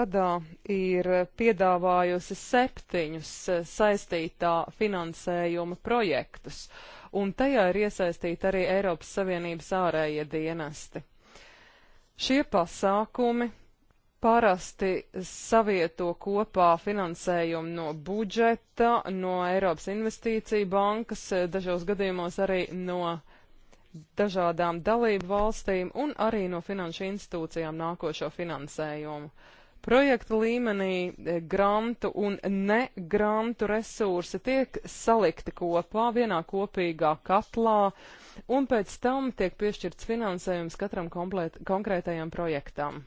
gadā ir piedāvājusi septiņus saistītā finansējuma projektus, un tajā ir iesaistīti arī Eiropas Savienības ārējie dienesti. Šie pasākumi parasti savieto kopā finansējumu no budžeta, no Eiropas investīcija bankas, dažos gadījumos arī no dažādām dalību valstīm un arī no finanšu institūcijām nākošo finansējumu. Uh, Projektu līmenī e, grantu un ne grantu resursi tiek salikti kopā vienā kopīgā katlā, un pēc tam tiek piešķirts finansējums katram komplēt, konkrētajam projektam.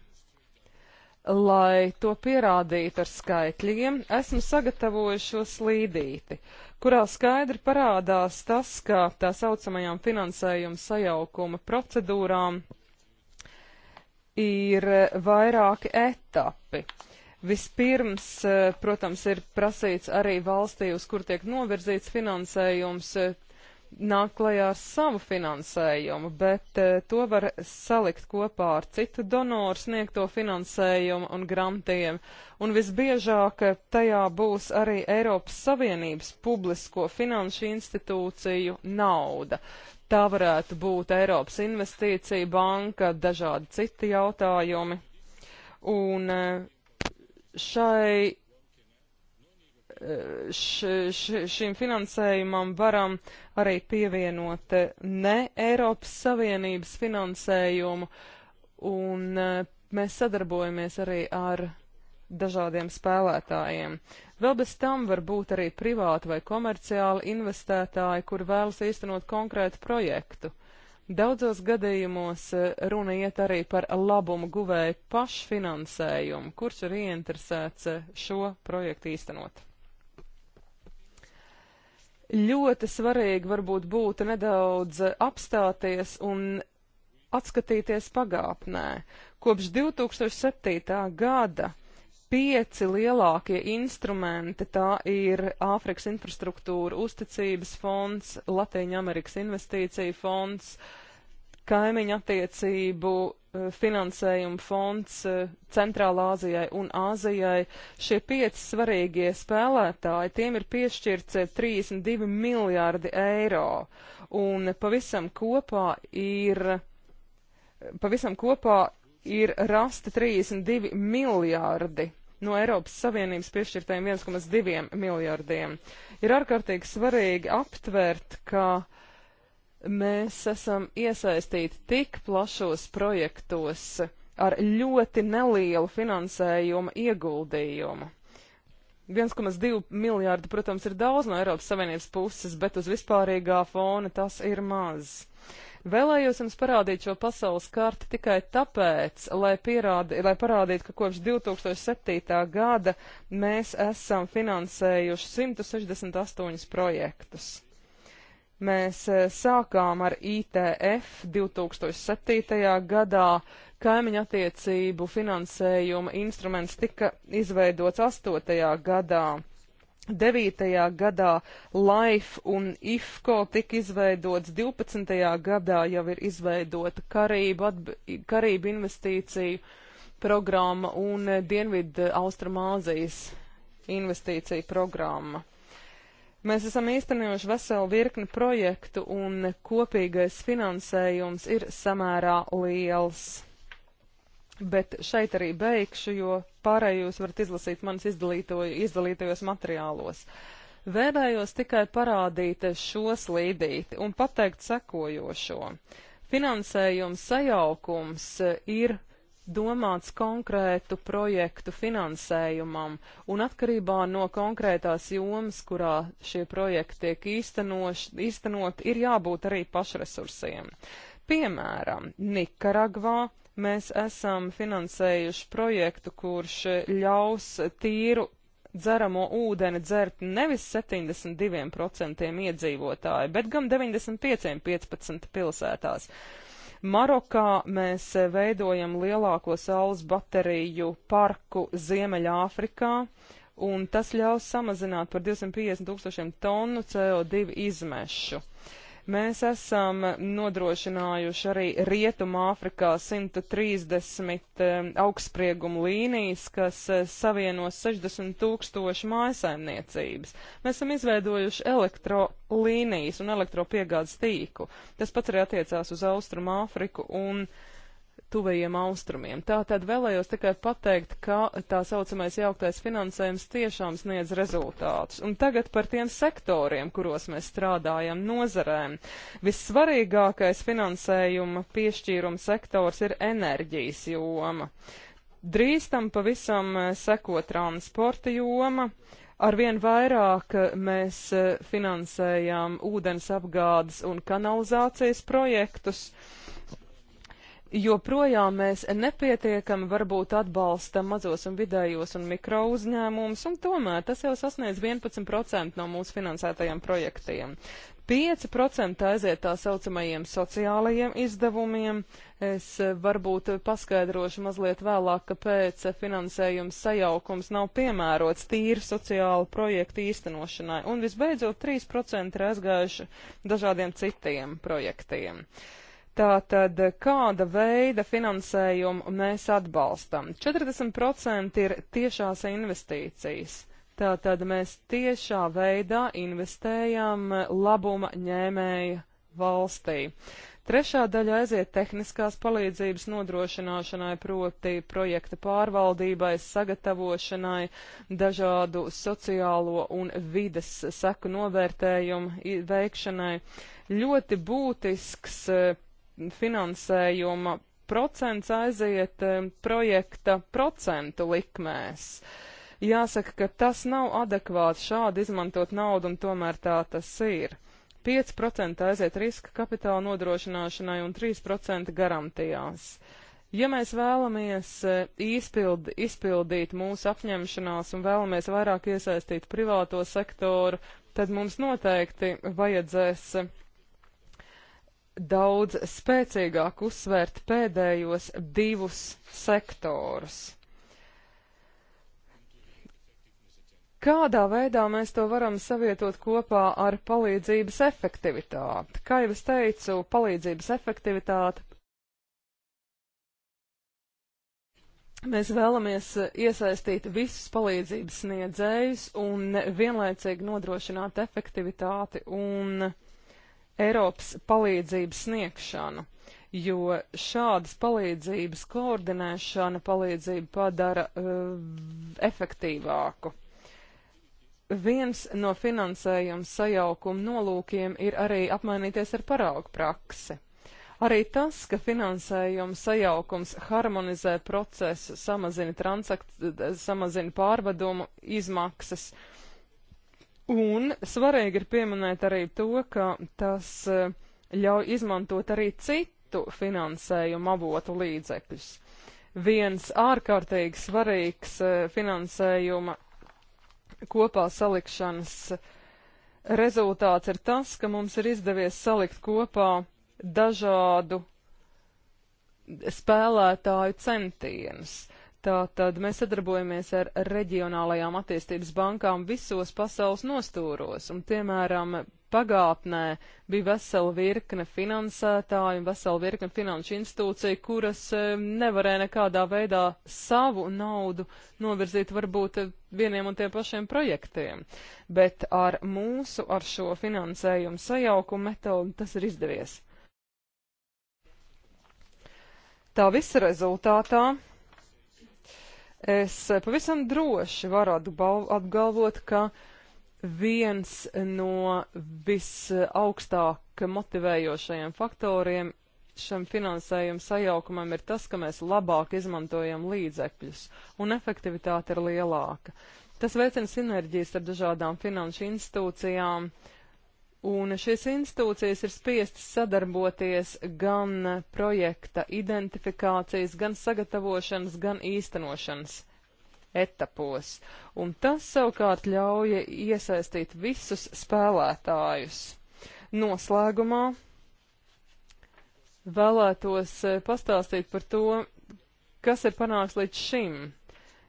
Lai to pierādītu ar skaitļiem, esmu sagatavojuši šo slīdīti, kurā skaidri parādās tas, ka tā saucamajām finansējuma sajaukuma procedūrām ir eh, vairāki etapi. Vispirms, eh, protams, ir prasīts arī valstī, uz kur tiek novirzīts finansējums, eh, nāk klajā ar savu finansējumu, bet to var salikt kopā ar citu donoru sniegto finansējumu un grantiem. Un visbiežāk tajā būs arī Eiropas Savienības publisko finanšu institūciju nauda. Tā varētu būt Eiropas investīcija banka, dažādi citi jautājumi. Un eh, šai, eh, š, š, šim finansējumam varam arī pievienot eh, ne Eiropas Savienības finansējumu, un mēs sadarbojamies arī ar dažādiem spēlētājiem. Vēl bez tam var būt arī privāti vai komerciāli investētāji, kur vēlas īstenot konkrētu projektu. Daudzos gadījumos e, runa iet arī par labumu guvēju pašfinansējumu, kurš ir ieinteresēts e, šo projektu īstenot. Ļoti svarīgi varbūt būtu nedaudz e, apstāties un atskatīties pagātnē. Kopš 2007. gada pieci lielākie instrumenti - tā ir Āfrikas infrastruktūra uzticības fonds, Latīņa Amerikas investīcija fonds, kaimiņa attiecību eh, finansējuma fonds eh, Centrālā Āzijai un Āzijai. Šie pieci svarīgie spēlētāji, tiem ir piešķirts 32 eh, miljārdi eiro, un pavisam kopā ir, pavisam kopā ir rasti 32 miljārdi no Eiropas Savienības piešķirtajiem 1,2 miljardiem. Ir ārkārtīgi svarīgi aptvert, ka mēs esam iesaistīti tik plašos projektos ar ļoti nelielu finansējumu ieguldījumu. 1,2 miljārdi, protams, ir daudz no Eiropas Savienības puses, bet uz vispārīgā fona tas ir maz. Vēlējos jums parādīt šo pasaules karti tikai tāpēc, lai, pierādi, lai parādītu, ka kopš 2007. gada mēs esam finansējuši 168 projektus. Mēs eh, sākām ar ITF 2007. gadā. Kaimiņa attiecību finansējuma instruments tika izveidots 8. gadā. 9. gadā LIFE un IFCO tika izveidots, 12. gadā jau ir izveidota Karību, Karību investīciju programma un eh, Dienvidu eh, Austrumāzijas investīciju programma. Mēs esam īstenojuši veselu virkni projektu un kopīgais finansējums ir samērā liels. Bet šeit arī beigšu, jo pārējo jūs varat izlasīt manas izdalītajos materiālos. Vēlējos tikai parādīt šo slīdīti un pateikt sekojošo. Finansējums sajaukums ir domāts konkrētu projektu finansējumam, un atkarībā no konkrētās jomas, kurā šie projekti tiek īstenot, ir jābūt arī pašresursiem. Piemēram, Nikaragvā mēs esam finansējuši projektu, kurš ļaus tīru dzeramo ūdeni dzert nevis 72% iedzīvotāji, bet gan 95-15 pilsētās. Marokā mēs veidojam lielāko saules bateriju parku Ziemeļāfrikā, un tas ļaus samazināt par 250 tūkstošiem tonu CO2 izmešu. Uh, Mēs esam nodrošinājuši arī Rietumā Āfrikā 130 eh, augstsprieguma līnijas, kas eh, savienos 60 tūkstoši mājasaimniecības. Mēs esam izveidojuši elektrolīnijas un elektropiegādes tīku. Tas pats arī attiecās uz Austrum Āfriku un Āfriku tuvajiem austrumiem. Tā tad vēlējos tikai pateikt, ka tā saucamais jauktais finansējums tiešām sniedz rezultātus. Un tagad par tiem sektoriem, kuros mēs strādājam, nozarēm. Vissvarīgākais finansējuma piešķīruma sektors ir enerģijas joma. Drīz tam pavisam eh, seko transporta joma. Arvien vairāk eh, mēs eh, finansējām ūdens apgādes un kanalizācijas projektus. Uh, joprojām mēs nepietiekami varbūt atbalstam mazos un vidējos un mikro uzņēmumus, un tomēr tas jau sasniedz 11% no mūsu finansētajiem projektiem. 5% aiziet tā saucamajiem sociālajiem izdevumiem. Es eh, varbūt paskaidrošu mazliet vēlāk, kāpēc finansējums sajaukums nav piemērots tīri sociālu projektu īstenošanai. Un visbeidzot, 3% ir aizgājuši dažādiem citiem projektiem. Uh, Tātad, kāda veida finansējumu mēs atbalstam? 40% ir tiešās investīcijas. Tātad mēs tiešā veidā investējam labuma ņēmēja valstī. Trešā daļa aiziet tehniskās palīdzības nodrošināšanai, proti projekta pārvaldībai, sagatavošanai, dažādu sociālo un vides seku novērtējumu veikšanai. Ļoti būtisks eh, finansējuma procents aiziet projekta procentu likmēs. Jāsaka, ka tas nav adekvāti šādi izmantot naudu, un tomēr tā tas ir. 5% aiziet riska kapitāla nodrošināšanai un 3% garantijās. Ja mēs vēlamies e, izpild, izpildīt mūsu apņemšanās un vēlamies vairāk iesaistīt privāto sektoru, tad mums noteikti vajadzēs daudz spēcīgāk uzsvērt pēdējos divus sektorus. Kādā veidā mēs to varam savietot kopā ar palīdzības efektivitāti? Kā jau es teicu, palīdzības efektivitāte. Mēs vēlamies iesaistīt visus palīdzības sniedzējus un vienlaicīgi nodrošināt efektivitāti un uh, Eiropas palīdzības sniegšanu, jo šādas palīdzības koordinēšana palīdzību padara uh, efektīvāku. Viens no finansējuma sajaukuma nolūkiem ir arī apmainīties ar paraugu praksi. Arī tas, ka finansējuma sajaukums harmonizē procesu, samazina, samazina pārvedumu izmaksas, uh, Un svarīgi ir pieminēt arī to, ka tas eh, ļauj izmantot arī citu finansējumu avotu līdzekļus. Viens ārkārtīgi svarīgs eh, finansējuma kopā salikšanas eh, rezultāts ir tas, ka mums ir izdevies salikt kopā dažādu spēlētāju centienus. Tātad mēs sadarbojamies ar reģionālajām attīstības bankām visos pasaules nostūros, un, piemēram, pagātnē bija vesela virkne finansētāju un vesela virkne finanšu institūciju, kuras nevarēja nekādā veidā savu naudu novirzīt varbūt vieniem un tiem pašiem projektiem. Bet ar mūsu, ar šo finansējumu sajaukumu metodu tas ir izdevies. Tā visa rezultātā Es eh, pavisam droši varu apgalvot, ka viens no visaugstāk motivējošajiem faktoriem šam finansējuma sajaukumam ir tas, ka mēs labāk izmantojam līdzekļus un efektivitāte ir lielāka. Tas veicina sinerģijas ar dažādām finanšu institūcijām, uh, Un šīs institūcijas ir spiestas sadarboties gan projekta identifikācijas, gan sagatavošanas, gan īstenošanas etapos. Un tas savukārt ļauj iesaistīt visus spēlētājus. Noslēgumā vēlētos eh, pastāstīt par to, kas ir panāks līdz šim.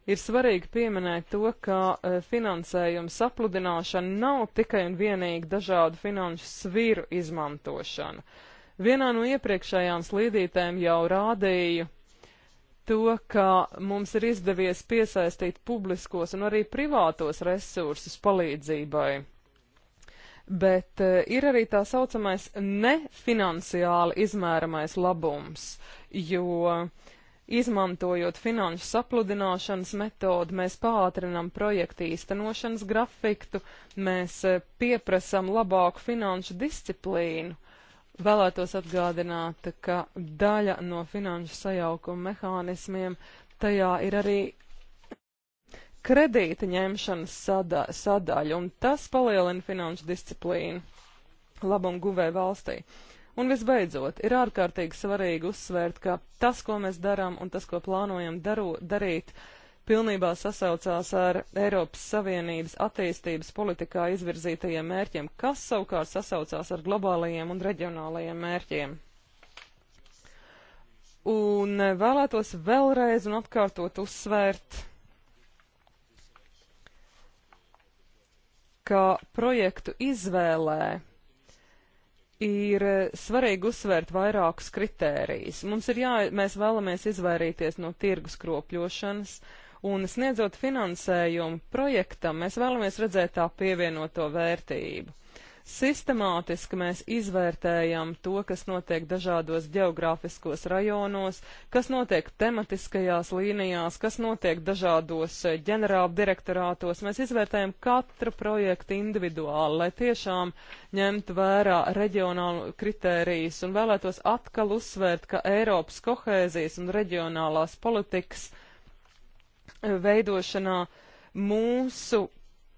Ir svarīgi pieminēt to, ka e, finansējuma sapludināšana nav tikai un vienīgi dažādu finanšu svīru izmantošana. Vienā no iepriekšējām slīdītēm jau rādīju to, ka mums ir izdevies piesaistīt publiskos un arī privātos resursus palīdzībai bet e, ir arī tā saucamais nefinanciāli izmēramais labums, jo Izmantojot finanšu sapludināšanas metodu, mēs pātrinam projektu īstenošanas grafiktu, mēs e, pieprasam labāku finanšu disciplīnu. Vēlētos atgādināt, ka daļa no finanšu sajaukuma mehānismiem tajā ir arī kredīta ņemšanas sada, sadaļa, un tas palielina finanšu disciplīnu labumu guvēju valstī. Uh, Un visbeidzot, ir ārkārtīgi svarīgi uzsvērt, ka tas, ko mēs darām un tas, ko plānojam daru, darīt, pilnībā sasaucās ar Eiropas Savienības attīstības politikā izvirzītajiem mērķiem, kas savukārt sasaucās ar globālajiem un reģionālajiem mērķiem. Un vēlētos vēlreiz un atkārtot uzsvērt, ka projektu izvēlē ir eh, svarīgi uzsvērt vairākus kritērijus. Mums ir jā, mēs vēlamies izvairīties no tirgus kropļošanas, un sniedzot finansējumu projektam, mēs vēlamies redzēt tā pievienoto vērtību. Sistemātiski mēs izvērtējam to, kas notiek dažādos geogrāfiskos rajonos, kas notiek tematiskajās līnijās, kas notiek dažādos eh, ģenerāla direktorātos. Mēs izvērtējam katru projektu individuāli, lai tiešām ņemtu vērā reģionālu kritērijas un vēlētos atkal uzsvērt, ka Eiropas kohēzijas un reģionālās politikas eh, veidošanā mūsu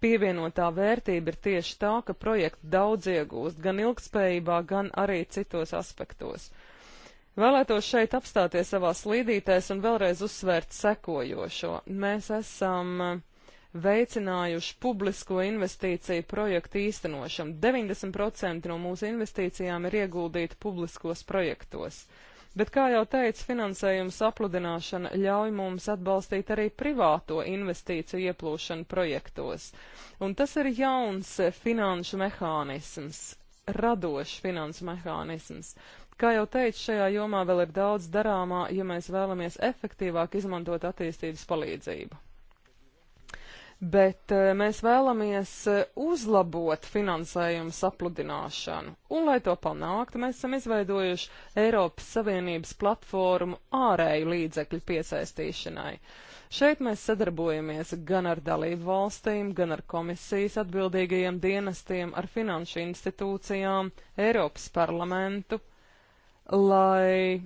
pievienotā vērtība ir tieši tā, ka projekti daudz iegūst gan ilgspējībā, gan arī citos aspektos. Vēlētos šeit apstāties savā slīdītēs un vēlreiz uzsvērt sekojošo. Mēs esam eh, veicinājuši publisko investīciju projektu īstenošanu. 90% no mūsu investīcijām ir ieguldīti publiskos projektos. Uh, Bet, kā jau teicu, finansējuma sapludināšana ļauj mums atbalstīt arī privāto investīciju ieplūšanu projektos. Un tas ir jauns eh, finanšu mehānisms, radošs finansu mehānisms. Kā jau teicu, šajā jomā vēl ir daudz darāmā, ja mēs vēlamies efektīvāk izmantot attīstības palīdzību bet eh, mēs vēlamies eh, uzlabot finansējumu sapludināšanu. Un, lai to panāktu, mēs esam izveidojuši Eiropas Savienības platformu ārēju līdzekļu piesaistīšanai. Šeit mēs sadarbojamies gan ar dalību valstīm, gan ar komisijas atbildīgajiem dienestiem, ar finanšu institūcijām, Eiropas parlamentu, lai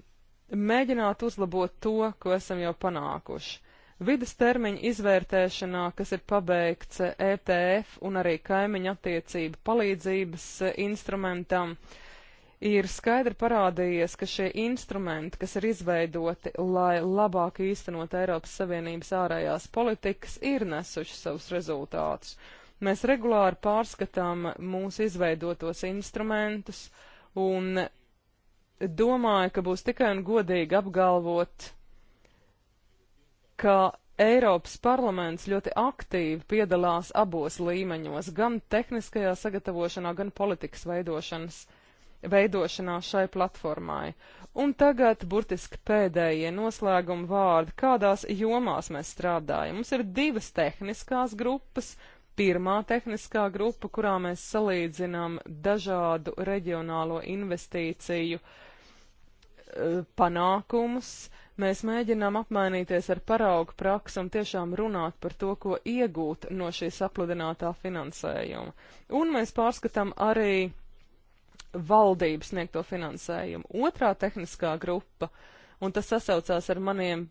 mēģinātu uzlabot to, ko esam jau panākuši. Vidustermiņa izvērtēšanā, kas ir pabeigts ETF eh, e un arī kaimiņa attiecību palīdzības eh, instrumentam, ir skaidri parādījies, ka šie instrumenti, kas ir izveidoti, lai labāk īstenot Eiropas Savienības ārējās politikas, ir nesuši savus rezultātus. Mēs regulāri pārskatām mūsu izveidotos instrumentus un domāju, ka būs tikai un godīgi apgalvot, ka Eiropas parlaments ļoti aktīvi piedalās abos līmeņos, gan tehniskajā sagatavošanā, gan politikas veidošanas, veidošanā šai platformai. Un tagad burtiski pēdējie noslēguma vārdi, kādās jomās mēs strādājam. Mums ir divas tehniskās grupas. Pirmā tehniskā grupa, kurā mēs salīdzinām dažādu reģionālo investīciju eh, panākumus, uh, Mēs mēģinām apmainīties ar paraugu praksi un tiešām runāt par to, ko iegūt no šī sapludinātā finansējuma. Un mēs pārskatām arī valdības sniegto finansējumu. Otrā tehniskā grupa, un tas sasaucās ar maniem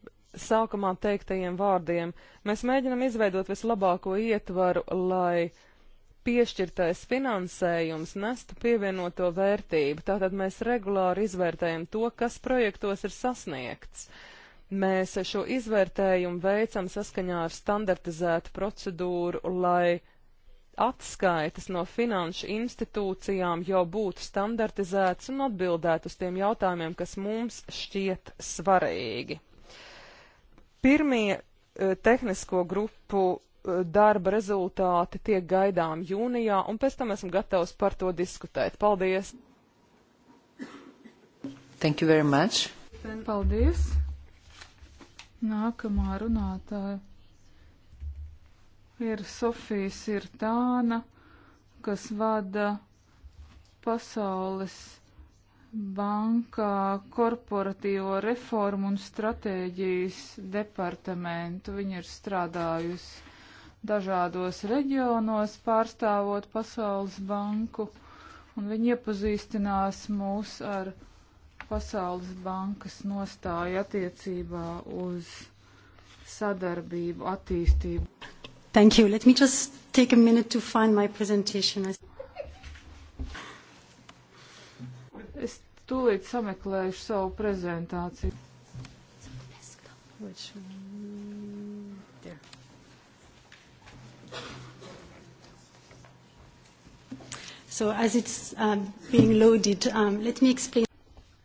sākumā teiktajiem vārdiem, mēs mēģinam izveidot vislabāko ietvaru, lai piešķirtais finansējums nestu pievienoto vērtību. Tātad mēs regulāri izvērtējam to, kas projektos ir sasniegts. Mēs šo izvērtējumu veicam saskaņā ar standartizētu procedūru, lai atskaitas no finanšu institūcijām jau būtu standartizētas un atbildētu uz tiem jautājumiem, kas mums šķiet svarīgi. Pirmie eh, tehnisko grupu darba rezultāti tiek gaidām jūnijā, un pēc tam esmu gatavs par to diskutēt. Paldies! Thank you very much. Paldies! Nākamā runātāja ir Sofija Sirtāna, kas vada Pasaules bankā korporatīvo reformu un stratēģijas departamentu. Viņa ir strādājusi dažādos reģionos pārstāvot Pasaules banku, un viņi iepazīstinās mūs ar Pasaules bankas nostāju attiecībā uz sadarbību, attīstību. Thank you. Let me just take a minute to find my presentation. Es tūlīt sameklēšu savu prezentāciju. Which one? So as it's um, being loaded, um, let me explain.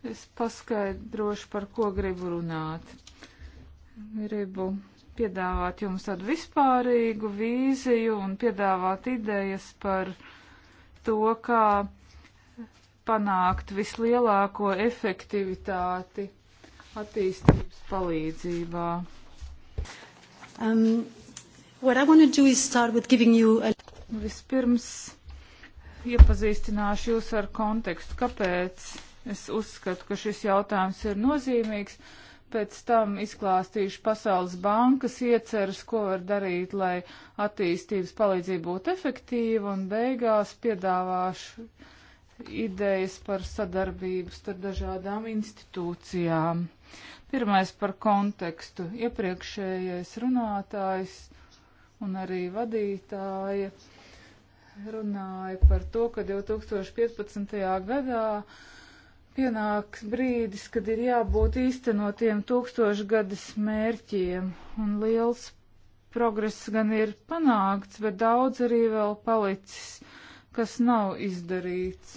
Es paskaidrošu, par ko gribu runāt. Gribu piedāvāt jums tādu vispārīgu vīziju un piedāvāt idejas par to, kā panākt vislielāko efektivitāti attīstības palīdzībā. Um, what I want to do is start with giving you a... Vispirms iepazīstināšu jūs ar kontekstu, kāpēc es uzskatu, ka šis jautājums ir nozīmīgs. Pēc tam izklāstīšu Pasaules bankas ieceras, ko var darīt, lai attīstības palīdzība būtu efektīva, un beigās piedāvāšu idejas par sadarbību starp dažādām institūcijām. Pirmais par kontekstu. Iepriekšējais runātājs un arī vadītāja runāja par to, ka 2015. gadā pienāks brīdis, kad ir jābūt īstenotiem tūkstošgadas mērķiem, un liels progress gan ir panākts, bet daudz arī vēl palicis, kas nav izdarīts.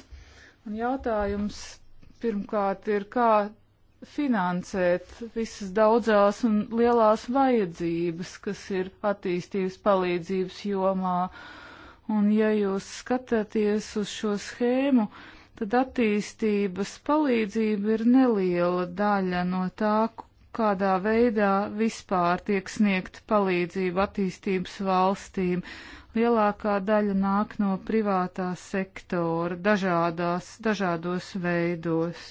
Un jautājums pirmkārt ir, kā finansēt visas daudzās un lielās vajadzības, kas ir attīstības palīdzības jomā. Uh, Un ja jūs skatāties uz šo schēmu, tad attīstības palīdzība ir neliela daļa no tā, kādā veidā vispār tiek sniegta palīdzība attīstības valstīm. Lielākā daļa nāk no privātā sektora dažādās, dažādos veidos.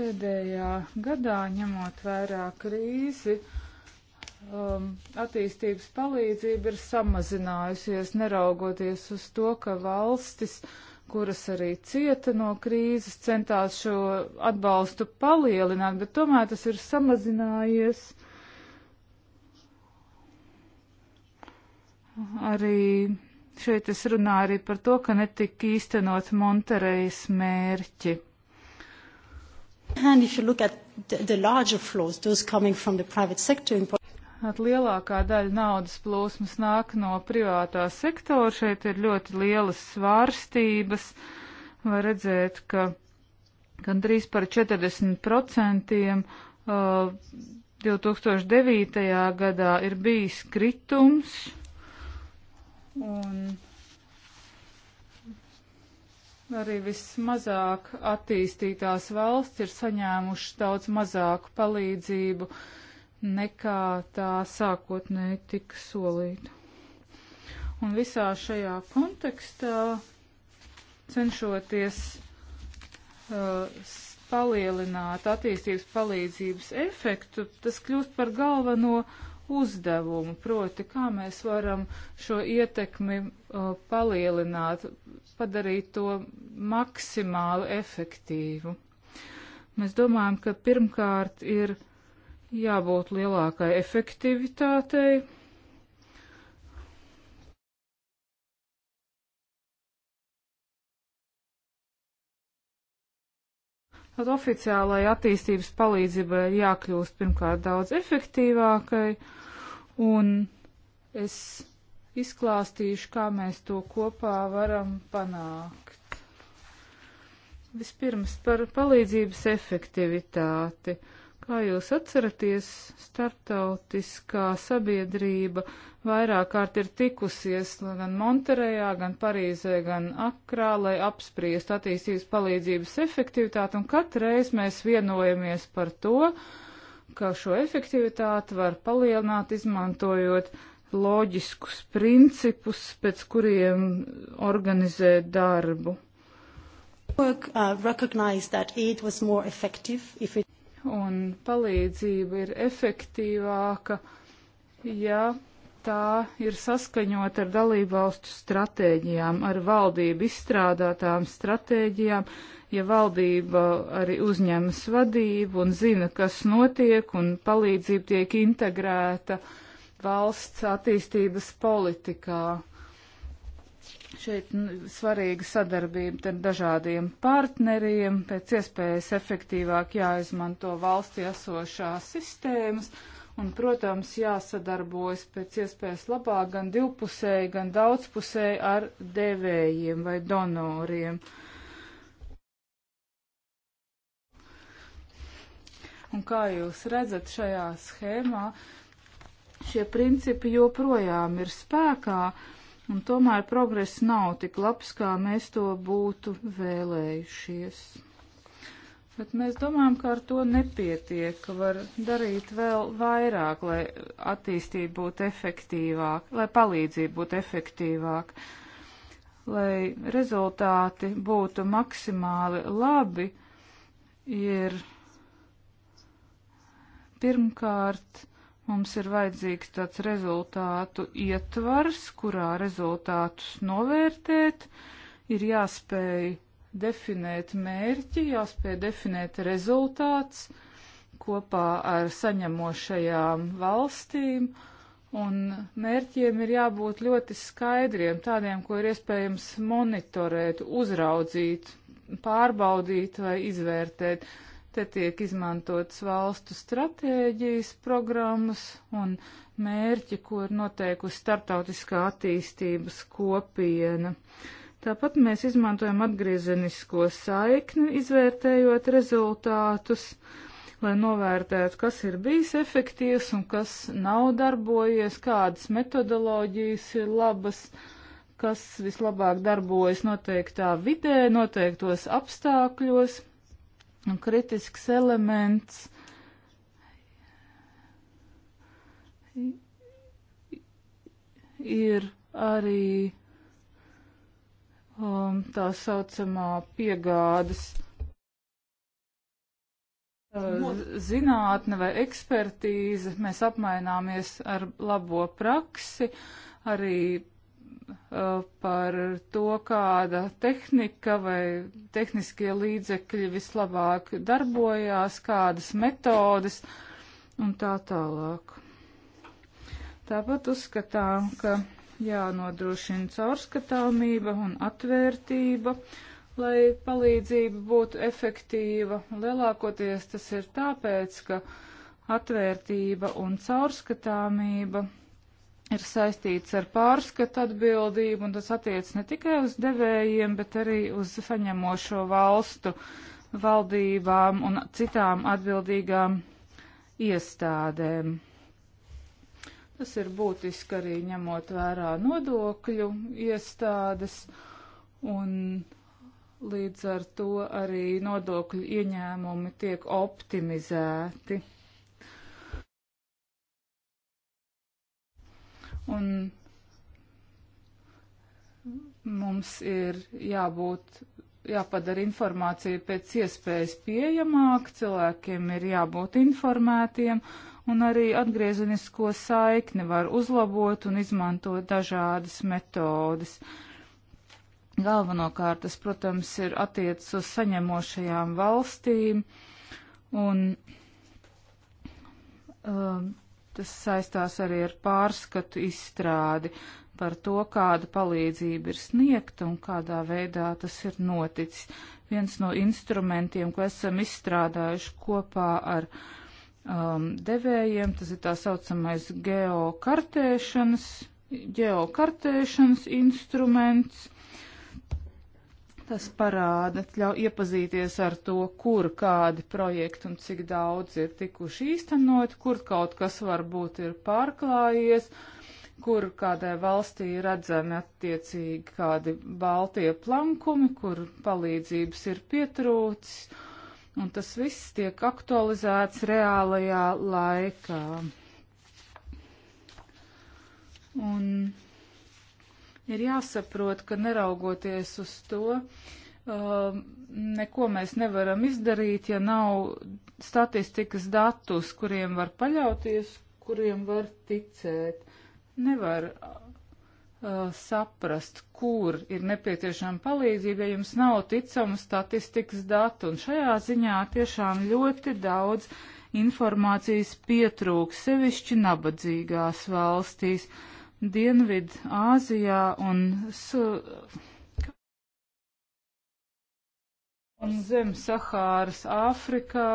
Pēdējā gadā, ņemot vērā krīzi, uh, um, attīstības palīdzība ir samazinājusies, neraugoties uz to, ka valstis, kuras arī cieta no krīzes, centās šo atbalstu palielināt, bet tomēr tas ir samazinājies. Arī šeit es runāju arī par to, ka netika īstenot Monterejas mērķi. And if you look at the, the larger flows, those coming from the private sector in at lielākā daļa naudas plūsmas nāk no privātā sektora. Šeit ir ļoti lielas svārstības. Var redzēt, ka gandrīz par 40% uh, 2009. gadā ir bijis kritums. Un arī vismazāk attīstītās valsts ir saņēmušas daudz mazāku palīdzību uh, nekā tā sākotnēji tika solīta. Un visā šajā kontekstā cenšoties uh, palielināt attīstības palīdzības efektu, tas kļūst par galveno uzdevumu, proti, kā mēs varam šo ietekmi uh, palielināt, padarīt to maksimāli efektīvu. Mēs domājam, ka pirmkārt ir uh, jābūt lielākai efektivitātei. Tad oficiālai attīstības palīdzībai ir jākļūst pirmkārt daudz efektīvākai, un es izklāstīšu, kā mēs to kopā varam panākt. Vispirms par palīdzības efektivitāti. Uh, Kā jūs atceraties, starptautiskā sabiedrība vairāk kārt ir tikusies gan Monterejā, gan Parīzē, gan Akrā, lai apspriestu attīstības palīdzības efektivitāti, un katreiz mēs vienojamies par to, ka šo efektivitāti var palielināt, izmantojot loģiskus principus, pēc kuriem organizēt darbu. Work, uh, it un palīdzība ir efektīvāka, ja tā ir saskaņot ar dalībvalstu stratēģijām, ar valdību izstrādātām stratēģijām, ja valdība arī uzņemas vadību un zina, kas notiek, un palīdzība tiek integrēta valsts attīstības politikā. Šeit nu, svarīga sadarbība ar dažādiem partneriem, pēc iespējas efektīvāk jāizmanto valstī esošās sistēmas un, protams, jāsadarbojas pēc iespējas labāk gan divpusēji, gan daudzpusēji ar devējiem vai donoriem. Un kā jūs redzat šajā schēmā, šie principi joprojām ir spēkā, Un tomēr progress nav tik labs, kā mēs to būtu vēlējušies. Bet mēs domājam, ka ar to nepietiek, ka var darīt vēl vairāk, lai attīstība būtu efektīvāka, lai palīdzība būtu efektīvāka, lai rezultāti būtu maksimāli labi, ir pirmkārt Mums ir vajadzīgs tāds rezultātu ietvars, kurā rezultātus novērtēt, ir jāspēj definēt mērķi, jāspēj definēt rezultāts kopā ar saņemošajām valstīm. Un mērķiem ir jābūt ļoti skaidriem, tādiem, ko ir iespējams monitorēt, uzraudzīt, pārbaudīt vai izvērtēt. Te tiek izmantotas valstu stratēģijas programmas un mērķi, ko ir noteikusi starptautiskā attīstības kopiena. Tāpat mēs izmantojam atgriezenisko saikni, izvērtējot rezultātus, lai novērtētu, kas ir bijis efektīvs un kas nav darbojies, kādas metodoloģijas ir labas, kas vislabāk darbojas noteiktā vidē, noteiktos apstākļos Un kritisks elements ir arī um, tā saucamā piegādes uh, zinātne vai ekspertīze. Mēs apmaināmies ar labo praksi, arī Uh, par to, kāda tehnika vai tehniskie līdzekļi vislabāk darbojās, kādas metodes un tā tālāk. Tāpat uzskatām, ka jānodrošina caurskatāmība un atvērtība, lai palīdzība būtu efektīva. Lielākoties tas ir tāpēc, ka atvērtība un caurskatāmība ir saistīts ar pārskatu atbildību, un tas attiec ne tikai uz devējiem, bet arī uz saņemošo valstu valdībām un citām atbildīgām iestādēm. Tas ir būtiski arī ņemot vērā nodokļu iestādes un līdz ar to arī nodokļu ieņēmumi tiek optimizēti. Un mums ir jābūt, jāpadara informācija pēc iespējas pieejamāk, cilvēkiem ir jābūt informētiem, un arī atgriezenisko saikni var uzlabot un izmantot dažādas metodes. Galvenokārt tas, protams, ir attiecis uz saņemošajām valstīm, un um, Tas saistās arī ar pārskatu izstrādi par to, kāda palīdzība ir sniegta un kādā veidā tas ir noticis. Viens no instrumentiem, ko esam izstrādājuši kopā ar um, devējiem, tas ir tā saucamais geokartēšanas, geokartēšanas instruments. Tas parāda, ļauj iepazīties ar to, kur kādi projekti un cik daudz ir tikuši īstenot, kur kaut kas varbūt ir pārklājies, kur kādai valstī redzami attiecīgi kādi baltie plankumi, kur palīdzības ir pietrūcis, un tas viss tiek aktualizēts reālajā laikā. Un Ir jāsaprot, ka neraugoties uz to, um, neko mēs nevaram izdarīt, ja nav statistikas datus, kuriem var paļauties, kuriem var ticēt. Nevar Uh, saprast, kur ir nepieciešama palīdzība, ja jums nav ticama statistikas data. Un šajā ziņā tiešām ļoti daudz informācijas pietrūks, sevišķi nabadzīgās valstīs. Dienvidu Āzijā un, su, un zem Sahāras Āfrikā.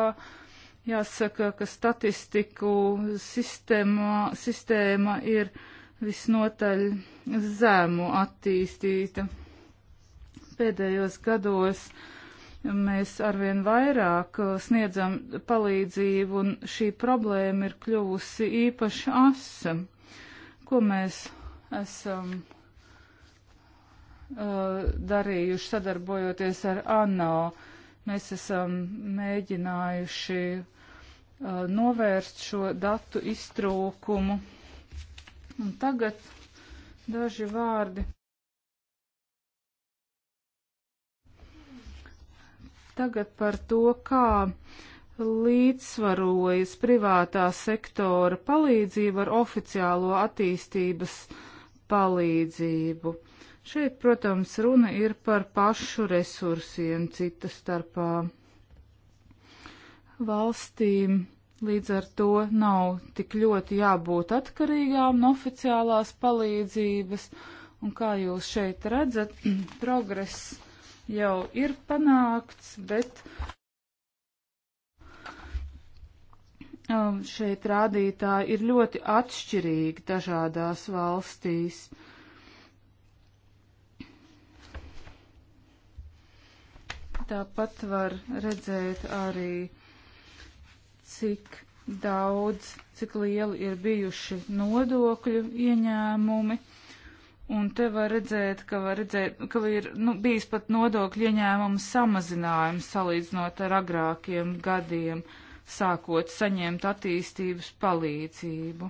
Jāsaka, ka statistiku sistēma, sistēma ir visnotaļ zēmu attīstīta. Pēdējos gados mēs arvien vairāk sniedzam palīdzību, un šī problēma ir kļuvusi īpaši asa ko mēs esam uh, darījuši sadarbojoties ar ANO. Mēs esam mēģinājuši uh, novērst šo datu iztrūkumu. Un tagad daži vārdi. Tagad par to, kā uh, līdzsvarojas privātā sektora palīdzība ar oficiālo attīstības palīdzību. Šeit, protams, runa ir par pašu resursiem cita starpā. Valstīm līdz ar to nav tik ļoti jābūt atkarīgām no oficiālās palīdzības, un kā jūs šeit redzat, progress jau ir panākts, bet Um, šeit rādītāji ir ļoti atšķirīgi dažādās valstīs. Tāpat var redzēt arī, cik daudz, cik lieli ir bijuši nodokļu ieņēmumi. Un te var redzēt, ka, var redzēt, ka ir nu, bijis pat nodokļu ieņēmumu samazinājums salīdzinot ar agrākiem gadiem. Uh, sākot saņemt attīstības palīdzību.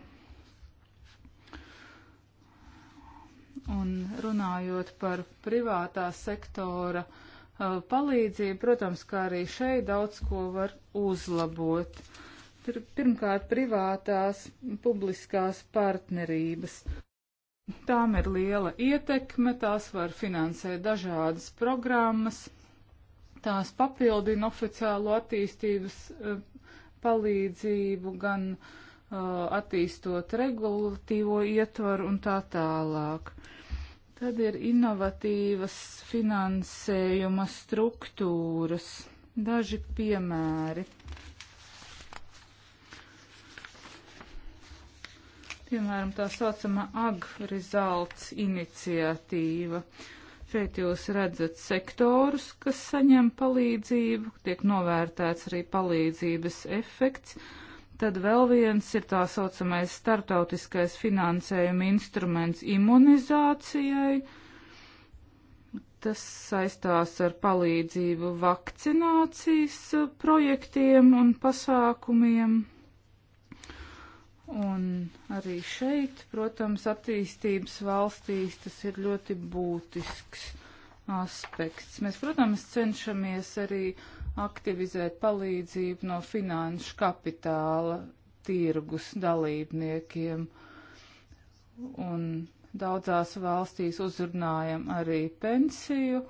Un runājot par privātā sektora uh, palīdzību, protams, kā arī šeit daudz ko var uzlabot. Pir pirmkārt, privātās publiskās partnerības. Tām ir liela ietekme, tās var finansēt dažādas programmas, tās papildina oficiālo attīstības uh, palīdzību, gan uh, attīstot regulatīvo ietvaru un tā tālāk. Tad ir inovatīvas finansējuma struktūras. Daži piemēri. Piemēram, tā saucama agrizalts iniciatīva. Uh, Šeit jūs redzat sektorus, kas saņem palīdzību, tiek novērtēts arī palīdzības efekts. Tad vēl viens ir tā saucamais startautiskais finansējuma instruments imunizācijai. Tas saistās ar palīdzību vakcinācijas projektiem un pasākumiem. Un arī šeit, protams, attīstības valstīs tas ir ļoti būtisks aspekts. Mēs, protams, cenšamies arī aktivizēt palīdzību no finanšu kapitāla tirgus dalībniekiem. Un daudzās valstīs uzrunājam arī pensiju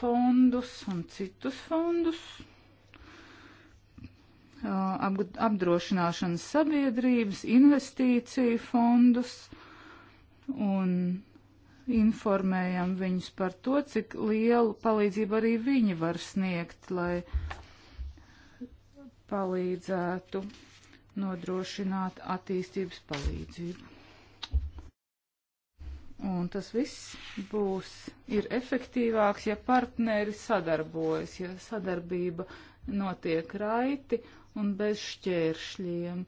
fondus un citus fondus, Uh, apdrošināšanas sabiedrības, investīciju fondus un informējam viņus par to, cik lielu palīdzību arī viņi var sniegt, lai palīdzētu nodrošināt attīstības palīdzību. Un tas viss būs, ir efektīvāks, ja partneri sadarbojas, ja sadarbība notiek raiti un bez šķēršļiem.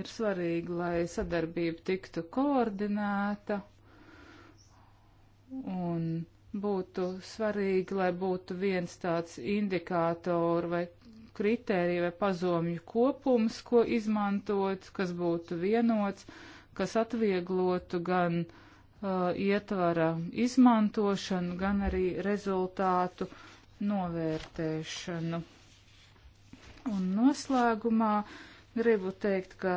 Ir svarīgi, lai sadarbība tiktu koordinēta un būtu svarīgi, lai būtu viens tāds indikātors vai kritērija vai pazomju kopums, ko izmantot, kas būtu vienots, kas atvieglotu gan uh, ietvara izmantošanu, gan arī rezultātu novērtēšanu. Un noslēgumā gribu teikt, ka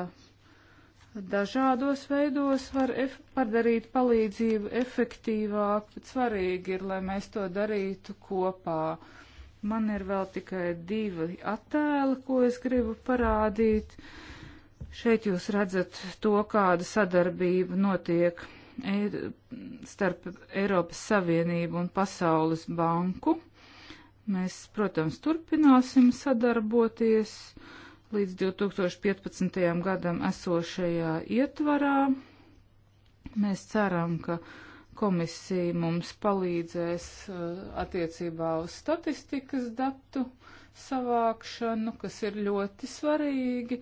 dažādos veidos var ef padarīt palīdzību efektīvāk, bet svarīgi ir, lai mēs to darītu kopā. Man ir vēl tikai divi attēli, ko es gribu parādīt. Šeit jūs redzat to, kāda sadarbība notiek e starp Eiropas Savienību un Pasaules banku. Mēs, protams, turpināsim sadarboties līdz 2015. gadam esošajā ietvarā. Mēs ceram, ka komisija mums palīdzēs uh, attiecībā uz statistikas datu savākšanu, kas ir ļoti svarīgi.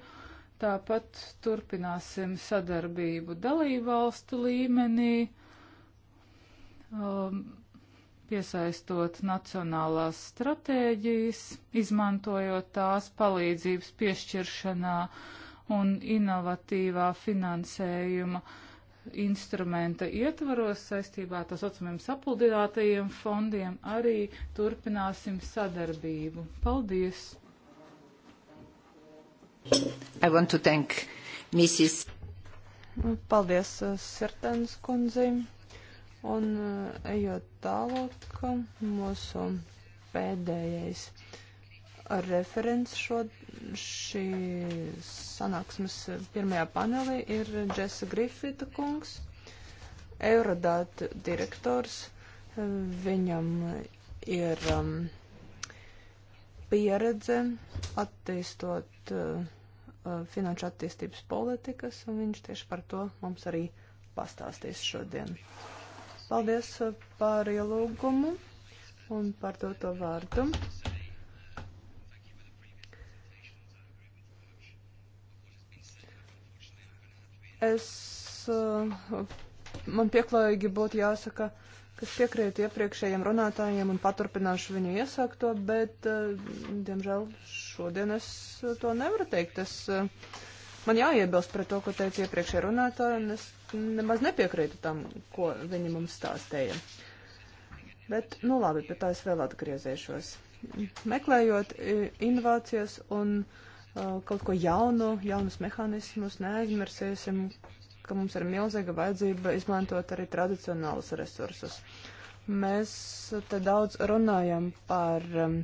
Tāpat turpināsim sadarbību dalībvalstu līmenī. Um, piesaistot nacionālās stratēģijas, izmantojot tās palīdzības piešķiršanā un inovatīvā finansējuma instrumenta ietvaros saistībā ar tā saucamiem sapuldinātajiem fondiem arī turpināsim sadarbību. Paldies! I want to thank Mrs. Paldies, uh, Sirtens kundzei. Un eh, ejot tālāk, mūsu pēdējais referents šo, šī sanāksmes pirmajā panelī ir Džesa Grifita kungs, Eurodāta direktors. Viņam ir um, pieredze attīstot uh, uh, finanšu attīstības politikas, un viņš tieši par to mums arī pastāstīs šodien. Uh, Paldies uh, par ielūgumu un par to, to vārdu. Es, uh, man pieklājīgi būtu jāsaka, kas piekrīt iepriekšējiem runātājiem un paturpināšu viņu iesākto, bet, uh, diemžēl, šodien es to nevaru teikt. Es, man jāiebilst pret to, ko teica iepriekšējie runātāji, un es nemaz nepiekrītu tam, ko viņi mums stāstīja. Bet, nu labi, pie tā es vēl atgriezīšos. Meklējot e, inovācijas un uh, kaut ko jaunu, jaunus mehānismus, neaizmirsīsim, ka mums ir milzīga vajadzība izmantot arī tradicionālus resursus. Mēs te daudz runājam par um,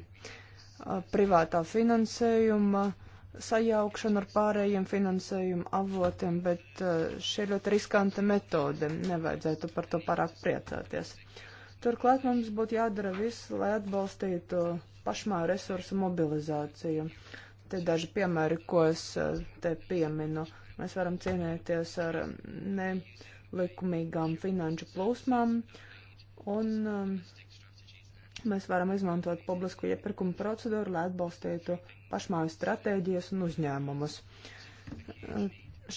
privātā finansējuma uh, sajaukšanu ar pārējiem finansējuma avotiem, bet eh, šī ir ļoti riskanta metode, nevajadzētu par to pārāk priecāties. Turklāt mums būtu jādara viss, lai atbalstītu pašmā resursu mobilizāciju. Te daži piemēri, ko es eh, te pieminu. Mēs varam cīnīties ar mm, nelikumīgām finanšu plūsmām un uh, Mēs varam izmantot publisku iepirkumu procedūru, lai atbalstītu pašmāju stratēģijas un uzņēmumus.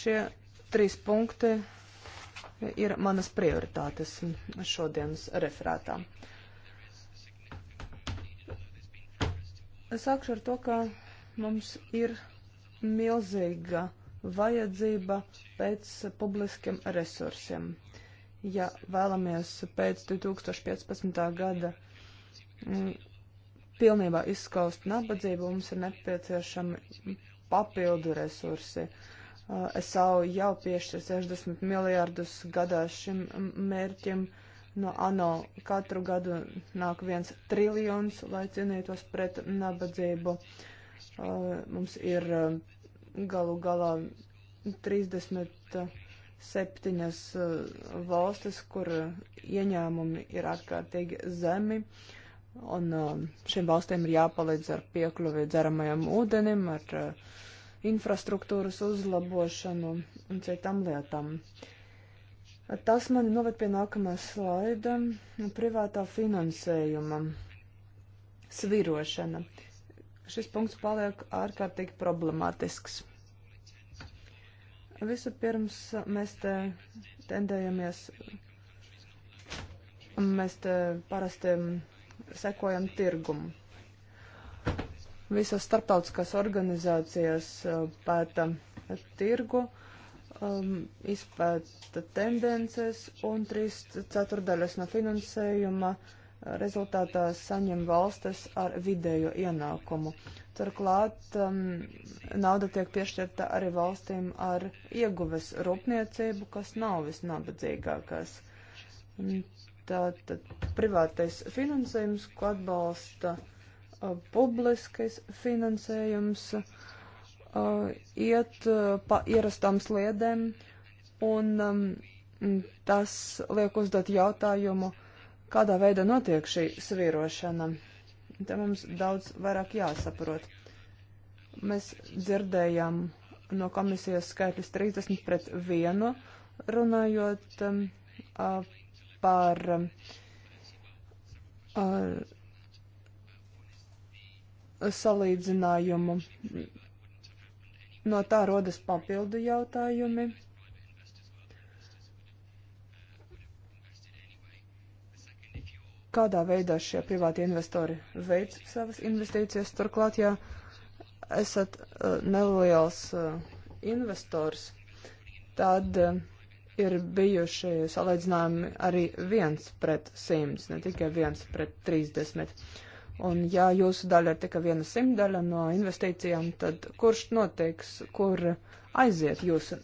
Šie trīs punkti ir manas prioritātes šodienas referātā. Es sākšu ar to, ka mums ir milzīga vajadzība pēc publiskiem resursiem. Ja vēlamies pēc 2015. gada Mm, pilnībā izskaust nabadzību, mums ir nepieciešami papildu resursi. Uh, SAU jau piešķir 60 miljārdus gadā šim mērķim. No ANO katru gadu nāk viens triljons, lai cīnītos pret nabadzību. Uh, mums ir uh, galu galā 37 valstis, kur ieņēmumi ir ārkārtīgi zemi. Uh, Un uh, šīm valstīm ir jāpalīdz ar piekļuvi dzeramajam ūdenim, ar uh, infrastruktūras uzlabošanu un citām lietām. Tas mani noved pie nākamā slaida - privātā finansējuma svirošana. Šis punkts paliek ārkārtīgi problemātisks. Vispirms uh, mēs te tendējamies, mēs te parasti um, sekojam tirgumu. Visas starptautiskās organizācijas uh, pēta tirgu, um, izpēta tendences un trīs ceturdaļas no finansējuma rezultātā saņem valstis ar vidējo ienākumu. Turklāt um, nauda tiek piešķirta arī valstīm ar ieguves rūpniecību, kas nav visnabadzīgākās. Tātad privātais finansējums, ko atbalsta uh, publiskais finansējums, uh, iet uh, pa ierastām sliedēm, un um, tas liek uzdot jautājumu, kādā veidā notiek šī svīrošana. Te mums daudz vairāk jāsaprot. Mēs dzirdējām no komisijas skaitļus 30 pret 1, runājot um, par uh, salīdzinājumu. No tā rodas papildu jautājumi. Kādā veidā šie privāti investori veic savas investīcijas? Turklāt, ja esat uh, eh, neliels uh, eh, investors, tad uh, ir bijuši salīdzinājumi arī viens pret simts, ne tikai viens pret trīsdesmit. Un ja jūsu daļa ir tikai viena simtdaļa no investīcijām, tad kurš noteiks, kur aiziet jūsu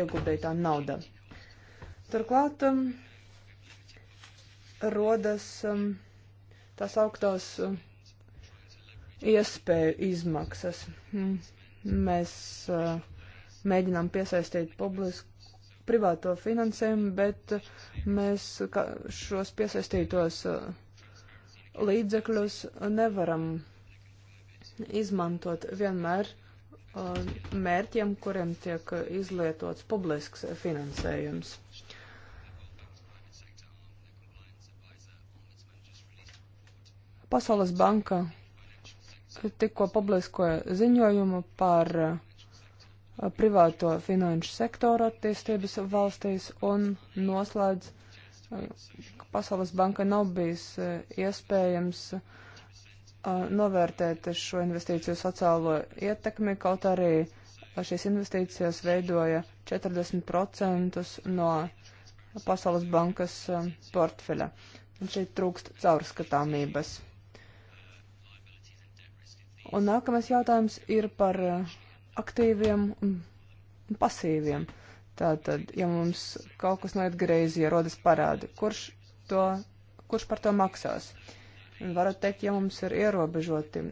ieguldītā nauda? Turklāt um, rodas um, tās augtās um, iespēju izmaksas. Mm. Mēs uh, mēģinām piesaistīt publisku privāto finansējumu, bet mēs šos piesaistītos uh, līdzekļus nevaram izmantot vienmēr uh, mērķiem, kuriem tiek izlietots publisks finansējums. Pasaules banka tikko publiskoja ziņojumu par uh, privāto finanšu sektoru attīstības valstīs un noslēdz, ka Pasaules banka nav bijis iespējams novērtēt šo investīciju sociālo ietekmi, kaut arī šīs investīcijas veidoja 40% no Pasaules bankas portfeļa. Un šeit trūkst caurskatāmības. Un nākamais jautājums ir par uh, aktīviem un pasīviem. Tātad, ja mums kaut kas noiet greizi, ja rodas parādi, kurš, to, kurš par to maksās? Varat teikt, ja mums ir ierobežoti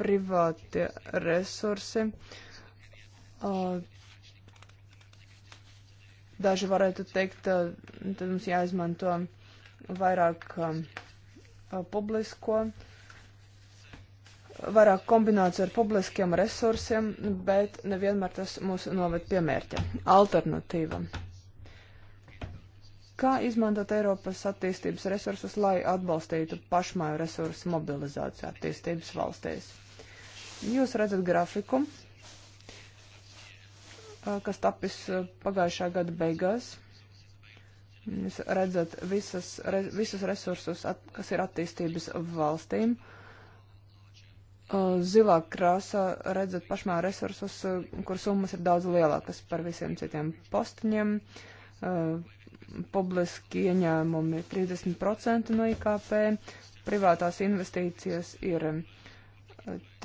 privāti resursi, daži varētu teikt, tad mums jāizmanto vairāk publisko vairāk kombinācija ar publiskiem resursiem, bet nevienmēr tas mūs noved pie mērķa. Alternatīva. Kā izmantot Eiropas attīstības resursus, lai atbalstītu pašmāju resursu mobilizāciju attīstības valstīs? Jūs redzat grafiku, kas tapis pagājušā gada beigās. Jūs redzat visas, re, visus resursus, at, kas ir attīstības valstīm. Uh, Zilā krāsā redzat pašmā resursus, kur summas ir daudz lielākas par visiem citiem postiņiem. Publiski ieņēmumi 30% no IKP, privātās investīcijas ir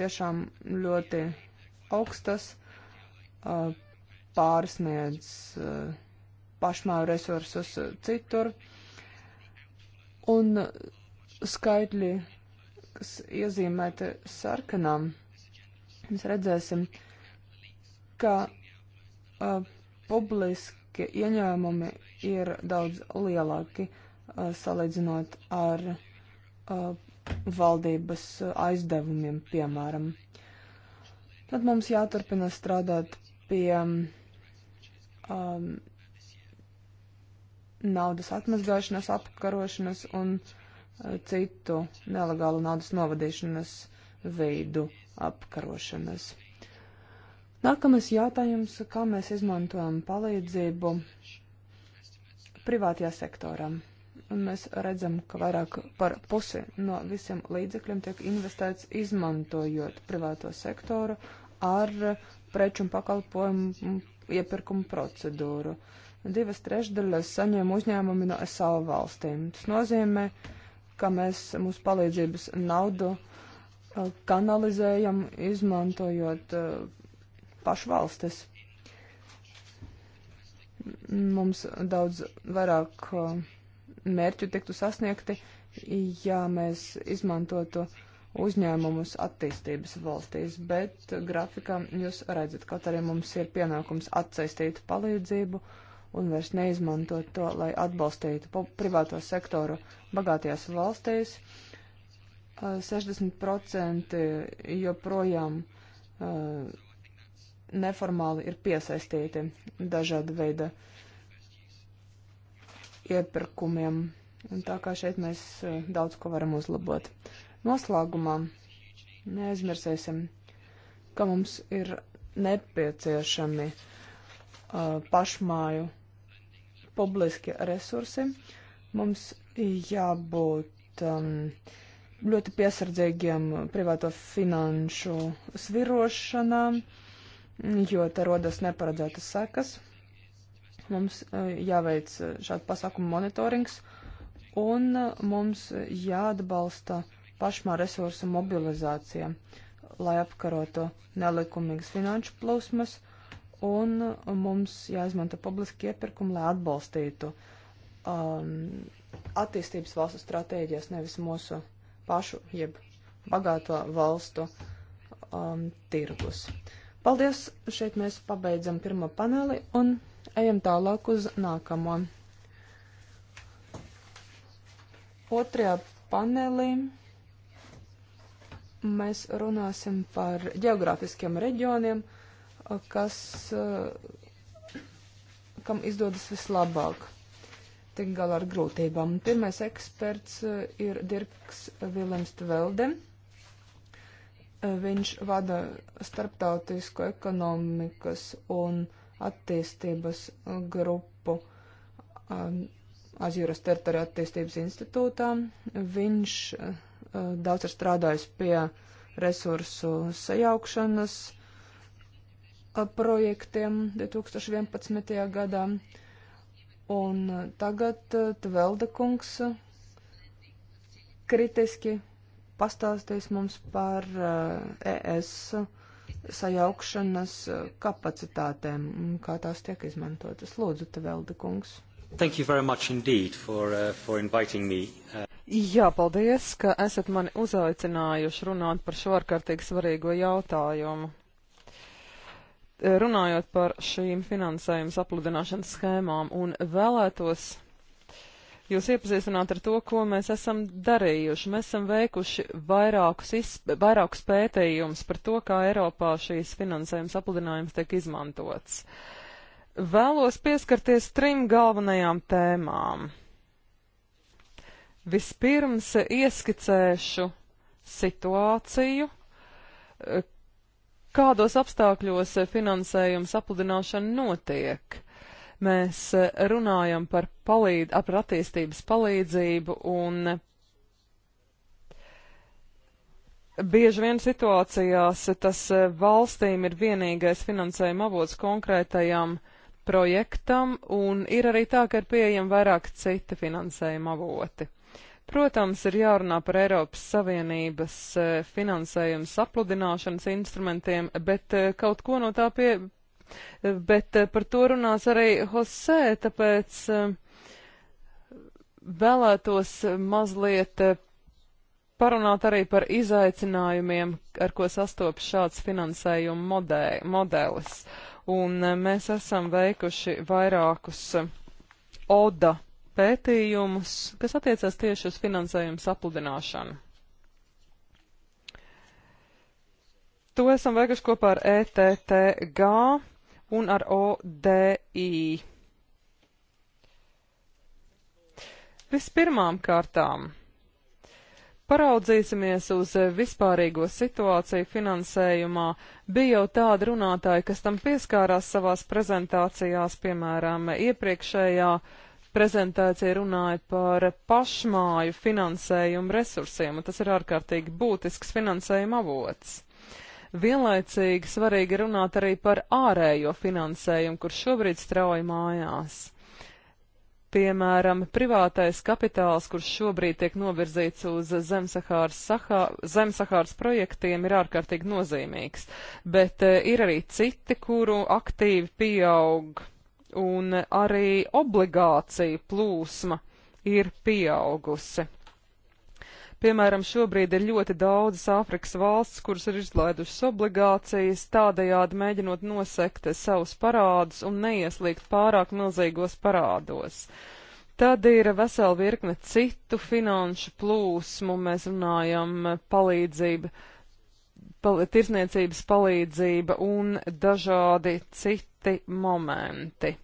tiešām ļoti augstas, pārsniedz pašmā resursus citur. Un skaitļi kas iezīmēti sarkanām, mēs redzēsim, ka uh, publiski ieņēmumi ir daudz lielāki uh, salīdzinot ar uh, valdības aizdevumiem, piemēram. Tad mums jāturpina strādāt pie um, naudas atmazgāšanas, apkarošanas un uh, citu nelegālu naudas novadīšanas veidu apkarošanas. Nākamais jautājums, kā mēs izmantojam palīdzību privātajā sektorā. Un mēs redzam, ka vairāk par pusi no visiem līdzekļiem tiek investēts izmantojot privāto sektoru ar preču un pakalpojumu iepirkumu procedūru. Divas trešdaļas saņem uzņēmumi no SAO valstīm. Tas nozīmē, uh, ka mēs mūsu palīdzības naudu uh, kanalizējam, izmantojot uh, pašvalstis. Mums daudz vairāk uh, mērķu tiktu sasniegti, ja mēs izmantotu uzņēmumus attīstības valstīs, bet grafikā jūs redzat, kaut arī mums ir pienākums atsaistīt palīdzību. Uh, un vairs neizmantot to, lai atbalstītu privāto sektoru bagātajās valstīs. 60% joprojām neformāli ir piesaistīti dažāda veida iepirkumiem. Un tā kā šeit mēs daudz ko varam uzlabot. Noslēgumā neaizmirsīsim, ka mums ir nepieciešami uh, pašmāju publiski resursi. Mums jābūt um, ļoti piesardzīgiem privāto finanšu svirošanā, jo te rodas neparedzētas sekas. Mums uh, jāveic šādu pasākumu monitorings un uh, mums jāatbalsta pašmā resursu mobilizācija, lai apkarotu nelikumīgas finanšu plūsmas un mums jāizmanto publiski iepirkumi, lai atbalstītu um, attīstības valstu stratēģijas, nevis mūsu pašu, jeb bagāto valstu um, tirgus. Paldies! Šeit mēs pabeidzam pirmo paneli un ejam tālāk uz nākamo. Otrajā panelī mēs runāsim par geogrāfiskiem reģioniem kas, eh, kam izdodas vislabāk tik galā ar grūtībām. Pirmais eksperts eh, ir Dirks Vilems Tvelde. Eh, viņš vada starptautisko ekonomikas un attīstības grupu um, Azjūras teritorija attīstības institūtā. Viņš uh, daudz ir strādājis pie resursu sajaukšanas, uh, projektiem 2011. gadā. Un tagad eh, Tvelda kungs kritiski pastāstīs mums par ES eh, e sajaukšanas kapacitātēm un kā tās tiek izmantotas. Lūdzu, Tvelda kungs. Thank you very much indeed for, uh, for inviting me. Uh... Jā, paldies, ka esat mani uzaicinājuši runāt par šo ārkārtīgi svarīgo jautājumu runājot par šīm finansējuma sapludināšanas schēmām un vēlētos jūs iepazīstināt ar to, ko mēs esam darījuši. Mēs esam veikuši vairākus, izp vairākus pētījumus par to, kā Eiropā šīs finansējums apludinājums tiek izmantots. Vēlos pieskarties trim galvenajām tēmām. Vispirms ieskicēšu situāciju, kādos apstākļos eh, finansējums apludināšana notiek. Mēs eh, runājam par, palīd, par attīstības palīdzību un bieži vien situācijās tas eh, valstīm ir vienīgais finansējuma avots konkrētajam projektam un ir arī tā, ka ir pieejami vairāk citi finansējuma avoti. Protams, ir jārunā par Eiropas Savienības e, finansējumu sapludināšanas instrumentiem, bet e, kaut ko no tā pie. E, bet par to runās arī Hosē, tāpēc vēlētos mazliet parunāt arī par izaicinājumiem, ar ko sastopas šāds finansējuma modē, modelis. Un mēs esam veikuši vairākus ODA pētījumus, kas attiecās tieši uz finansējumu sapludināšanu. To esam veikuši kopā ar ETTG un ar ODI. Vispirmām kārtām paraudzīsimies uz vispārīgo situāciju finansējumā, bija jau tāda runātāja, kas tam pieskārās savās prezentācijās, piemēram, iepriekšējā prezentācija runāja par pašmāju finansējumu resursiem, un tas ir ārkārtīgi būtisks finansējuma avots. Vienlaicīgi svarīgi runāt arī par ārējo finansējumu, kurš šobrīd strauji mājās. Piemēram, privātais kapitāls, kurš šobrīd tiek novirzīts uz Zemsahāras, Sahā, Zemsahāras projektiem, ir ārkārtīgi nozīmīgs, bet e, ir arī citi, kuru aktīvi pieaug un arī obligāciju plūsma ir pieaugusi. Piemēram, šobrīd ir ļoti daudzas Āfrikas valsts, kuras ir izlaidušas obligācijas, tādējādi mēģinot nosekt savus parādus un neieslīgt pārāk milzīgos parādos. Tad ir vesela virkne citu finanšu plūsmu, mēs runājam palīdzību, pal tirsniecības palīdzība un dažādi citi citi momenti.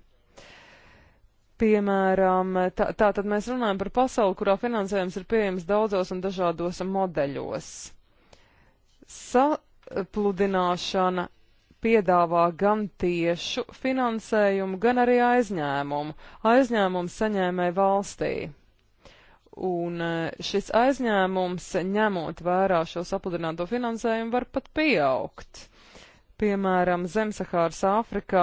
Piemēram, tā, tā tad mēs runājam par pasauli, kurā finansējums ir pieejams daudzos un dažādos modeļos. Sapludināšana piedāvā gan tiešu finansējumu, gan arī aizņēmumu. Aizņēmumu saņēmē valstī. Un e, šis aizņēmums, ņemot vērā šo sapludināto finansējumu, var pat pieaugt piemēram, Zemsahāras Āfrikā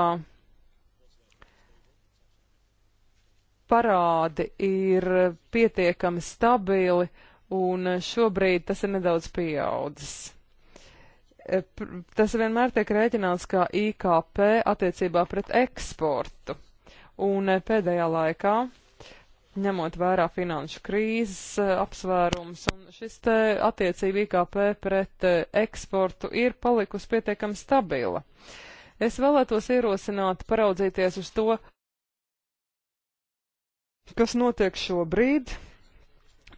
parādi ir pietiekami stabili, un šobrīd tas ir nedaudz pieaudzis. E, tas vienmēr tiek rēķināts kā IKP attiecībā pret eksportu, un e, pēdējā laikā ņemot vērā finanšu krīzes uh, apsvērums, un šis te attiecība IKP pret uh, eksportu ir palikusi pietiekami stabila. Es vēlētos ierosināt paraudzīties uz to, kas notiek šobrīd,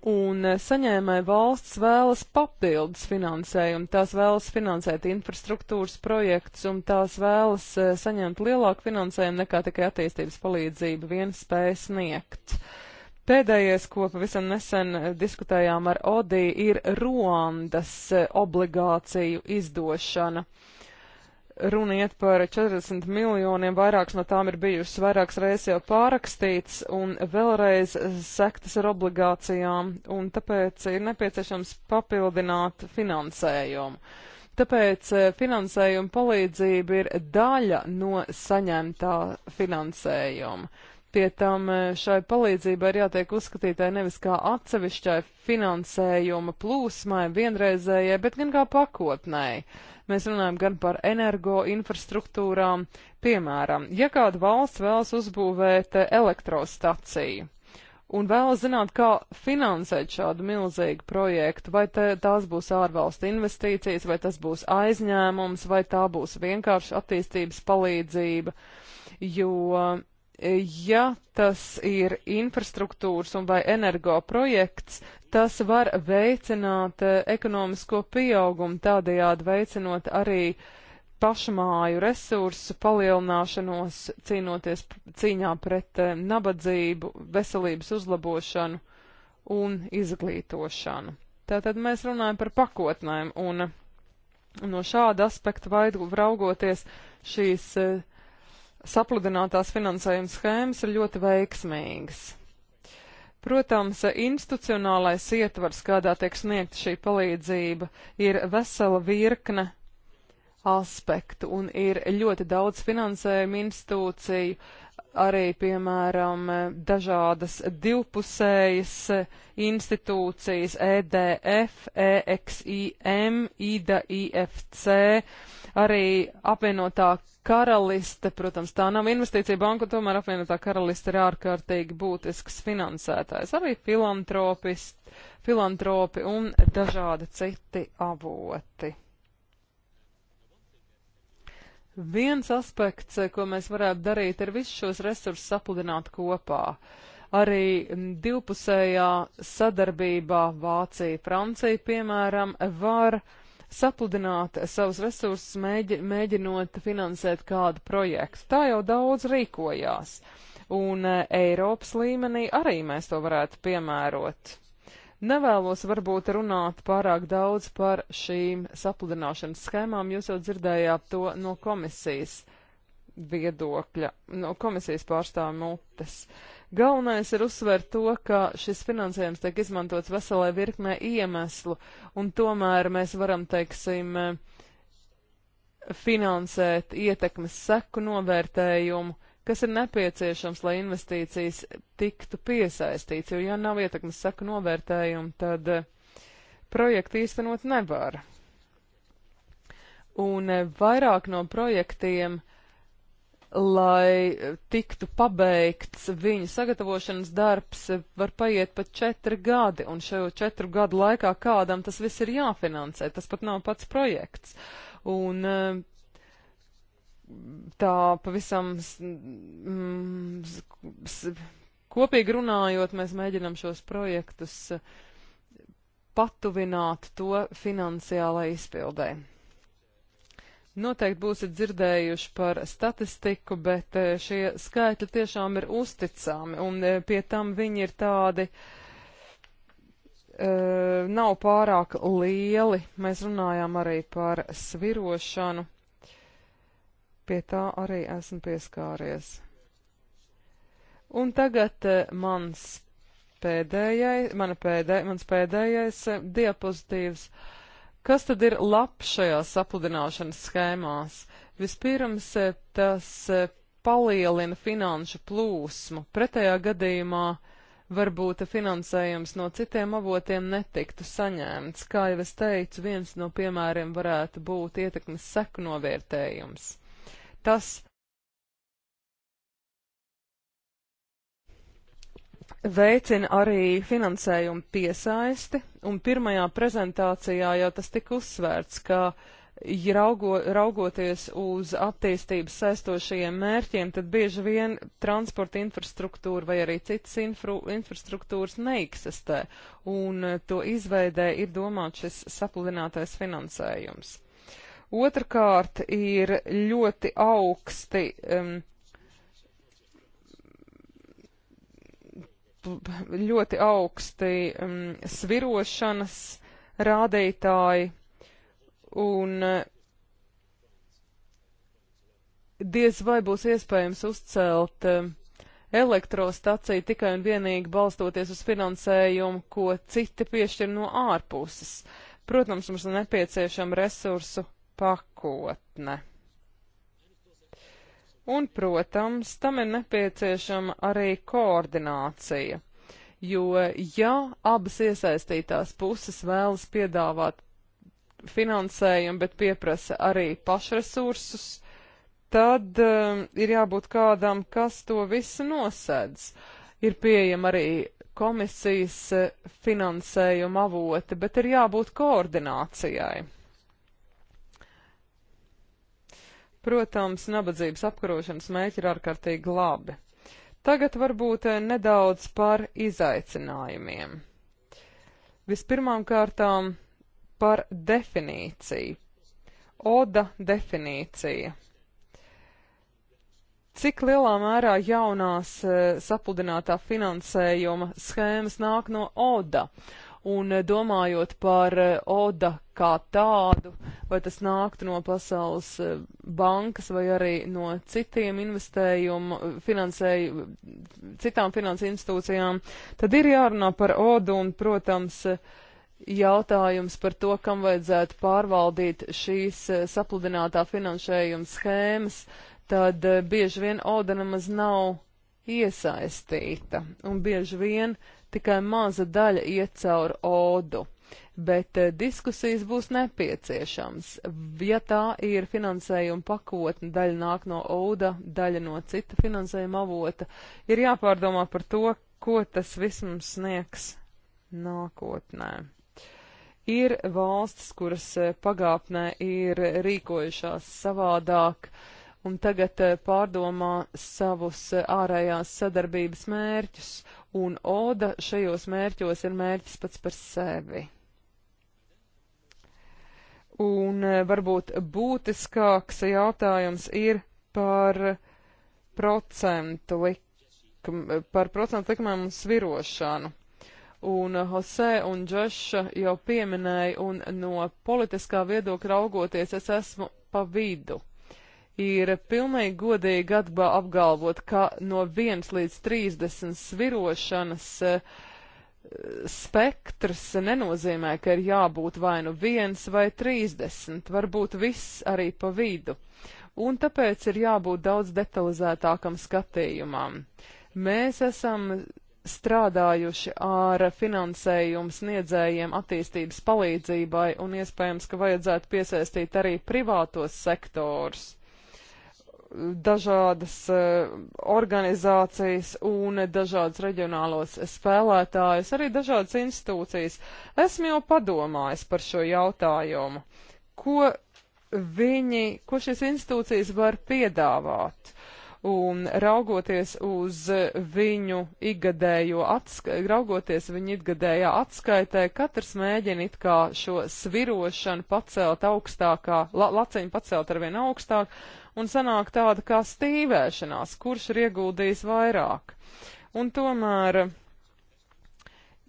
un eh, saņēmēja valsts vēlas papildus finansējumu, tās vēlas finansēt infrastruktūras projektus un tās vēlas saņemt lielāku finansējumu nekā tikai attīstības palīdzība vien spēja sniegt. Uh, Pēdējais, ko pavisam nesen diskutējām ar Odī, ir Ruandas eh, obligāciju izdošana. Runiet par 40 miljoniem, vairākas no tām ir bijušas vairākas reizes jau pārakstīts un vēlreiz sektas ar obligācijām, un tāpēc ir nepieciešams papildināt finansējumu. Tāpēc eh, finansējuma palīdzība ir daļa no saņemtā finansējuma. Pie tam e, šai palīdzībai ir jātiek uzskatītai nevis kā atsevišķai finansējuma plūsmai vienreizējai, bet gan kā pakotnēji. Mēs runājam gan par energo infrastruktūrām, piemēram, ja kāda valsts vēlas uzbūvēt e, elektrostaciju un vēlas zināt, kā finansēt šādu milzīgu projektu, vai te, tās būs ārvalstu investīcijas, vai tas būs aizņēmums, vai tā būs vienkārši attīstības palīdzība, jo ja tas ir infrastruktūras un vai energo projekts, tas var veicināt eh, ekonomisko pieaugumu, tādējādi veicinot arī pašmāju resursu palielināšanos, cīnoties cīņā pret eh, nabadzību, veselības uzlabošanu un izglītošanu. Tātad mēs runājam par pakotnēm, un no šāda aspekta vaidu raugoties šīs uh, sapludinātās finansējuma schēmas ir ļoti veiksmīgas. Protams, institucionālais ietvars, kādā tiek sniegta šī palīdzība, ir vesela virkne aspektu un ir ļoti daudz finansējuma institūciju, arī, piemēram, dažādas divpusējas institūcijas EDF, EXIM, IDA, IFC, arī apvienotā karaliste, protams, tā nav investīcija banka, tomēr apvienotā karaliste ir ārkārtīgi būtisks finansētājs, arī filantropisti, filantropi un dažādi citi avoti. Viens aspekts, eh, ko mēs varētu darīt, ir visus šos resursus sapludināt kopā. Arī mm, divpusējā sadarbībā Vācija, Francija, piemēram, var sapludināt savus resursus, mēģi, mēģinot finansēt kādu projektu. Tā jau daudz rīkojās. Un eh, Eiropas līmenī arī mēs to varētu piemērot. Nevēlos varbūt runāt pārāk daudz par šīm sapludināšanas schēmām, jūs jau dzirdējāt to no komisijas viedokļa, no komisijas pārstāvja mutes. Galvenais ir uzsvērt to, ka šis finansējums tiek izmantots veselai virknē iemeslu, un tomēr mēs varam, teiksim, finansēt ietekmes seku novērtējumu, kas ir nepieciešams, lai investīcijas tiktu piesaistīts, jo ja nav ietekmes saku novērtējumu, tad eh, projektu īstenot nevar. Un eh, vairāk no projektiem, lai eh, tiktu pabeigts viņa sagatavošanas darbs, var paiet pat četri gadi, un šo četru gadu laikā kādam tas viss ir jāfinansē, tas pat nav pats projekts. Un tā pavisam mm, kopīgi runājot, mēs mēģinam šos projektus patuvināt to finansiālai izpildē. Noteikti būsiet dzirdējuši par statistiku, bet e, šie skaitļi tiešām ir uzticami, un e, pie tam viņi ir tādi, uh, nav pārāk lieli. Mēs runājām arī par svirošanu. Pie tā arī esmu pieskāries. Un tagad eh, mans pēdējais, mana pēdē, mans pēdējais eh, diapozitīvs. Kas tad ir labs šajā sapludināšanas schēmās? Vispirms eh, tas palielina finanšu plūsmu, pretējā gadījumā varbūt finansējums no citiem avotiem netiktu saņemts. Kā jau es teicu, viens no piemēriem varētu būt ietekmes seku novērtējums tas veicina arī finansējumu piesaisti, un pirmajā prezentācijā jau tas tika uzsvērts, ka raugo, raugoties uz attīstības saistošajiem mērķiem, tad bieži vien transporta infrastruktūra vai arī citas infru, infrastruktūras neeksistē, un to izveidē ir domāts šis sapludinātais finansējums. Otrakārt ir ļoti augsti um, ļoti augsti um, svirošanas rādītāji un uh, diez vai būs iespējams uzcelt um, elektrostaciju tikai un vienīgi balstoties uz finansējumu, ko citi piešķir no ārpuses. Protams, mums ir nepieciešama resursu pakotne. Un, protams, tam ir nepieciešama arī koordinācija, jo ja abas iesaistītās puses vēlas piedāvāt finansējumu, bet pieprasa arī pašresursus, tad um, ir jābūt kādam, kas to visu nosedz. Ir pieejama arī komisijas eh, finansējuma avoti, bet ir jābūt koordinācijai. Protams, nabadzības apkarošanas mēķi ir ārkārtīgi labi. Tagad varbūt eh, nedaudz par izaicinājumiem. Vispirmām kārtām par definīciju. Oda definīcija. Cik lielā mērā jaunās e, sapludinātā finansējuma schēmas nāk no ODA? Un eh, domājot par eh, ODA kā tādu, vai tas nāktu no Pasaules eh, bankas vai arī no citiem investējumu, finansēju, citām finansu institūcijām, tad ir jārunā par ODU un, protams, jautājums par to, kam vajadzētu pārvaldīt šīs sapludinātā finansējuma schēmas, tad bieži vien ODA nemaz nav iesaistīta. Un bieži vien tikai maza daļa iet caur odu. Bet eh, diskusijas būs nepieciešams. Ja tā ir finansējuma pakotne, daļa nāk no ODA, daļa no cita finansējuma avota, ir jāpārdomā par to, ko tas viss mums sniegs nākotnē. Ir valstis, kuras eh, pagātnē ir rīkojušās savādāk, uh, un tagad eh, pārdomā savus eh, ārējās sadarbības mērķus, un Oda šajos mērķos ir mērķis pats par sevi. Un eh, varbūt būtiskāks jautājums ir par procentu likmēm, par procentu likmēm un svirošanu un Jose un Džoša jau pieminēja, un no politiskā viedokļa raugoties es esmu pa vidu ir pilnīgi godīgi apgalvot, ka no 1 līdz 30 svirošanas eh, spektrs nenozīmē, ka ir jābūt vai nu 1 vai 30, varbūt viss arī pa vidu. Un tāpēc ir jābūt daudz detalizētākam skatījumam. Mēs esam strādājuši ar finansējumu sniedzējiem attīstības palīdzībai un iespējams, ka vajadzētu piesaistīt arī privātos sektors dažādas e, organizācijas un dažādas reģionālos spēlētājus, arī dažādas institūcijas. Esmu jau padomājis par šo jautājumu, ko viņi, ko šīs institūcijas var piedāvāt. Un raugoties uz viņu ikgadējo, atska raugoties viņu ikgadējā atskaitē, katrs mēģina it kā šo svirošanu pacelt augstākā, la laciņu pacelt arvien augstāk, un sanāk tāda kā stīvēšanās, kurš ir ieguldījis vairāk. Un tomēr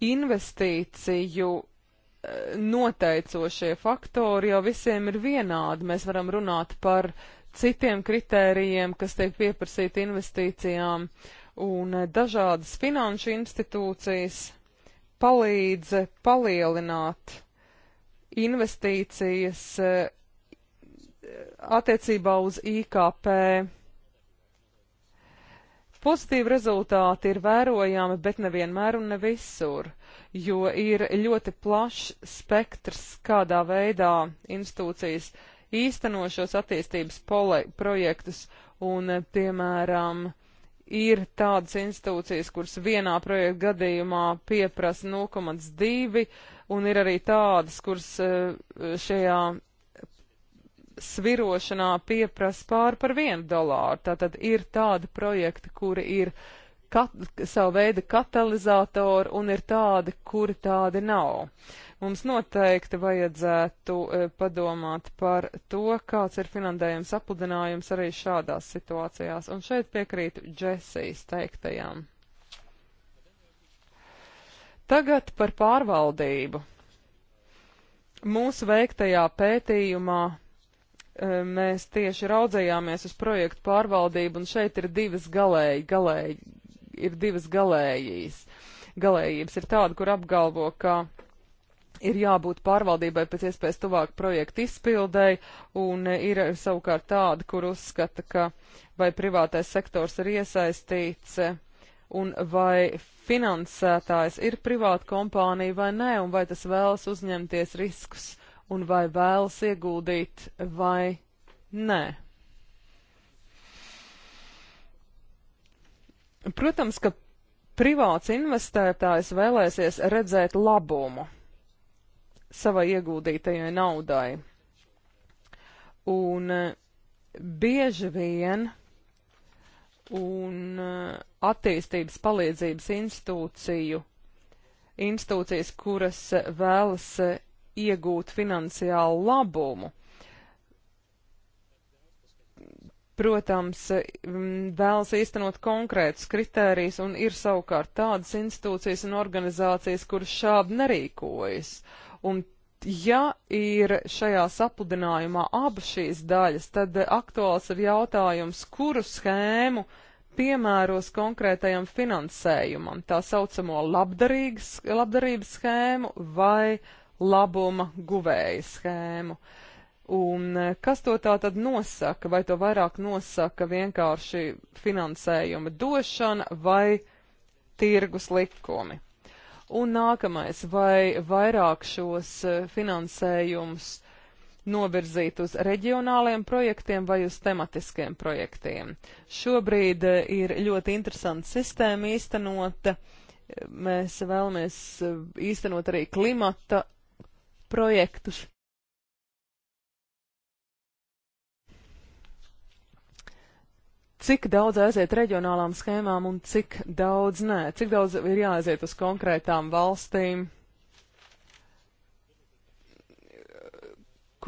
investīciju eh, noteicošie faktori jau visiem ir vienādi. Mēs varam runāt par citiem kritērijiem, kas tiek pieprasīti investīcijām, un eh, dažādas finanšu institūcijas palīdz palielināt investīcijas eh, attiecībā uz IKP. Pozitīvi rezultāti ir vērojami, bet nevienmēr un ne visur, jo ir ļoti plašs spektrs, kādā veidā institūcijas īsteno šos attīstības projektus, un, piemēram, ir tādas institūcijas, kuras vienā projekta gadījumā pieprasa 0,2, un ir arī tādas, kuras eh, šajā svirošanā pieprasa pāri par vienu dolāru. Tātad ir tādi projekti, kuri ir kat, savu veidu katalizatori un ir tādi, kuri tādi nav. Mums noteikti vajadzētu e, padomāt par to, kāds ir finansējums apludinājums arī šādās situācijās. Un šeit piekrītu Džesijas teiktajām. Tagad par pārvaldību. Mūsu veiktajā pētījumā mēs tieši raudzējāmies uz projektu pārvaldību, un šeit ir divas galēji, galēji, ir divas galējīs. Galējības ir tāda, kur apgalvo, ka ir jābūt pārvaldībai pēc iespējas tuvāk projektu izpildēji, un ir savukārt tāda, kur uzskata, ka vai privātais sektors ir iesaistīts, un vai finansētājs ir privāta kompānija vai nē, un vai tas vēlas uzņemties riskus un vai vēlas ieguldīt vai nē. Protams, ka privāts investētājs vēlēsies redzēt labumu savai ieguldītajai naudai. Un eh, bieži vien un eh, attīstības palīdzības institūciju, institūcijas, kuras eh, vēlas iegūt finansiālu labumu. Protams, vēlas īstenot konkrētus kritērijus un ir savukārt tādas institūcijas un organizācijas, kuras šādi nerīkojas. Un ja ir šajā sapludinājumā abas šīs daļas, tad aktuāls ir jautājums, kuru schēmu piemēros konkrētajam finansējumam, tā saucamo labdarības schēmu vai labuma guvēja schēmu. Un e, kas to tā tad nosaka? Vai to vairāk nosaka vienkārši finansējuma došana vai tirgus likumi? Un nākamais, vai vairāk šos e, finansējumus novirzīt uz reģionāliem projektiem vai uz tematiskiem projektiem. Šobrīd e, ir ļoti interesanta sistēma īstenota. Mēs vēlamies īstenot arī klimata projektus. Cik daudz aiziet reģionālām schēmām un cik daudz nē? Cik daudz ir jāaiziet uz konkrētām valstīm?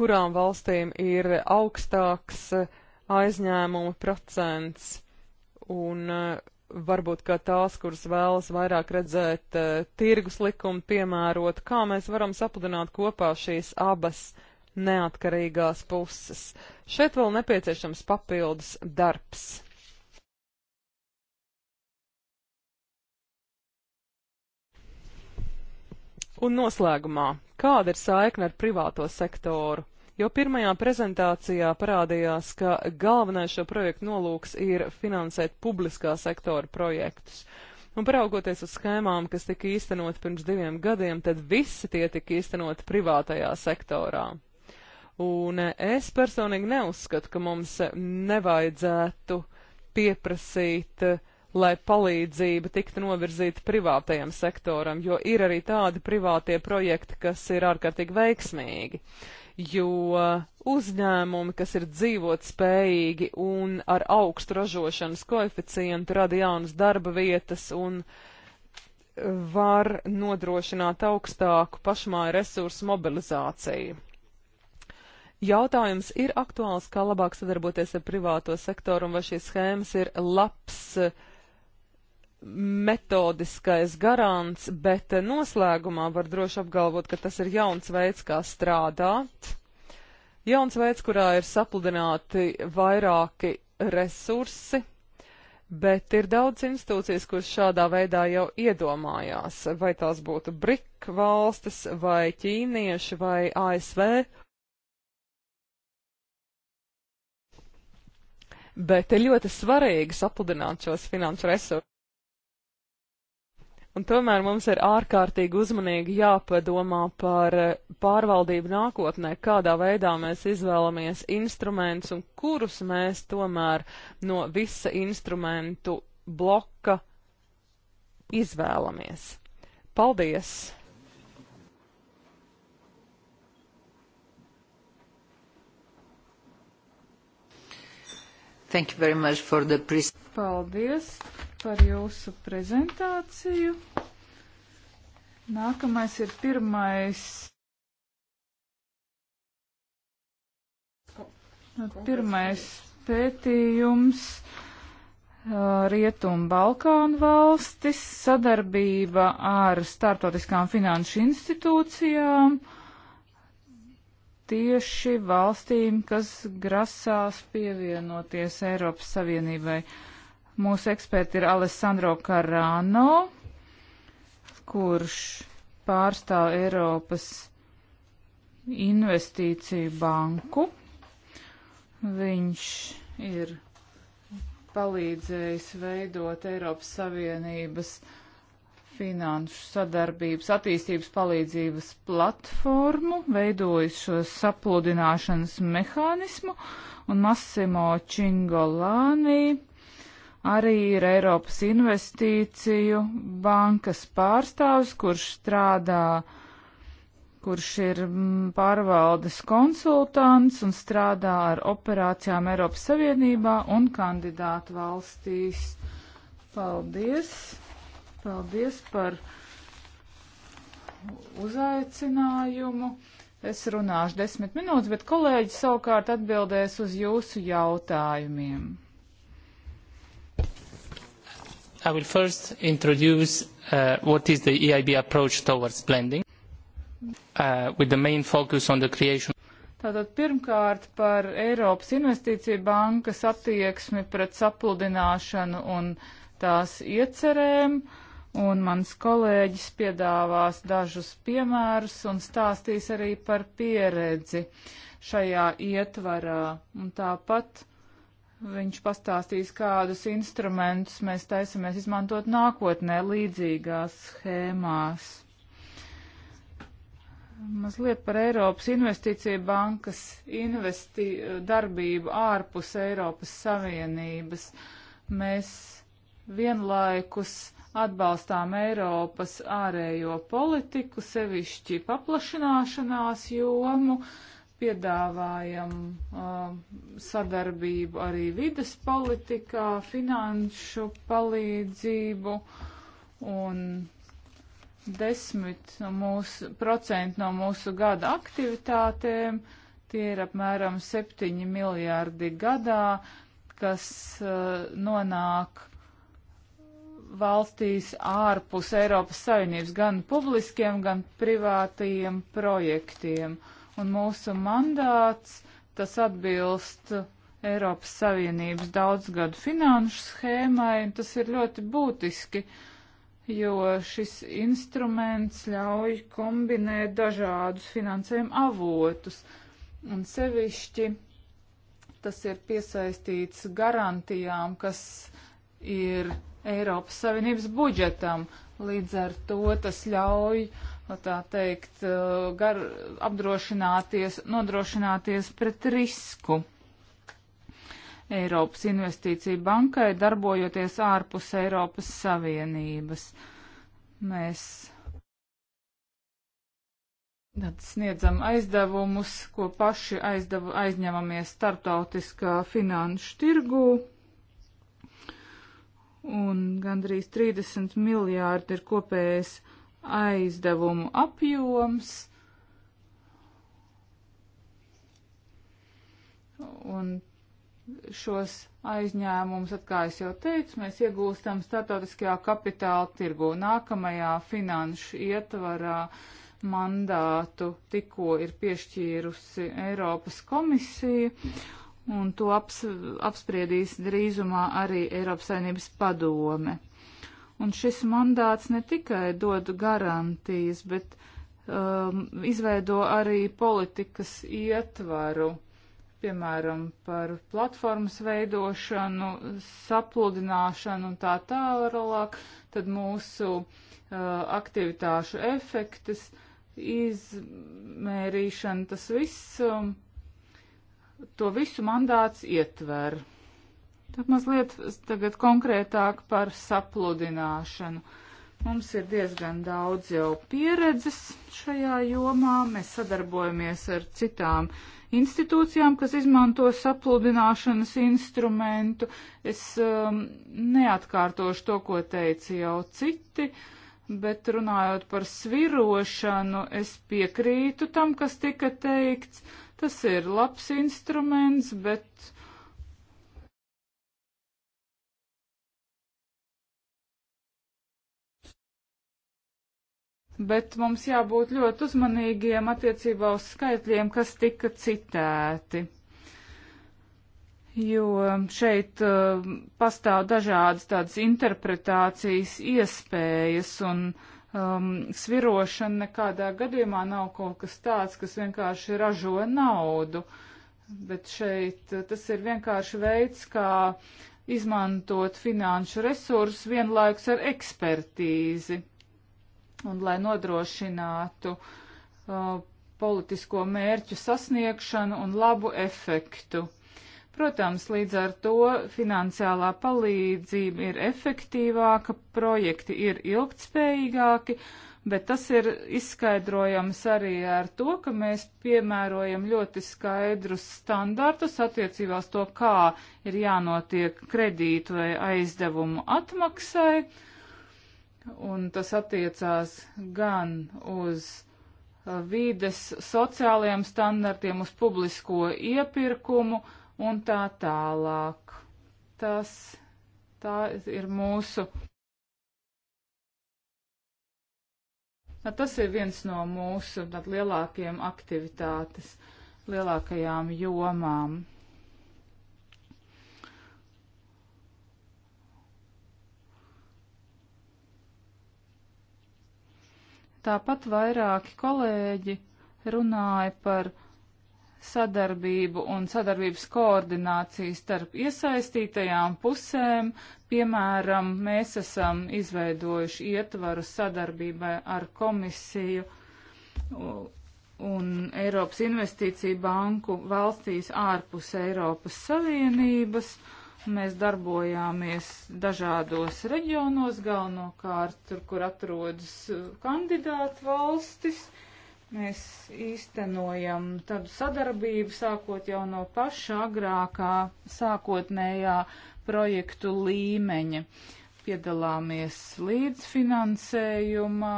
kurām valstīm ir augstāks eh, aizņēmuma procents un uh, varbūt kā tās, kuras vēlas vairāk redzēt uh, tirgus likumu piemērot, kā mēs varam sapludināt kopā šīs abas neatkarīgās puses. Šeit vēl nepieciešams papildus darbs. Un noslēgumā, kāda ir saikne ar privāto sektoru? jo pirmajā prezentācijā parādījās, ka galvenais šo projektu nolūks ir finansēt publiskā sektora projektus. Un paraugoties uz schēmām, kas tika īstenot pirms diviem gadiem, tad visi tie tika īstenot privātajā sektorā. Un es personīgi neuzskatu, ka mums nevajadzētu pieprasīt uh, lai palīdzība tiktu novirzīta privātajam sektoram, jo ir arī tādi privātie projekti, kas ir ārkārtīgi veiksmīgi jo uzņēmumi, kas ir dzīvot spējīgi un ar augstu ražošanas koeficientu, rada jaunas darba vietas un var nodrošināt augstāku pašmāju resursu mobilizāciju. Jautājums ir aktuāls, kā labāk sadarboties ar privāto sektoru un vai šīs schēmas ir labs uh, metodiskais garants, bet noslēgumā var droši apgalvot, ka tas ir jauns veids, kā strādāt. Jauns veids, kurā ir sapludināti vairāki resursi, bet ir daudz institūcijas, kuras šādā veidā jau iedomājās, vai tās būtu BRIK valstis, vai ķīnieši, vai ASV. Bet ir ļoti svarīgi sapludināt šos finanšu resursus. Un tomēr mums ir ārkārtīgi uzmanīgi jāpadomā par eh, pārvaldību nākotnē, kādā veidā mēs izvēlamies instrumentus un kurus mēs tomēr no visa instrumentu bloka izvēlamies. Paldies! Thank you very much for the Paldies par jūsu prezentāciju. Nākamais ir pirmais. Pirmais pētījums uh, Rietumu Balkānu valstis, sadarbība ar startotiskām finanšu institūcijām, tieši valstīm, kas grasās pievienoties Eiropas Savienībai. Uh, Mūsu eksperti ir Alessandro Carano, kurš pārstāv Eiropas investīciju banku. Viņš ir palīdzējis veidot Eiropas Savienības finanšu sadarbības attīstības palīdzības platformu, veidojis šo sapludināšanas mehānismu, un Massimo Čingolāni arī ir Eiropas investīciju bankas pārstāvis, kurš strādā, kurš ir mm, pārvaldes konsultants un strādā ar operācijām Eiropas Savienībā un kandidātu valstīs. Paldies! Paldies par uzaicinājumu. Es runāšu desmit minūtes, bet kolēģi savukārt atbildēs uz jūsu jautājumiem. I will first introduce uh, what is the EIB approach towards blending, uh, with the main focus on the creation. Tātad pirmkārt par Eiropas investīciju bankas attieksmi pret sapludināšanu un tās iecerēm, un mans kolēģis piedāvās dažus piemērus un stāstīs arī par pieredzi šajā ietvarā. Un tāpat Viņš pastāstīs, kādus instrumentus mēs taisamies izmantot nākotnē līdzīgās schēmās. Mazliet par Eiropas investīcija bankas investi darbību ārpus Eiropas Savienības. Mēs vienlaikus atbalstām Eiropas ārējo politiku, sevišķi paplašināšanās jomu. Uh, piedāvājam uh, sadarbību arī vides politikā, finanšu palīdzību un 10% no mūsu, no mūsu gada aktivitātēm, tie ir apmēram 7 miljārdi gadā, kas uh, nonāk valstīs ārpus Eiropas Savienības gan publiskiem, gan privātajiem projektiem. Uh, un mūsu mandāts, tas atbilst Eiropas Savienības daudzgadu finanšu schēmai, un tas ir ļoti būtiski, jo šis instruments ļauj kombinēt dažādus finansējuma avotus, un sevišķi tas ir piesaistīts garantijām, kas ir Eiropas Savienības budžetam. Līdz ar to tas ļauj Nu, tā teikt, eh, gar, apdrošināties, nodrošināties pret risku. Eiropas investīcija bankai darbojoties ārpus Eiropas Savienības. Mēs tad sniedzam aizdevumus, ko paši aizdev, aizņemamies starptautiskā finanšu tirgū. Un gandrīz 30 miljārdi ir kopējais aizdevumu apjoms. Un šos aizņēmumus, kā es jau teicu, mēs iegūstam startautiskajā kapitāla tirgu nākamajā finanšu ietvarā mandātu tikko ir piešķīrusi Eiropas komisija, un to aps, apspriedīs drīzumā arī Eiropas saimnības padome. Un šis mandāts ne tikai dod garantijas, bet um, izveido arī politikas ietvaru, piemēram, par platformas veidošanu, sapludināšanu un tā tālāk, tad mūsu uh, aktivitāšu efektes, izmērīšana, tas viss, um, to visu mandāts ietver. Tad mazliet tagad konkrētāk par sapludināšanu. Mums ir diezgan daudz jau pieredzes šajā jomā. Mēs sadarbojamies ar citām institūcijām, kas izmanto sapludināšanas instrumentu. Es um, neatkārtošu to, ko teica jau citi, bet runājot par svirošanu, es piekrītu tam, kas tika teikts. Tas ir labs instruments, bet bet mums jābūt ļoti uzmanīgiem attiecībā uz skaitļiem, kas tika citēti. Jo šeit uh, pastāv dažādas tādas interpretācijas iespējas un um, svirošana nekādā gadījumā nav kaut kas tāds, kas vienkārši ražo naudu, bet šeit uh, tas ir vienkārši veids, kā izmantot finanšu resursus vienlaikus ar ekspertīzi un lai nodrošinātu uh, politisko mērķu sasniegšanu un labu efektu. Protams, līdz ar to finansiālā palīdzība ir efektīvāka, projekti ir ilgtspējīgāki, bet tas ir izskaidrojams arī ar to, ka mēs piemērojam ļoti skaidrus standartus attiecībās to, kā ir jānotiek kredītu vai aizdevumu atmaksai un tas attiecās gan uz uh, vides sociālajiem standartiem, uz publisko iepirkumu un tā tālāk. Tas tā ir mūsu. Tas ir viens no mūsu lielākajiem aktivitātes, lielākajām jomām. Tāpat vairāki kolēģi runāja par sadarbību un sadarbības koordināciju starp iesaistītajām pusēm. Piemēram, mēs esam izveidojuši ietvaru sadarbībai ar komisiju un Eiropas investīciju banku valstīs ārpus Eiropas Savienības. Uh, Mēs darbojāmies dažādos reģionos, galvenokārt tur, kur atrodas uh, kandidātu valstis. Mēs īstenojam tādu sadarbību, sākot jau no paša agrākā sākotnējā projektu līmeņa. Piedalāmies līdzfinansējumā,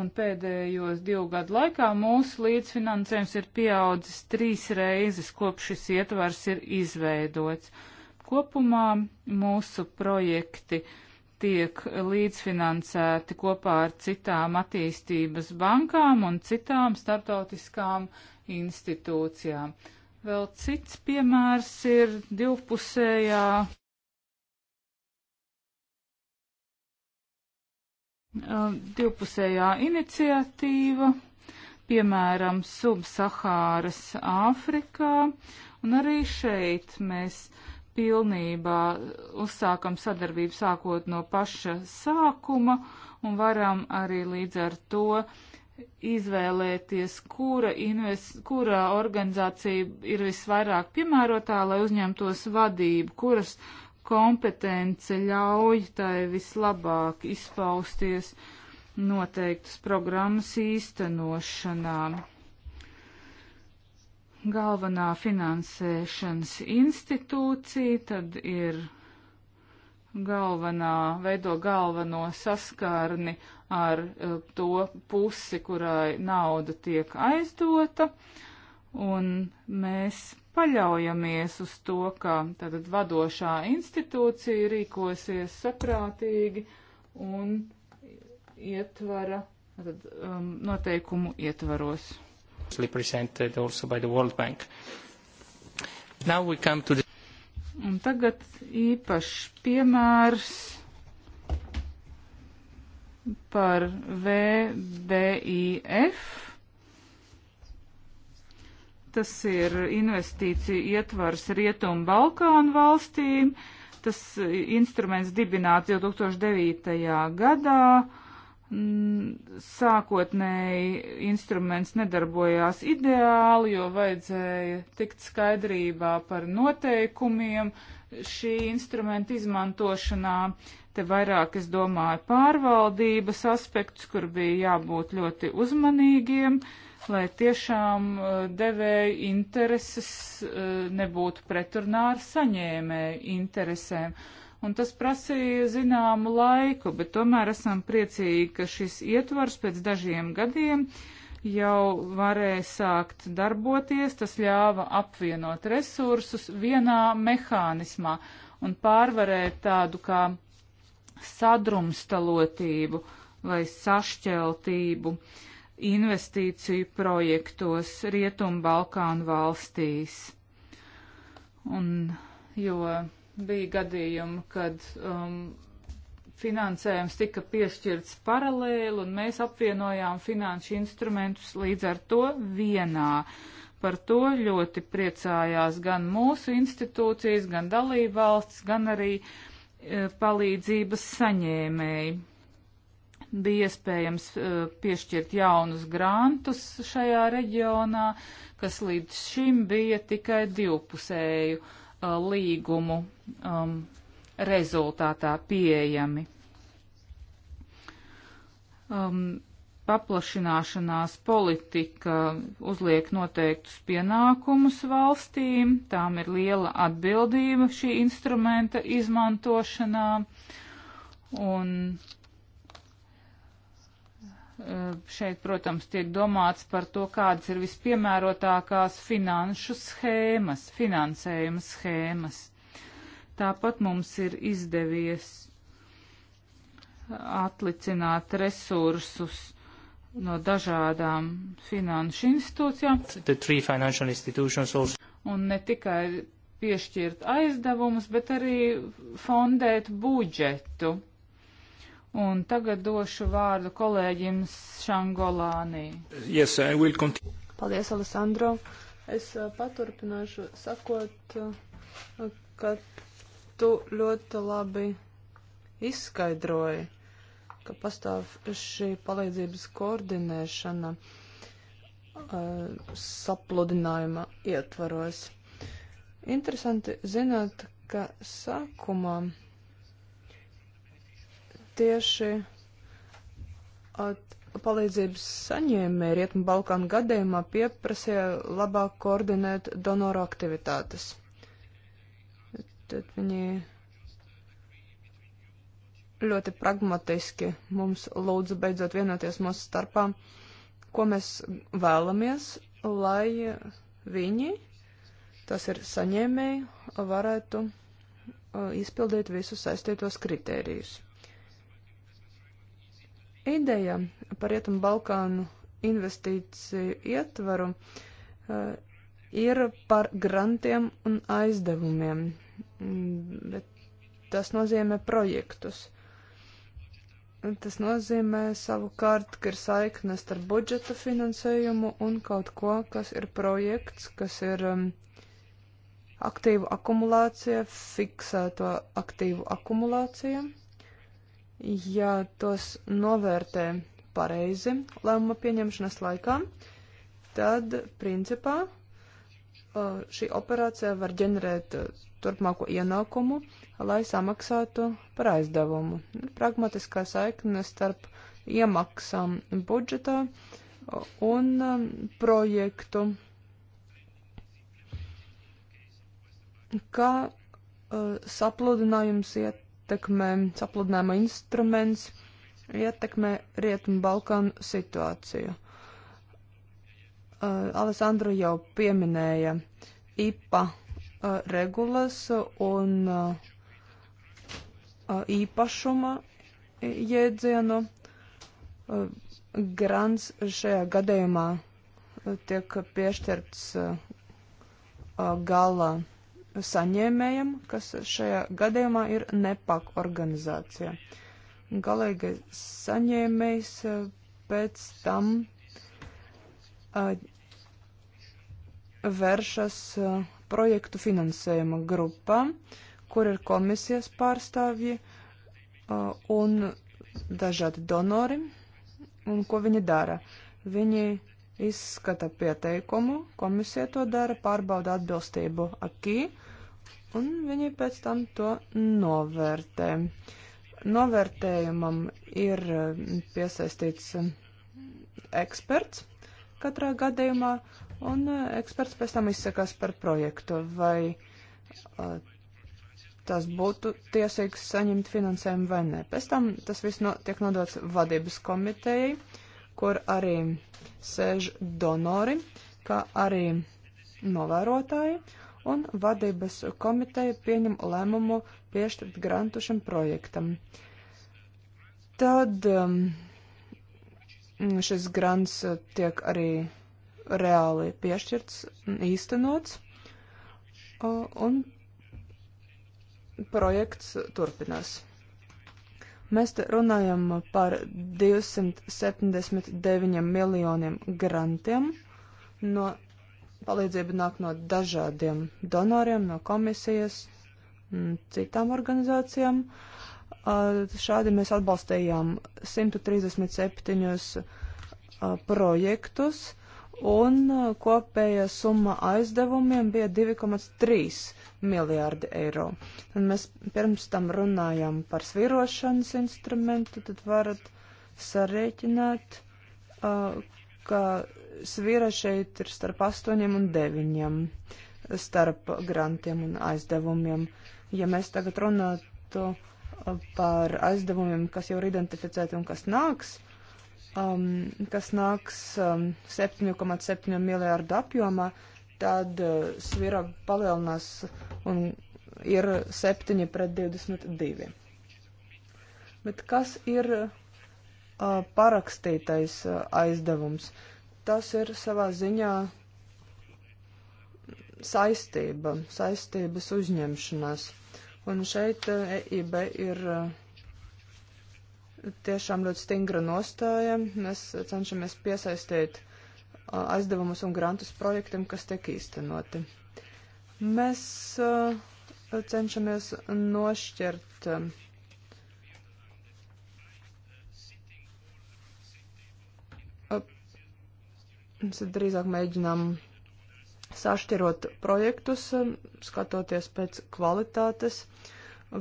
un pēdējos divu gadu laikā mūsu līdzfinansējums ir pieaudzis trīs reizes, kopš šis ietvars ir izveidots Kopumā mūsu projekti tiek līdzfinansēti kopā ar citām attīstības bankām un citām startautiskām institūcijām. Vēl cits piemērs ir divpusējā uh, divpusējā iniciatīva, piemēram, Subsahāras Āfrikā, un arī šeit mēs uh, pilnībā uzsākam sadarbību sākot no paša sākuma un varam arī līdz ar to izvēlēties, kura, invest, kura organizācija ir visvairāk piemērotā, lai uzņemtos vadību, kuras kompetence ļauj tai vislabāk izpausties noteiktas programmas īstenošanā galvenā finansēšanas institūcija, tad ir galvenā, veido galveno saskarni ar uh, to pusi, kurai nauda tiek aizdota, un mēs paļaujamies uz to, ka tātad vadošā institūcija rīkosies saprātīgi un ietvara, tātad, um, noteikumu ietvaros presented also by the World Bank. Now we come to the Un tagad īpašs piemērs par VBIF. Tas ir investīciju ietvars Rietumu Balkānu valstīm. Tas instruments dibināts 2009. gadā Mm, sākotnēji instruments nedarbojās ideāli, jo vajadzēja tikt skaidrībā par noteikumiem šī instrumenta izmantošanā. Te vairāk es domāju pārvaldības aspekts, kur bija jābūt ļoti uzmanīgiem, lai tiešām uh, devēju intereses uh, nebūtu pretrunā ar saņēmēju interesēm. Uh, un tas prasīja zināmu laiku, bet tomēr esam priecīgi, ka šis ietvars pēc dažiem gadiem jau varēja sākt darboties, tas ļāva apvienot resursus vienā mehānismā un pārvarēt tādu kā sadrumstalotību vai sašķeltību investīciju projektos Rietumbalkānu valstīs. Un, jo bija gadījumi, kad um, finansējums tika piešķirts paralēli un mēs apvienojām finanšu instrumentus līdz ar to vienā. Par to ļoti priecājās gan mūsu institūcijas, gan dalībvalsts, gan arī e, palīdzības saņēmēji. Bija iespējams e, piešķirt jaunus grantus šajā reģionā, kas līdz šim bija tikai divpusēju Uh, līgumu um, rezultātā pieejami. Um, paplašināšanās politika uzliek noteiktus pienākumus valstīm, tām ir liela atbildība šī instrumenta izmantošanā, un Eh, šeit, protams, tiek domāts par to, kādas ir vispiemērotākās finanšu schēmas, finansējuma schēmas. Tāpat mums ir izdevies atlicināt resursus no dažādām finanšu institūcijām. Un ne tikai piešķirt aizdevumus, bet arī fondēt budžetu. Un tagad došu vārdu kolēģim Šangolānī. Yes, Paldies, Alessandro. Es uh, paturpināšu sakot, uh, ka tu ļoti labi izskaidroji, ka pastāv šī palīdzības koordinēšana uh, sapludinājuma ietvaros. Interesanti zināt, ka sākumā tieši at, palīdzības saņēmēji Rietumu Balkānu gadījumā pieprasīja labāk koordinēt donoru aktivitātes. Tad viņi ļoti pragmatiski mums lūdza beidzot vienoties mūsu starpā, ko mēs vēlamies, lai viņi, tas ir saņēmēji, varētu uh, izpildīt visus saistītos kritērijus. Ideja par Rietumu Balkānu investīciju ietvaru eh, ir par grantiem un aizdevumiem, mm, bet tas nozīmē projektus. Tas nozīmē savukārt, ka ir saiknes ar budžeta finansējumu un kaut ko, kas ir projekts, kas ir um, aktīvu akumulācija, fiksēto aktīvu akumulācija ja tos novērtē pareizi lēmuma pieņemšanas laikā, tad principā šī operācija var ģenerēt turpmāko ienākumu, lai samaksātu par aizdevumu. Ir pragmatiskā saikne starp iemaksām budžetā un projektu. Kā sapludinājums iet ietekmē sapludinājuma instruments, ietekmē Rietumu Balkānu situāciju. Uh, Alessandra jau pieminēja IPA uh, regulas un uh, uh īpašuma jēdzienu. Uh, grants šajā gadījumā uh, tiek piešķirts gala saņēmējam, kas šajā gadījumā ir nepak organizācija. Galīgais saņēmējs eh, pēc tam uh, vēršas uh, projektu finansējuma grupā, kur ir komisijas pārstāvji uh, un dažādi donori, un ko viņi dara. Viņi izskata pieteikumu, komisija to dara, pārbauda atbilstību akī, un viņi pēc tam to novērtē. Novērtējumam ir mm, piesaistīts mm, eksperts katrā gadījumā, un mm, eksperts pēc tam izsakās par projektu, vai tas būtu tiesīgs saņemt finansējumu vai nē. Pēc tam tas viss no, tiek nodots vadības komitejai kur arī sēž donori, kā arī novērotāji, un vadības komiteja pieņem lēmumu piešķirt grantu šim projektam. Tad um, šis grants tiek arī reāli piešķirts, īstenots, uh, un projekts turpinās. Mēs runājam par 279 miljoniem grantiem. No palīdzība nāk no dažādiem donoriem, no komisijas, mm, citām organizācijām. Šādi mēs atbalstījām 137 projektus un uh, kopējā summa aizdevumiem bija 2,3 miljārdi eiro. Un mēs pirms tam runājām par svirošanas instrumentu, tad varat sarēķināt, uh, ka svira šeit ir starp 8 un 9 starp grantiem un aizdevumiem. Ja mēs tagad runātu uh, par aizdevumiem, kas jau ir identificēti un kas nāks, uh, um, kas nāks um, 7,7 miljārdu apjomā, tad uh, svira palielinās un ir 7 pret 22. Bet kas ir uh, parakstītais uh, aizdevums? Tas ir savā ziņā saistība, saistības uzņemšanās. Un šeit uh, EIB ir. Uh, tiešām ļoti stingra nostāja. Mēs cenšamies piesaistīt aizdevumus un grantus projektiem, kas tiek īstenoti. Mēs cenšamies nošķirt Mēs drīzāk mēģinām sašķirot projektus, skatoties pēc kvalitātes.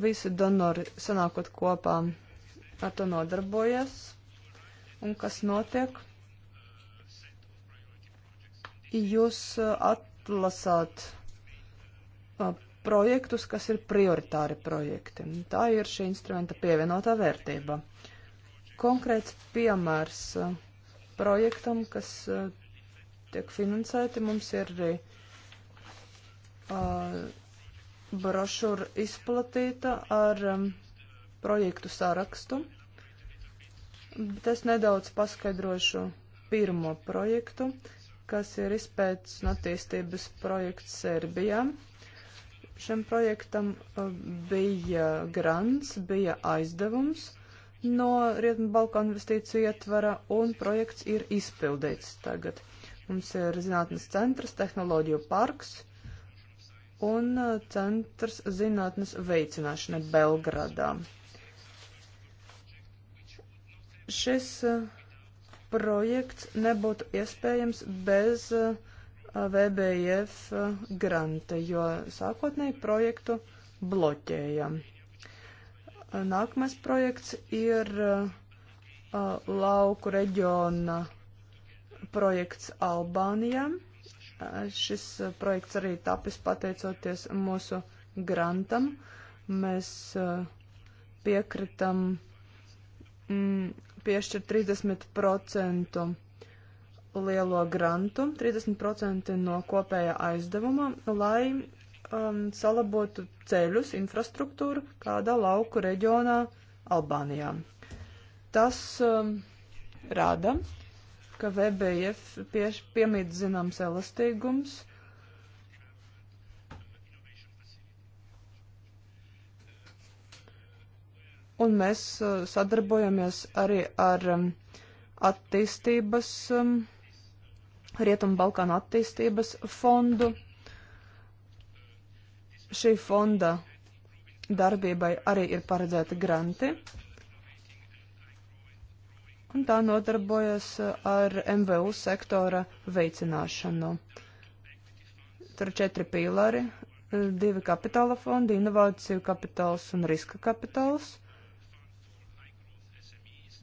Visi donori sanākot kopā ar to nodarbojas un kas notiek. Jūs uh, atlasāt uh, projektus, kas ir prioritāri projekti. Tā ir šī instrumenta pievienotā vērtība. Konkrēts piemērs uh, projektam, kas tiek finansēti, mums ir arī brošūra izplatīta ar um, projektu sarakstu. Es nedaudz paskaidrošu pirmo projektu, kas ir izpētes un attīstības projekts Serbijā. Šim projektam uh, bija grants, bija aizdevums no Rietumbalkānu investīciju ietvara, un projekts ir izpildīts tagad. Mums ir zinātnes centrs, tehnoloģiju parks un uh, centrs zinātnes veicināšanai Belgradā šis uh, projekts nebūtu iespējams bez uh, VBF uh, granta, jo sākotnēji projektu bloķēja. Nākamais projekts ir lauku reģiona projekts Albānijā. Šis projekts arī tapis pateicoties mūsu grantam. Mēs piekritam mm, piešķir 30% lielo grantu, 30% no kopējā aizdevuma, lai um, salabotu ceļus, infrastruktūru kādā lauku reģionā Albānijā. Tas um, rāda, ka VBF pieš, piemīt zināms elastīgums un mēs eh, sadarbojamies arī ar um, attīstības, um, Rietumu Balkānu attīstības fondu. Šī fonda darbībai arī ir paredzēti granti, un tā nodarbojas eh, ar MVU sektora veicināšanu. Tur ir četri pīlāri eh, divi kapitāla fondi - inovāciju kapitāls un riska kapitāls.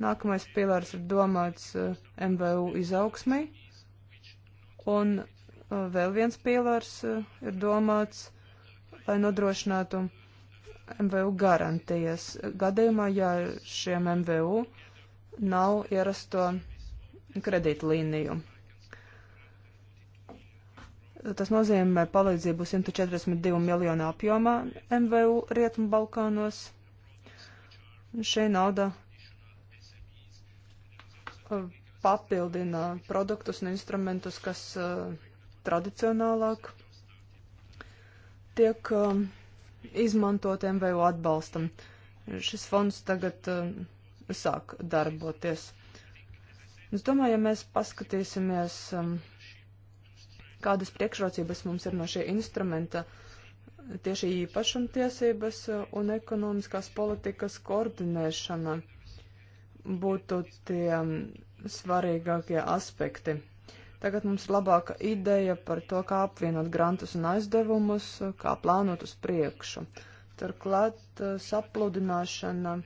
Nākamais pilārs ir domāts uh, eh, MVU izaugsmai, un uh, vēl viens pilārs uh, ir domāts, lai nodrošinātu MVU garantijas gadījumā, ja šiem MVU nav ierasto kredītlīniju. Tas nozīmē palīdzību 142 miljonu apjomā MVU Rietumu Balkānos. Šī nauda papildina produktus un instrumentus, kas eh, tradicionālāk tiek eh, izmantotiem vai atbalstam. Šis fonds tagad eh, sāk darboties. Es domāju, ja mēs paskatīsimies, kādas priekšrocības mums ir no šī instrumenta, tieši īpašumtiesības un ekonomiskās politikas koordinēšana būtu tie svarīgākie aspekti. Tagad mums ir labāka ideja par to, kā apvienot grantus un aizdevumus, kā plānot uz priekšu. Turklāt eh, sapludināšana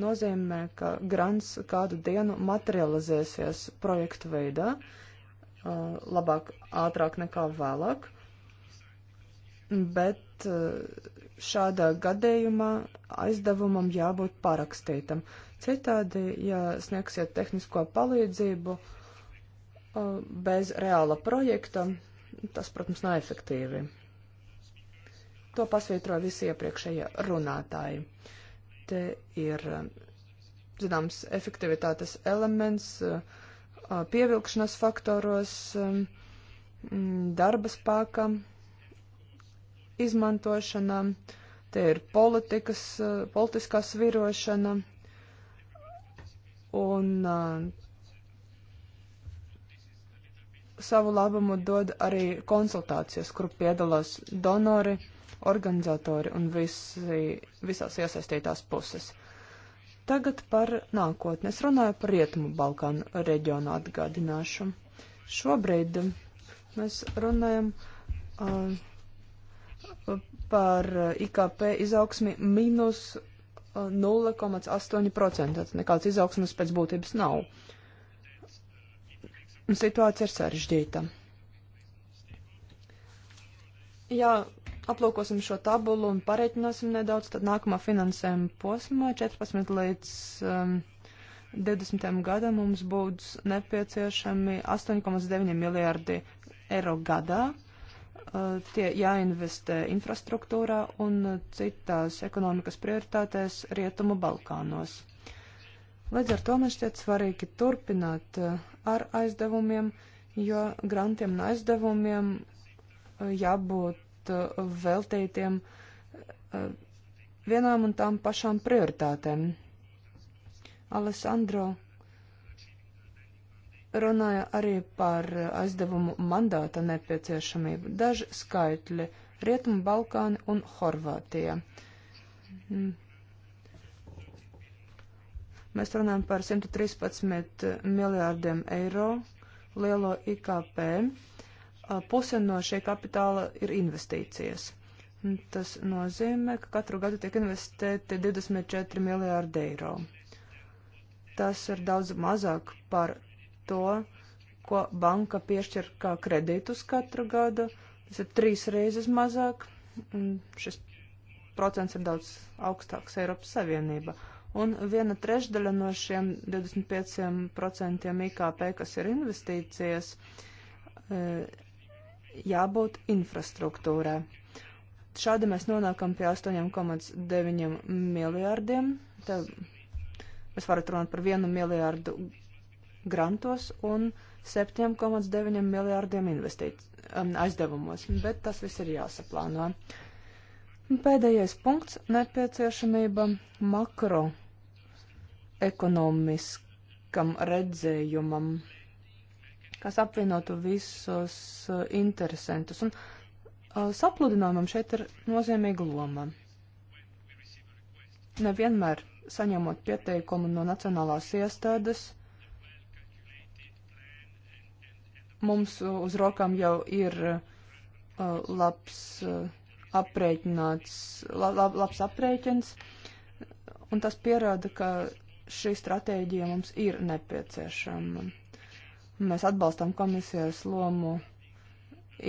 nozīmē, ka grants kādu dienu materializēsies projektu veidā, eh, labāk ātrāk nekā vēlāk, bet eh, šādā gadījumā aizdevumam jābūt parakstītam. Citādi, ja sniegsiet tehnisko palīdzību uh, bez reāla projekta, tas, protams, nav efektīvi. To pasvītroja visi iepriekšējie runātāji. Te ir, uh, zināms, efektivitātes elements uh, pievilkšanas faktoros, um, mm, darba spēka izmantošanā, te ir politikas, politiskā svirošana un uh, savu labumu dod arī konsultācijas, kur piedalās donori, organizatori un visi, visās iesaistītās puses. Tagad par nākotni. Es runāju par Rietumu Balkānu reģionu atgādināšu. Šobrīd mēs runājam uh, par IKP izaugsmi mīnus 0,8%. Tas nekāds izaugsmas pēc būtības nav. Situācija ir sarežģīta. Ja aplūkosim šo tabulu un pareiķināsim nedaudz, tad nākamā finansējuma posmā 14 līdz um, 20. gadam mums būs nepieciešami 8,9 miljārdi eiro gadā. Uh, Eh, tie jāinvestē infrastruktūrā un citās ekonomikas prioritātēs Rietumu Balkānos. Līdz ar to man šķiet svarīgi turpināt eh, ar aizdevumiem, jo grantiem un aizdevumiem eh, jābūt veltītiem vienām un tām pašām prioritātēm. Alessandro runāja arī par aizdevumu mandāta nepieciešamību. Daži skaitļi - Rietumu Balkāni un Horvātija. Mm. Mēs runājam par 113 miljārdiem eiro lielo IKP. Puse no šī kapitāla ir investīcijas. Tas nozīmē, ka katru gadu tiek investēti 24 miljārdi eiro. Tas ir daudz mazāk par to, ko banka piešķir kā kredītus katru gadu. Tas ir trīs reizes mazāk, un šis procents ir daudz augstāks Eiropas Savienība. Un viena trešdaļa no šiem 25% IKP, kas ir investīcijas, eh, jābūt infrastruktūrā. Šādi mēs nonākam pie 8,9 miljārdiem. Te mēs varat runāt par 1 miljārdu grantos un 7,9 miljārdiem um, aizdevumos, bet tas viss ir jāsaplāno. Pēdējais punkts - nepieciešamība makroekonomiskam redzējumam, kas apvienotu visus uh, interesantus. Un uh, sapludinājumam šeit ir nozīmīga loma. Nevienmēr saņemot pieteikumu no nacionālās iestādes Mums uh, uz rokām jau ir uh, labs uh, aprēķināts, la, lab, labs aprēķins, un tas pierāda, ka šī stratēģija mums ir nepieciešama. Mēs atbalstam komisijas lomu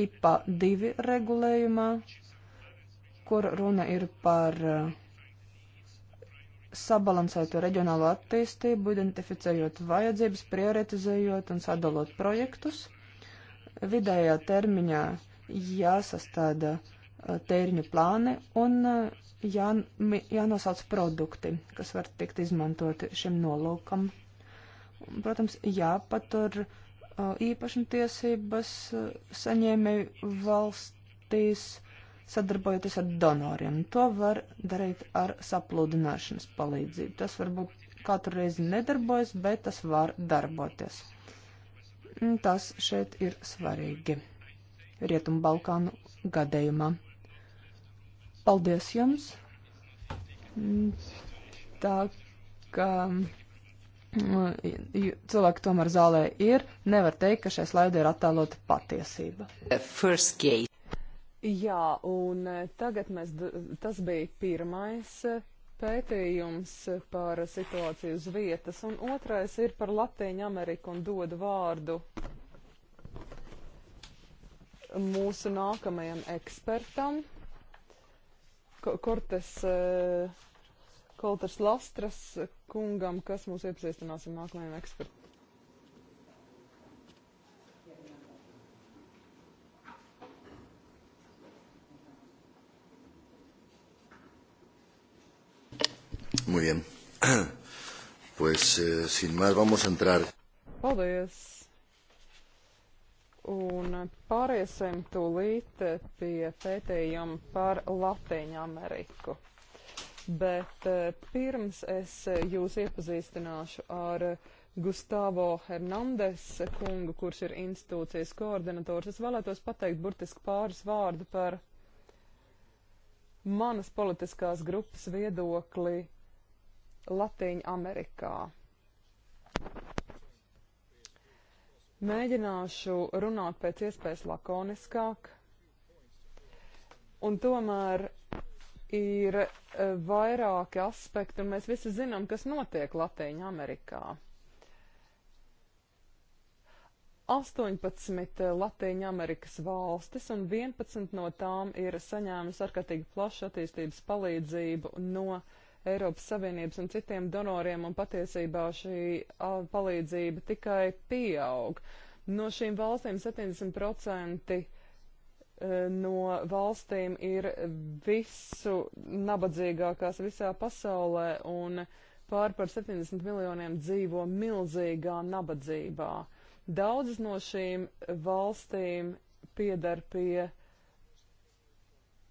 IPA 2 regulējumā, kur runa ir par uh, sabalansētu reģionālo attīstību, identificējot vajadzības, prioritizējot un sadalot projektus vidējā termiņā jāsastāda uh, tēriņu plāni un uh, jā, jānosauc produkti, kas var tikt izmantoti šim nolūkam. Protams, jāpatur uh, īpašumtiesības saņēmēju valstīs, sadarbojoties ar donoriem. To var darīt ar sapludināšanas palīdzību. Tas varbūt katru reizi nedarbojas, bet tas var darboties. Tas šeit ir svarīgi Rietumu Balkānu gadījumā. Paldies jums! Tā ka mm, cilvēki tomēr zālē ir, nevar teikt, ka šai slaidē ir attēlota patiesība. Jā, un tagad mēs, tas bija pirmais pētījums par situāciju uz vietas, un otrais ir par Latīņu Ameriku un dodu vārdu mūsu nākamajam ekspertam, Kortes eh, Kolters Lastras kungam, kas mūs iepazīstinās ar nākamajiem ekspertiem. Muy bien. Pues, eh, sin más, vamos a entrar. Paldies! Un pāriesim tūlīt pie pētījuma par Latīņu Ameriku. Bet eh, pirms es jūs iepazīstināšu ar Gustavo Hernandez kungu, kurš ir institūcijas koordinators, es vēlētos pateikt burtiski pāris vārdu par manas politiskās grupas viedokli Latīņa Amerikā. Mēģināšu runāt pēc iespējas lakoniskāk, un tomēr ir e, vairāki aspekti, un mēs visi zinām, kas notiek Latīņa Amerikā. 18 e, Latīņa Amerikas valstis, un 11 no tām ir saņēmusi ārkārtīgi plašu attīstības palīdzību no uh, Eiropas Savienības un citiem donoriem, un patiesībā šī palīdzība tikai pieaug. No šīm valstīm 70% e, no valstīm ir visu nabadzīgākās visā pasaulē, un pār par 70 miljoniem dzīvo milzīgā nabadzībā. Daudzas no šīm valstīm piedar pie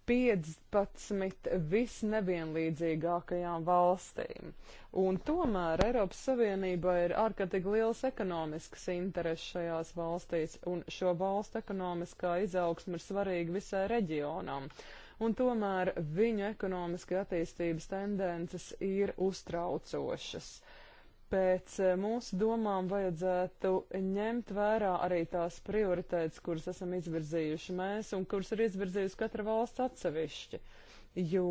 15 visnevienlīdzīgākajām valstīm. Un tomēr Eiropas Savienībā ir ārkārtīgi liels ekonomisks interesi šajās valstīs, un šo valstu ekonomiskā izaugsme ir svarīga visai reģionam. Un tomēr viņu ekonomiskā attīstības tendences ir uztraucošas pēc eh, mūsu domām vajadzētu ņemt vērā arī tās prioritētes, kuras esam izvirzījuši mēs un kuras ir izvirzījusi katra valsts atsevišķi. Jo,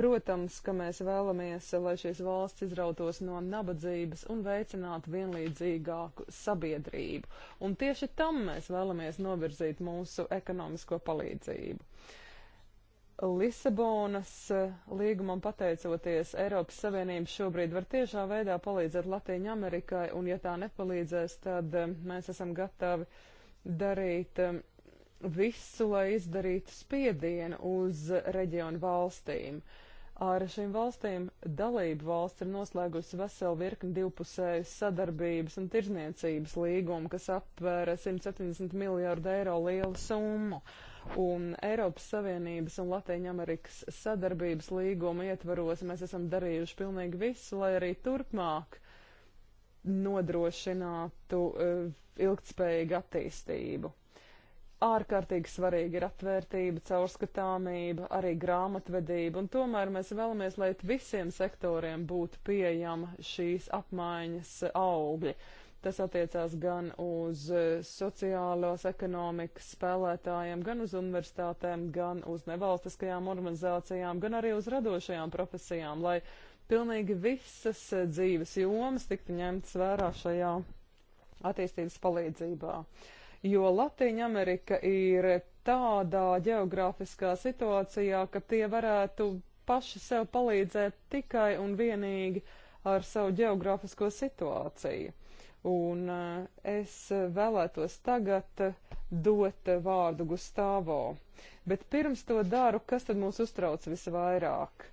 protams, ka mēs vēlamies, lai šīs valsts izrautos no nabadzības un veicinātu vienlīdzīgāku sabiedrību. Un tieši tam mēs vēlamies novirzīt mūsu ekonomisko palīdzību. Uh, Lisabonas eh, līgumam pateicoties, Eiropas Savienība šobrīd var tiešā veidā palīdzēt Latviju Amerikai, un ja tā nepalīdzēs, tad eh, mēs esam gatavi darīt eh, visu, lai izdarītu spiedienu uz reģionu valstīm. Uh, Ar šīm valstīm dalību valsts ir noslēgusi veselu virkni divpusējas sadarbības un tirzniecības līgumu, kas aptvēra 170 miljārdu eiro lielu summu. Un Eiropas Savienības un Latvijas Amerikas sadarbības līguma ietvaros mēs esam darījuši pilnīgi visu, lai arī turpmāk nodrošinātu uh, ilgtspējīgu attīstību ārkārtīgi svarīgi ir atvērtība, caurskatāmība, arī grāmatvedība, un tomēr mēs vēlamies, lai visiem sektoriem būtu pieejama šīs apmaiņas augļi. Tas attiecās gan uz e, sociālās ekonomikas spēlētājiem, gan uz universitātēm, gan uz nevalstiskajām organizācijām, gan arī uz radošajām profesijām, lai pilnīgi visas e, dzīves jomas tiktu ņemtas vērā šajā attīstības palīdzībā. Uh, jo Latīņa Amerika ir tādā geogrāfiskā situācijā, ka tie varētu paši sev palīdzēt tikai un vienīgi ar savu geogrāfisko situāciju. Un eh, es vēlētos tagad dot vārdu Gustavo. Bet pirms to daru, kas tad mūs uztrauc visvairāk?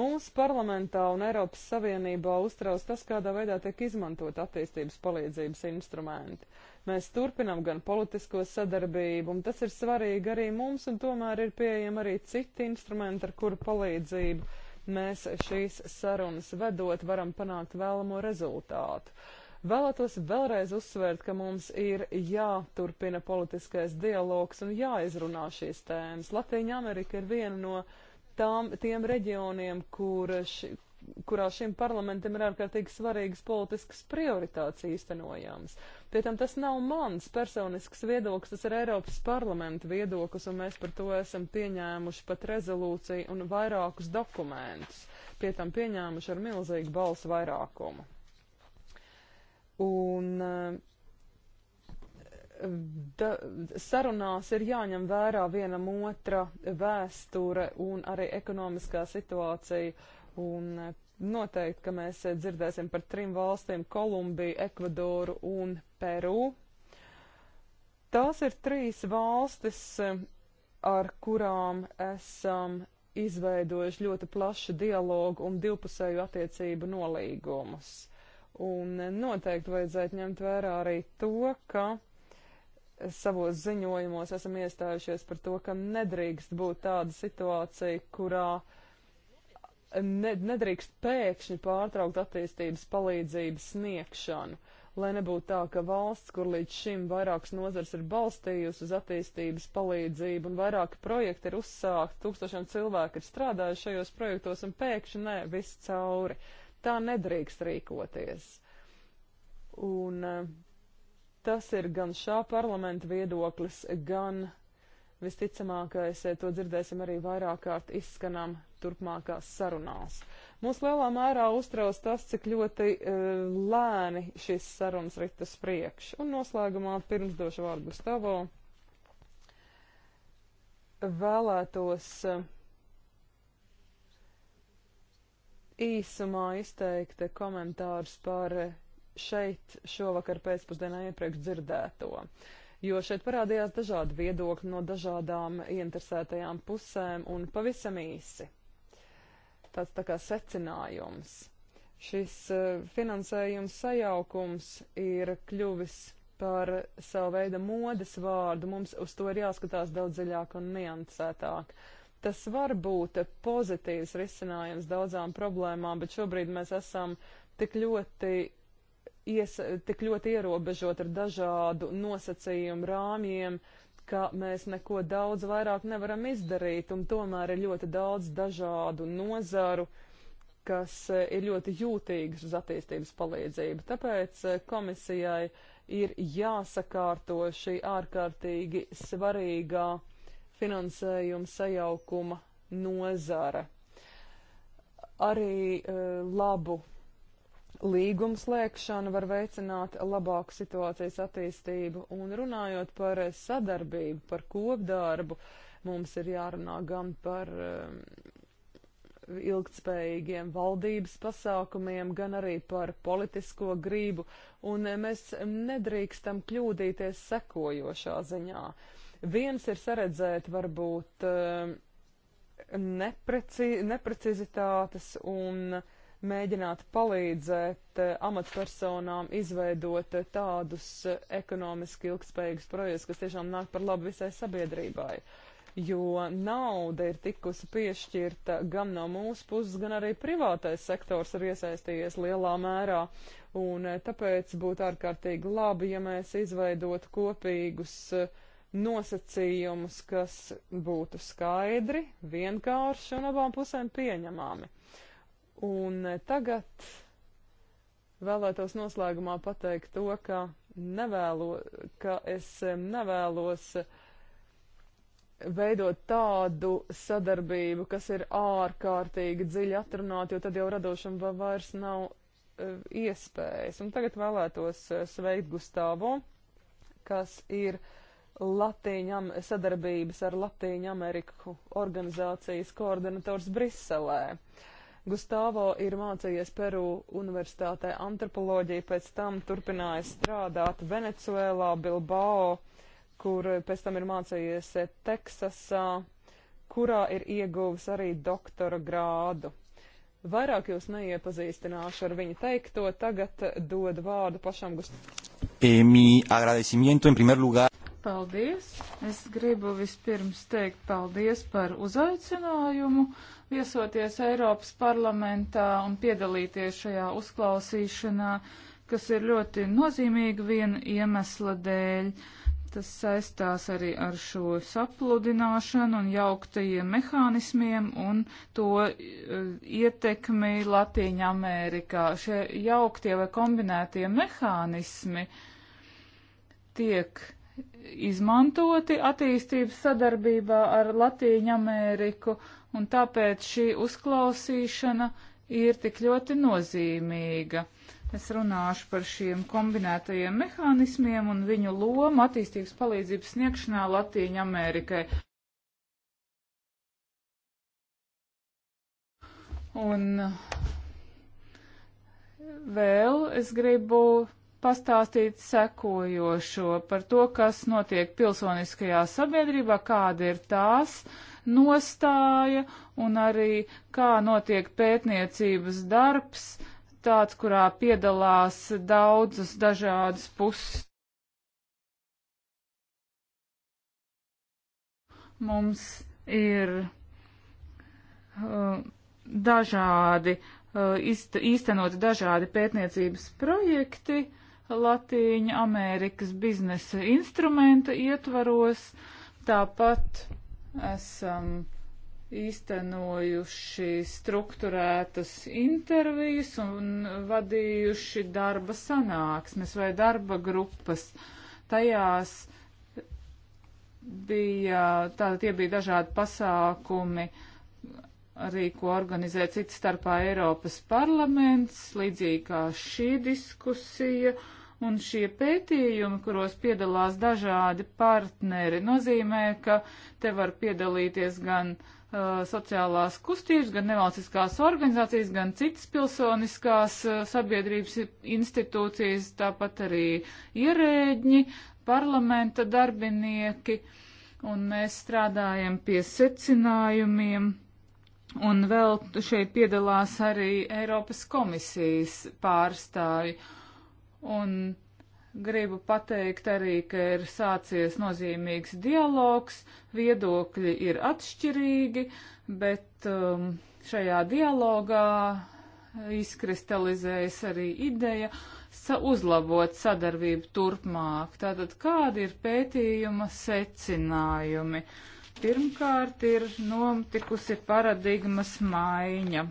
Mūsu parlamentā un Eiropas Savienībā uztrauc tas, kādā veidā tiek izmantot attīstības palīdzības instrumenti. Mēs turpinam gan politisko sadarbību, un tas ir svarīgi arī mums, un tomēr ir pieejami arī citi instrumenti, ar kuru palīdzību mēs šīs sarunas vedot varam panākt vēlamo rezultātu. Vēlētos vēlreiz uzsvērt, ka mums ir jāturpina politiskais dialogs un jāizrunā šīs tēmas. Latvija Amerika ir viena no tām, tiem reģioniem, kur ši, kurā šim parlamentam ir ārkārtīgi svarīgas politiskas prioritātes īstenojams. Pie tam tas nav mans personisks viedoklis, tas ir Eiropas parlamenta viedoklis, un mēs par to esam pieņēmuši pat rezolūciju un vairākus dokumentus. Pie tam pieņēmuši ar milzīgu balsu vairākumu. Un eh, da, sarunās ir jāņem vērā vienam otra vēsture un arī ekonomiskā situācija. Un eh, Noteikti, ka mēs dzirdēsim par trim valstīm - Kolumbiju, Ekvadoru un Peru. Tās ir trīs valstis, ar kurām esam izveidojuši ļoti plašu dialogu un divpusēju attiecību nolīgumus. Un noteikti vajadzētu ņemt vērā arī to, ka savos ziņojumos esam iestājušies par to, ka nedrīkst būt tāda situācija, kurā uh, nedrīkst pēkšņi pārtraukt attīstības palīdzības sniegšanu. Lai nebūtu tā, ka valsts, kur līdz šim vairākas nozars ir balstījusi uz attīstības palīdzību un vairāki projekti ir uzsākti, tūkstošiem cilvēku ir strādājuši šajos projektos un pēkšņi ne, viss cauri. Tā nedrīkst rīkoties. Un eh, tas ir gan šā parlamenta viedoklis, gan Visticamākais eh, to dzirdēsim arī vairāk kārt izskanām turpmākās sarunās. Mūs lielā mērā uztrauc tas, cik ļoti uh, lēni šīs sarunas rit uz priekšu. Un noslēgumā pirms došu vārdu Gustavo vēlētos uh, īsumā izteikt komentārus par šeit šovakar pēcpusdienā iepriekš dzirdēto. Uh, jo šeit parādījās dažādi viedokļi no dažādām ieinteresētajām pusēm un pavisam īsi. Tāds tā kā secinājums. Šis e, finansējums sajaukums ir kļuvis par savu veidu modes vārdu. Mums uz to ir jāskatās daudz dziļāk un niansētāk tas var būt pozitīvs risinājums daudzām problēmām, bet šobrīd mēs esam tik ļoti ies, tik ļoti ierobežot ar dažādu nosacījumu rāmjiem, ka mēs neko daudz vairāk nevaram izdarīt, un tomēr ir ļoti daudz dažādu nozaru, kas e, ir ļoti jūtīgas uz attīstības palīdzību. Tāpēc e, komisijai ir jāsakārto šī ārkārtīgi svarīgā finansējuma sajaukuma nozara. Arī e, labu līguma slēgšana var veicināt labāku situācijas attīstību. Un runājot par eh, sadarbību, par kopdarbu, mums ir jārunā gan par um, ilgtspējīgiem valdības pasākumiem, gan arī par politisko grību, un eh, mēs nedrīkstam kļūdīties sekojošā ziņā. Viens ir saredzēt varbūt um, nepreci neprecizitātes un uh, mēģināt palīdzēt eh, amatpersonām izveidot eh, tādus eh, ekonomiski ilgspējīgus projektus, kas tiešām nāk par labu visai sabiedrībai. Jo nauda ir tikusi piešķirta gan no mūsu puses, gan arī privātais sektors ir iesaistījies lielā mērā. Un tāpēc būtu ārkārtīgi labi, ja mēs izveidotu kopīgus nosacījumus, kas būtu skaidri, vienkārši un abām pusēm pieņemami. Uh, Un tagad vēlētos noslēgumā pateikt to, ka, nevēlo, ka es nevēlos veidot tādu sadarbību, kas ir ārkārtīgi dziļi atrunāta, jo tad jau radošam vairs nav e, iespējas. Un tagad vēlētos e, sveikt Gustavo, kas ir Latīņam, sadarbības ar Latīņu Ameriku organizācijas koordinators Briselē. Uh, Gustavo ir mācījies Peru universitātē antropoloģiju, pēc tam turpinājis strādāt Venecuēlā, Bilbao, kur pēc tam ir mācījies Teksasā, kurā ir ieguvis arī doktora grādu. Vairāk jūs neiepazīstināšu ar viņu teikto, tagad dodu vārdu pašam Gustavam. Eh, mi agradecimiento en primer lugar. Paldies! Es gribu vispirms teikt paldies par uzaicinājumu viesoties Eiropas parlamentā un piedalīties šajā uzklausīšanā, kas ir ļoti nozīmīga viena iemesla dēļ. Tas saistās arī ar šo sapludināšanu un jauktajiem mehānismiem un to e, ietekmi Latīņa Amerikā. Šie jauktie vai kombinētie mehānismi tiek izmantoti attīstības sadarbībā ar Latīņu Ameriku, un tāpēc šī uzklausīšana ir tik ļoti nozīmīga. Es runāšu par šiem kombinētajiem mehānismiem un viņu lomu attīstības palīdzības sniegšanā Latīņu Amerikai. Un vēl es gribu pastāstīt sekojošo par to, kas notiek pilsoniskajā sabiedrībā, kāda ir tās nostāja un arī kā notiek pētniecības darbs, tāds, kurā piedalās daudzas dažādas puses. Mums ir uh, dažādi, uh, īstenoti dažādi pētniecības projekti, uh, Latīņa Amerikas biznesa instrumenta ietvaros. Tāpat esam īstenojuši struktūrētas intervijas un vadījuši darba sanāksmes vai darba grupas. Tajās bija, tātad tie bija dažādi pasākumi, arī ko organizē cits starpā Eiropas parlaments, līdzīgi kā šī diskusija. Uh, Un šie pētījumi, kuros piedalās dažādi partneri, nozīmē, ka te var piedalīties gan uh, sociālās kustības, gan nevalstiskās organizācijas, gan citas pilsoniskās uh, sabiedrības institūcijas, tāpat arī ierēģi, parlamenta darbinieki. Un mēs strādājam pie secinājumiem. Un vēl šeit piedalās arī Eiropas komisijas pārstāvi. Uh, Un gribu pateikt arī, ka ir sācies nozīmīgs dialogs, viedokļi ir atšķirīgi, bet um, šajā dialogā izkristalizējas arī ideja sa uzlabot sadarbību turpmāk. Tātad kādi ir pētījuma secinājumi? Pirmkārt ir nomtikusi paradigmas maiņa.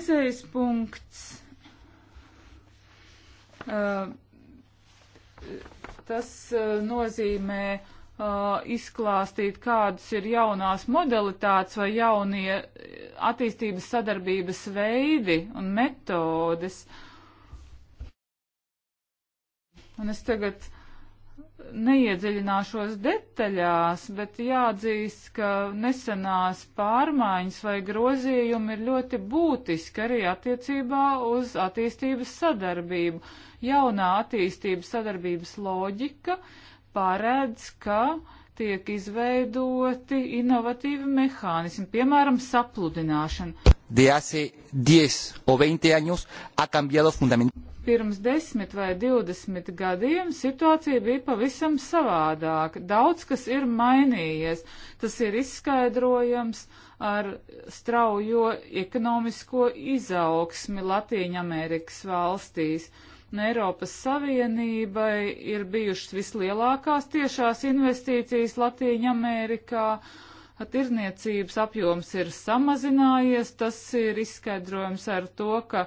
Izejas punkts Eh, tas eh, nozīmē eh, izklāstīt, kādas ir jaunās modalitātes vai jaunie attīstības sadarbības veidi un metodes. Un es tagad neiedziļināšos detaļās, bet jāatzīst, ka nesenās pārmaiņas vai grozījumi ir ļoti būtiski arī attiecībā uz attīstības sadarbību. Jaunā attīstības sadarbības loģika paredz, ka tiek izveidoti inovatīvi mehānismi, piemēram, sapludināšana. De hace 10 o 20 años ha cambiado fundamentalmente. Pirms 10 vai 20 gadiem situācija bija pavisam savādāka. Daudz kas ir mainījies. Tas ir izskaidrojams ar straujo ekonomisko izaugsmi Latīņamerikas valstīs. Uh, un Eiropas Savienībai ir bijušas vislielākās tiešās investīcijas Latīņa Amerikā. Tirniecības apjoms ir samazinājies, tas ir izskaidrojums ar to, ka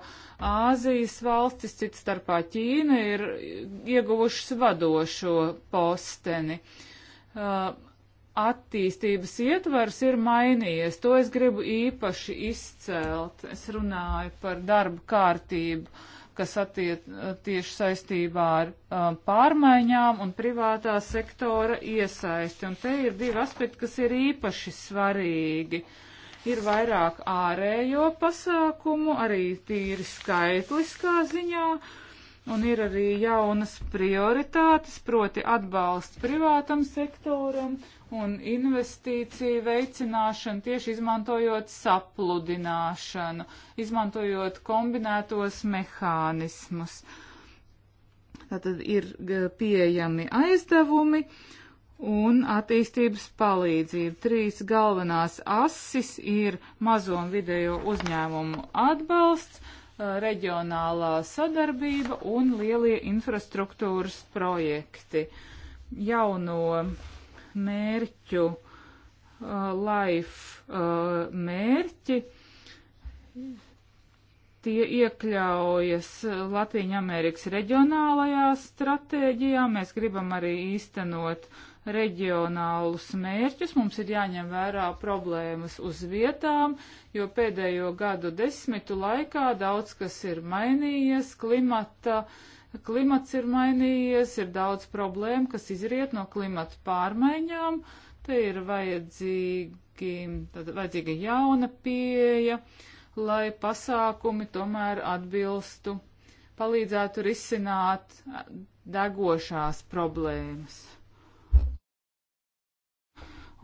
Āzijas valstis, cits starpā Ķīna, ir ieguvušas vadošo posteni. Uh, attīstības ietvars ir mainījies. To es gribu īpaši izcelt. Es runāju par darba kārtību kas attiec eh, tieši saistībā ar um, pārmaiņām un privātā sektora iesaisti. Un te ir divi aspekti, kas ir īpaši svarīgi. Ir vairāk ārējo pasākumu, arī tīri skaitliskā ziņā, un ir arī jaunas prioritātes, proti atbalsts privātam sektoram un investīciju veicināšanu tieši izmantojot sapludināšanu, izmantojot kombinētos mehānismus. Tātad ir pieejami aizdevumi un attīstības palīdzība. Trīs galvenās asis ir mazo un vidējo uzņēmumu atbalsts, reģionālā sadarbība un lielie infrastruktūras projekti. Jauno mērķu uh, life uh, mērķi. Tie iekļaujas Latvijas Amerikas reģionālajā stratēģijā. Mēs gribam arī īstenot reģionālus mērķus. Mums ir jāņem vērā problēmas uz vietām, jo pēdējo gadu desmitu laikā daudz kas ir mainījies klimata uh, Klimats ir mainījies, ir daudz problēmu, kas izriet no klimata pārmaiņām. Te ir vajadzīgi, tad, vajadzīga jauna pieeja, lai pasākumi tomēr atbilstu, palīdzētu risināt degošās problēmas.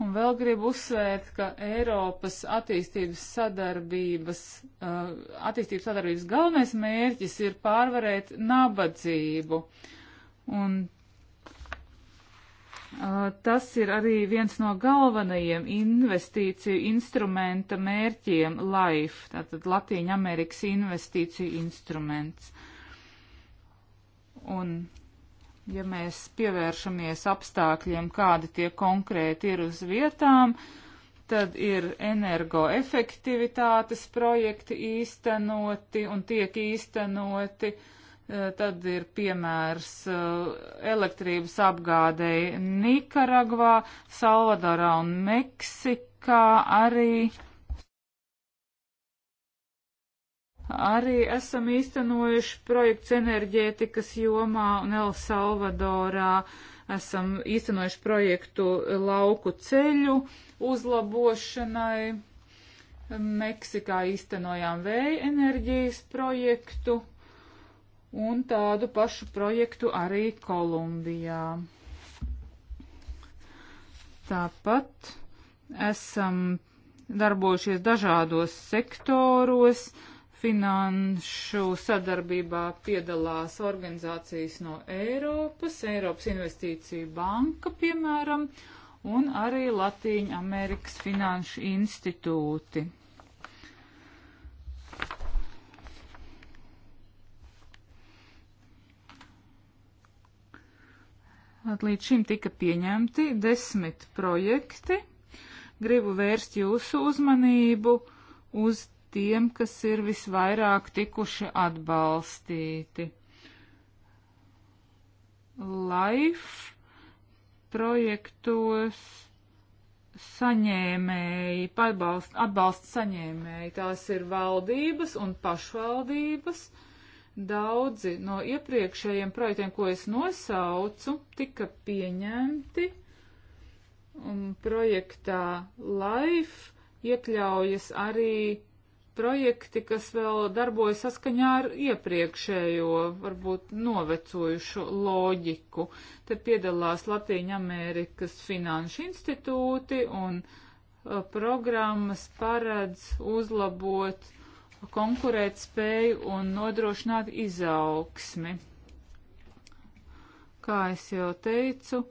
Un vēl gribu uzsvērt, ka Eiropas attīstības sadarbības, uh, attīstības sadarbības galvenais mērķis ir pārvarēt nabadzību. Un uh, tas ir arī viens no galvenajiem investīciju instrumenta mērķiem LIFE, tātad Latīņa Amerikas investīciju instruments. Un ja mēs pievēršamies apstākļiem, kādi tie konkrēti ir uz vietām, tad ir energoefektivitātes projekti īstenoti un tiek īstenoti. Eh, tad ir piemērs eh, elektrības apgādēji Nikaragvā, Salvadorā un Meksikā arī. arī esam īstenojuši projekts enerģētikas jomā un El Salvadorā. Esam īstenojuši projektu lauku ceļu uzlabošanai. Meksikā īstenojām vēja enerģijas projektu un tādu pašu projektu arī Kolumbijā. Tāpat esam darbojušies dažādos sektoros, uh, finanšu sadarbībā piedalās organizācijas no Eiropas, Eiropas Investīcija banka, piemēram, un arī Latīņa Amerikas finanšu institūti. Līdz šim tika pieņemti desmit projekti. Gribu vērst jūsu uzmanību uz tiem, kas ir visvairāk tikuši atbalstīti. Life projektos saņēmēji, atbalsta, atbalsta saņēmēji, tās ir valdības un pašvaldības. Daudzi no iepriekšējiem projektiem, ko es nosaucu, tika pieņemti, un projektā LIFE iekļaujas arī projekti, kas vēl darbojas saskaņā ar iepriekšējo, varbūt novecojušu loģiku. Te piedalās Latīņa Amerikas finanšu institūti un uh, programmas paredz uzlabot konkurēt spēju un nodrošināt izaugsmi. Kā es jau teicu,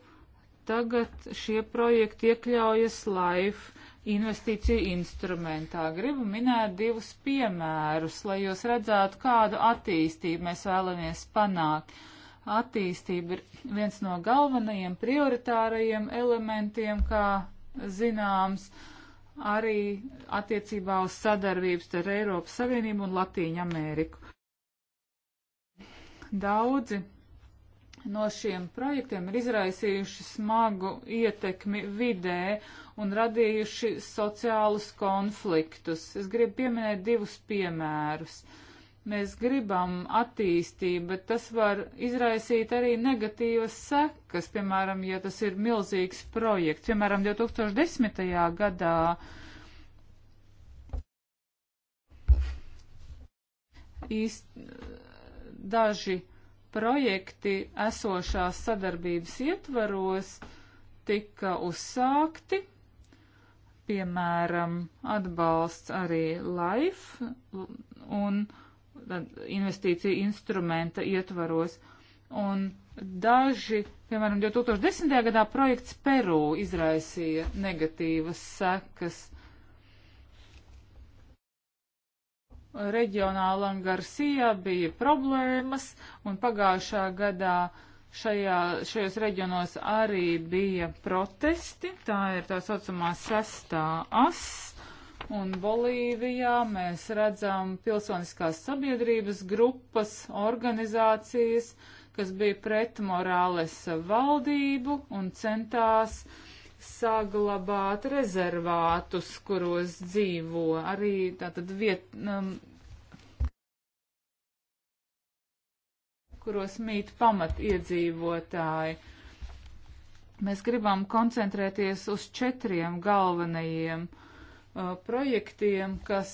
tagad šie projekti iekļaujas LIFE investīciju instrumentā. Gribu minēt divus piemērus, lai jūs redzētu, kādu attīstību mēs vēlamies panākt. Attīstība ir viens no galvenajiem prioritārajiem elementiem, kā zināms, arī attiecībā uz sadarbības ar Eiropas Savienību un Latīņu Ameriku. Daudzi no šiem projektiem ir izraisījuši smagu ietekmi vidē un radījuši sociālus konfliktus. Es gribu pieminēt divus piemērus. Mēs gribam attīstību, bet tas var izraisīt arī negatīvas sekas, piemēram, ja tas ir milzīgs projekts. Piemēram, 2010. gadā īst, daži projekti esošās sadarbības ietvaros tika uzsākti, piemēram, atbalsts arī LIFE un investīcija instrumenta ietvaros. Un daži, piemēram, 2010. gadā projekts Peru izraisīja negatīvas sekas reģionālam Garcia bija problēmas, un pagājušā gadā šajā, šajos reģionos arī bija protesti. Tā ir tā saucamā sestā as, un Bolīvijā mēs redzam pilsoniskās sabiedrības grupas, organizācijas, kas bija pret Morālesa valdību un centās uh, saglabāt rezervātus, kuros dzīvo arī tātad vietnam, um, kuros mīt pamat iedzīvotāji. Mēs gribam koncentrēties uz četriem galvenajiem uh, projektiem, kas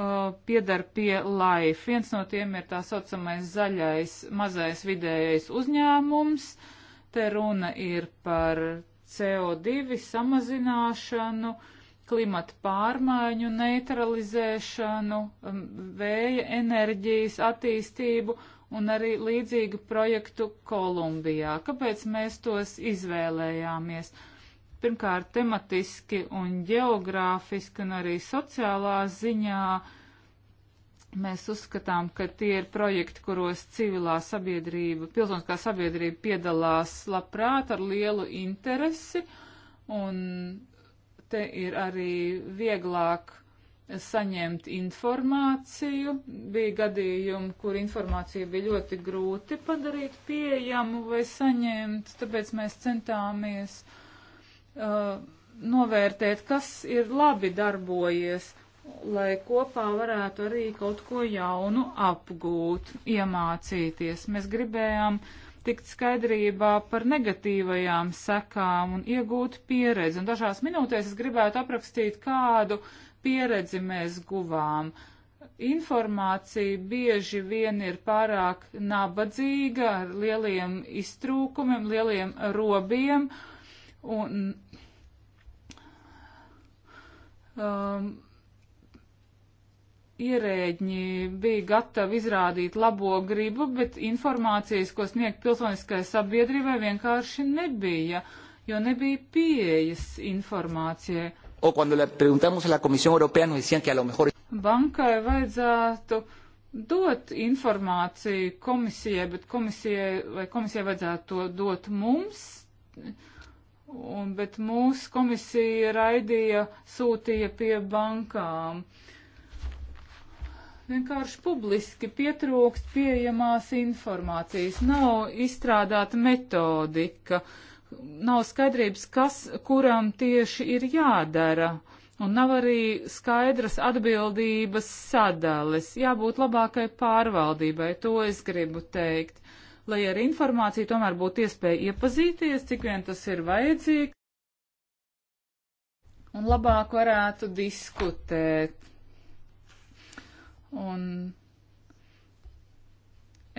Uh, piedar pie LIFE. Viens no tiem ir tā saucamais zaļais mazais vidējais uzņēmums. Uh, Te runa ir par CO2 samazināšanu, klimata pārmaiņu neutralizēšanu, um, vēja enerģijas attīstību un arī līdzīgu projektu Kolumbijā. Kāpēc mēs tos izvēlējāmies? Pirmkārt, tematiski un geogrāfiski un arī sociālā ziņā uh, Mēs uzskatām, ka tie ir projekti, kuros civilā sabiedrība, pilsoniskā sabiedrība piedalās labprāt ar lielu interesi, un te ir arī vieglāk saņemt informāciju. Bija gadījumi, kur informācija bija ļoti grūti padarīt pieejamu vai saņemt, tāpēc mēs centāmies uh, novērtēt, kas ir labi darbojies lai kopā varētu arī kaut ko jaunu apgūt, iemācīties. Mēs gribējām tikt skaidrībā par negatīvajām sekām un iegūt pieredzi. Un dažās minūtēs es gribētu aprakstīt, kādu pieredzi mēs guvām. Informācija bieži vien ir pārāk nabadzīga, ar lieliem iztrūkumiem, lieliem robiem. Un, um, ierēģi bija gatavi izrādīt labo gribu, bet informācijas, ko sniegt pilsoniskai sabiedrībai, vienkārši nebija, jo nebija pieejas informācijai. O cuando le preguntamos a la Comisión Europea nos decían que a lo mejor. Bankai vajadzētu dot informāciju komisijai, bet komisijai vai komisijai vajadzētu to dot mums. Un, bet mūsu komisija raidīja, sūtīja pie bankām. Uh, vienkārši publiski pietrūkst pieejamās informācijas, nav izstrādāta metodika, nav skaidrības, kas kuram tieši ir jādara, un nav arī skaidras atbildības sadales. Jābūt labākai pārvaldībai, to es gribu teikt, lai ar informāciju tomēr būtu iespēja iepazīties, cik vien tas ir vajadzīgs, un labāk varētu diskutēt Un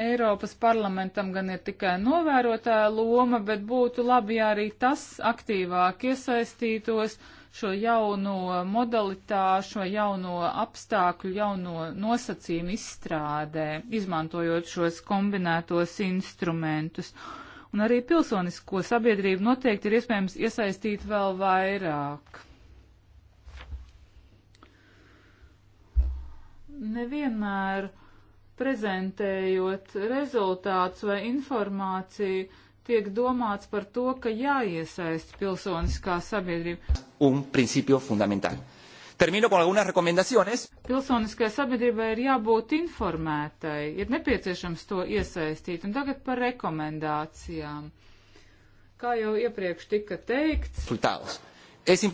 Eiropas parlamentam gan ir tikai novērotāja loma, bet būtu labi, ja arī tas aktīvāk iesaistītos šo jauno modalitāšu, šo jauno apstākļu, jauno nosacījumu izstrādē, izmantojot šos kombinētos instrumentus. Un arī pilsonisko sabiedrību noteikti ir iespējams iesaistīt vēl vairāk. nevienmēr prezentējot rezultātus vai informāciju, tiek domāts par to, ka jāiesaist pilsoniskā sabiedrība. Un principio fundamental. Termino con algunas recomendaciones. Pilsoniskai sabiedrībai ir jābūt informētai, ir nepieciešams to iesaistīt. Un tagad par rekomendācijām. Kā jau iepriekš tika teikts. Resultātus. Es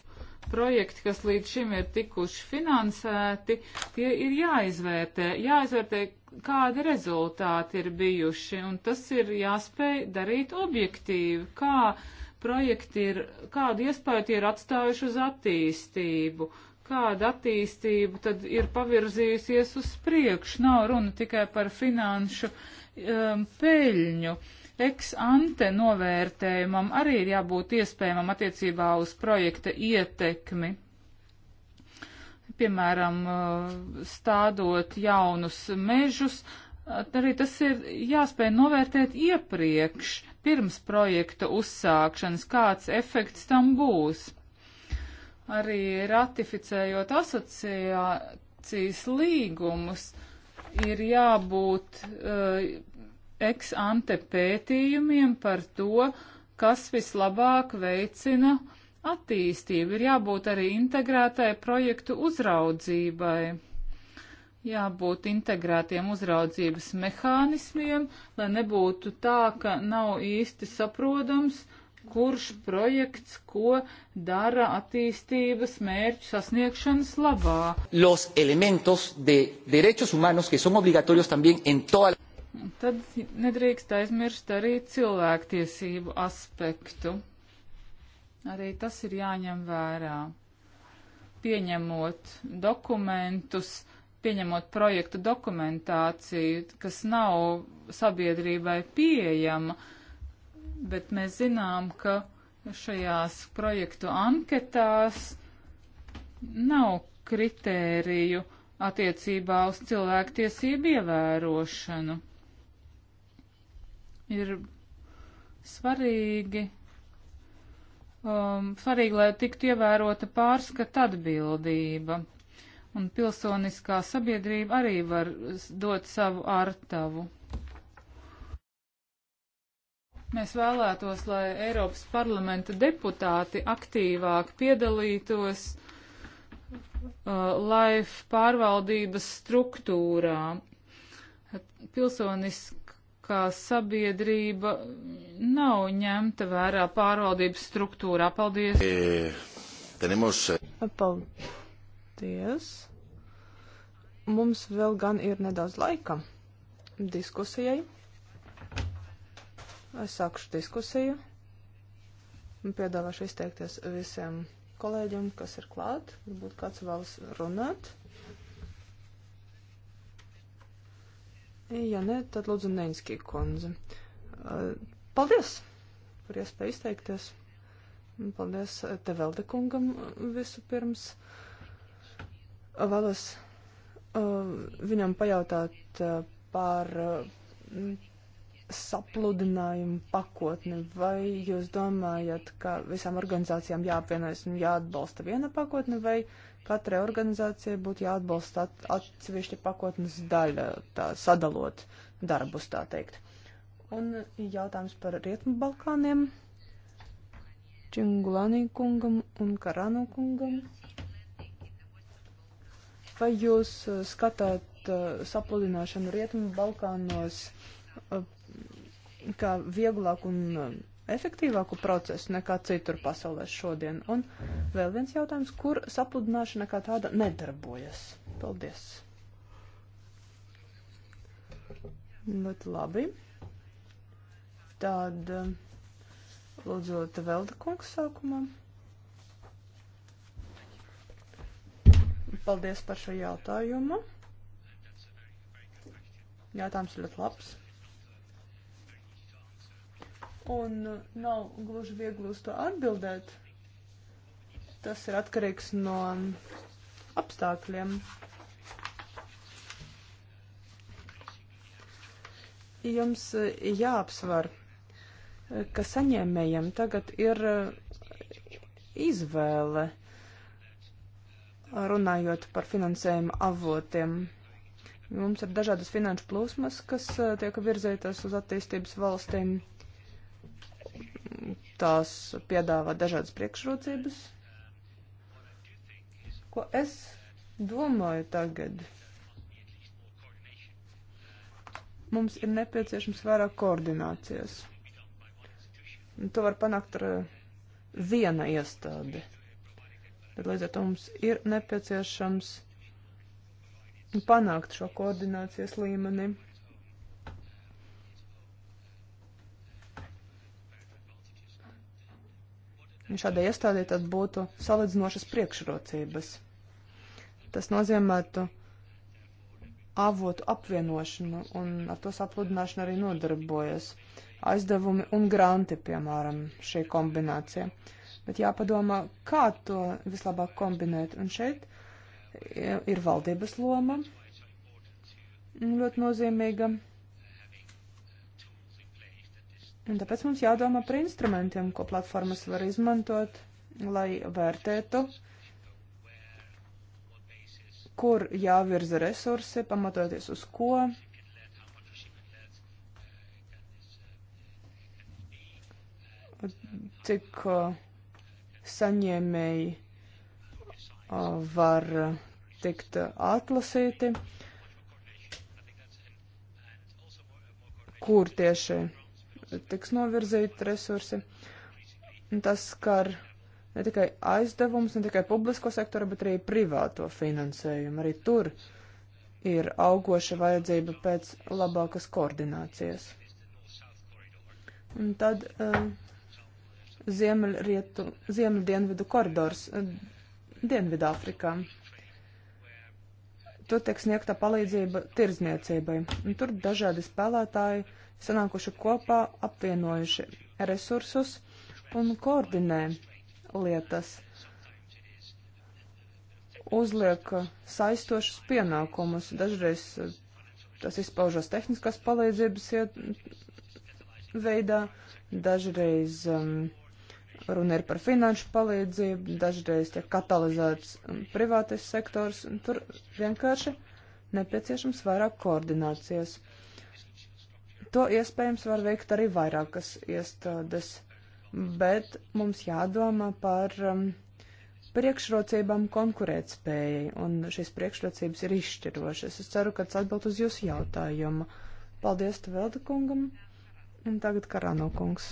projekti, kas līdz šim ir tikuši finansēti, tie ir jāizvērtē, jāizvērtē, kādi rezultāti ir bijuši, un tas ir jāspēj darīt objektīvi, kā projekti ir, kādu iespēju tie ir atstājuši uz attīstību, kāda attīstība tad ir pavirzījusies uz priekšu. Nav runa tikai par finanšu um, peļņu. Uh, Ex ante novērtējumam arī ir jābūt iespējamam attiecībā uz projekta ietekmi. Piemēram, uh, stādot jaunus mežus, arī tas ir jāspēj novērtēt iepriekš, pirms projekta uzsākšanas, kāds efekts tam būs. Arī ratificējot asociācijas līgumus, ir jābūt uh, ex ante pētījumiem par to, kas vislabāk veicina attīstību. Ir jābūt arī integrētai projektu uzraudzībai. Jābūt integrētiem uzraudzības mehānismiem, lai nebūtu tā, ka nav īsti saprotams, kurš projekts ko dara attīstības mērķu sasniegšanas labā. Los elementos de derechos humanos, que son obligatorios también en toda la Tad nedrīkst aizmirst arī cilvēktiesību aspektu. Arī tas ir jāņem vērā. Pieņemot dokumentus, pieņemot projektu dokumentāciju, kas nav sabiedrībai pieejama, bet mēs zinām, ka šajās projektu anketās nav kritēriju attiecībā uz cilvēktiesību ievērošanu ir svarīgi, um, svarīgi, lai tiktu ievērota pārskata atbildība. Un pilsoniskā sabiedrība arī var dot savu artavu. Mēs vēlētos, lai Eiropas parlamenta deputāti aktīvāk piedalītos uh, LIFE pārvaldības struktūrā. Pilsonis, kā sabiedrība nav ņemta vērā pārvaldības struktūrā. Paldies! Eh, eh, Paldies! Mums vēl gan ir nedaudz laika diskusijai. Es sākušu diskusiju un piedāvāšu izteikties visiem kolēģiem, kas ir klāt. Varbūt kāds vēlas runāt. Ja nē, tad lūdzu Neinskī kundze. Paldies par iespēju izteikties. Paldies Tevelde kungam visu pirms. Vēlos viņam pajautāt par sapludinājumu pakotni. Vai jūs domājat, ka visām organizācijām jāapvienojas un jāatbalsta viena pakotne, vai uh, Katrai organizācijai būtu jāatbalsta at, atsevišķa pakotnes daļa, tā sadalot darbus, tā teikt. Un jautājums par Rietumu Balkāniem. Čingulānī kungam un Karanu kungam. Vai jūs uh, skatāt uh, sapludināšanu Rietumu Balkānos uh, kā vieglāk un uh, efektīvāku procesu nekā citur pasaulē šodien. Un vēl viens jautājums, kur sapludināšana kā tāda nedarbojas. Paldies. Bet labi. Tad um, lūdzu te Velda kungs sākumā. Paldies par šo jautājumu. Jautājums ļoti labs un uh, nav gluži viegli uz to atbildēt. Tas ir atkarīgs no apstākļiem. Jums uh, jāapsver, ka saņēmējiem tagad ir uh, izvēle runājot par finansējuma avotiem. Mums ir dažādas finanšu plūsmas, kas tiek virzītas uz attīstības valstīm. Tās piedāvā dažādas priekšrocības. Ko es domāju tagad? Mums ir nepieciešams vairāk koordinācijas. Un to var panākt ar eh, viena iestādi. Bet līdz ar to mums ir nepieciešams panākt šo koordinācijas līmeni. šādai iestādē tad būtu salīdzinošas priekšrocības. Tas nozīmētu avotu apvienošanu un ar to sapludināšanu arī nodarbojas. Aizdevumi un granti, piemēram, šī kombinācija. Bet jāpadomā, kā to vislabāk kombinēt. Un šeit ir valdības loma ļoti nozīmīga. Un tāpēc mums jādomā par instrumentiem, ko platformas var izmantot, lai vērtētu, kur jāvirza resursi, pamatoties uz ko. Cik uh, saņēmēji uh, var tikt atlasīti, kur tieši tiks novirzīti resursi. Tas skar ne tikai aizdevums, ne tikai publisko sektoru, bet arī privāto finansējumu. Arī tur ir augoša vajadzība pēc labākas koordinācijas. Un tad uh, ziemeļrietu, ziemeļdienvidu koridors uh, Dienvidāfrikā. Tur tiek sniegta palīdzība tirzniecībai. Un tur dažādi spēlētāji uh, sanākuši kopā, apvienojuši resursus un koordinē lietas, uzliek saistošus pienākumus. Dažreiz tas izpaužas tehniskās palīdzības veidā, dažreiz um, runa ir par finanšu palīdzību, dažreiz tiek katalizēts um, privātais sektors, un tur vienkārši nepieciešams vairāk koordinācijas. To iespējams var veikt arī vairākas iestādes, bet mums jādomā par um, priekšrocībām konkurētspējai, un šīs priekšrocības ir izšķirošas. Es ceru, ka tas atbild uz jūsu jautājumu. Paldies Tvelda kungam, un tagad Karano kungs.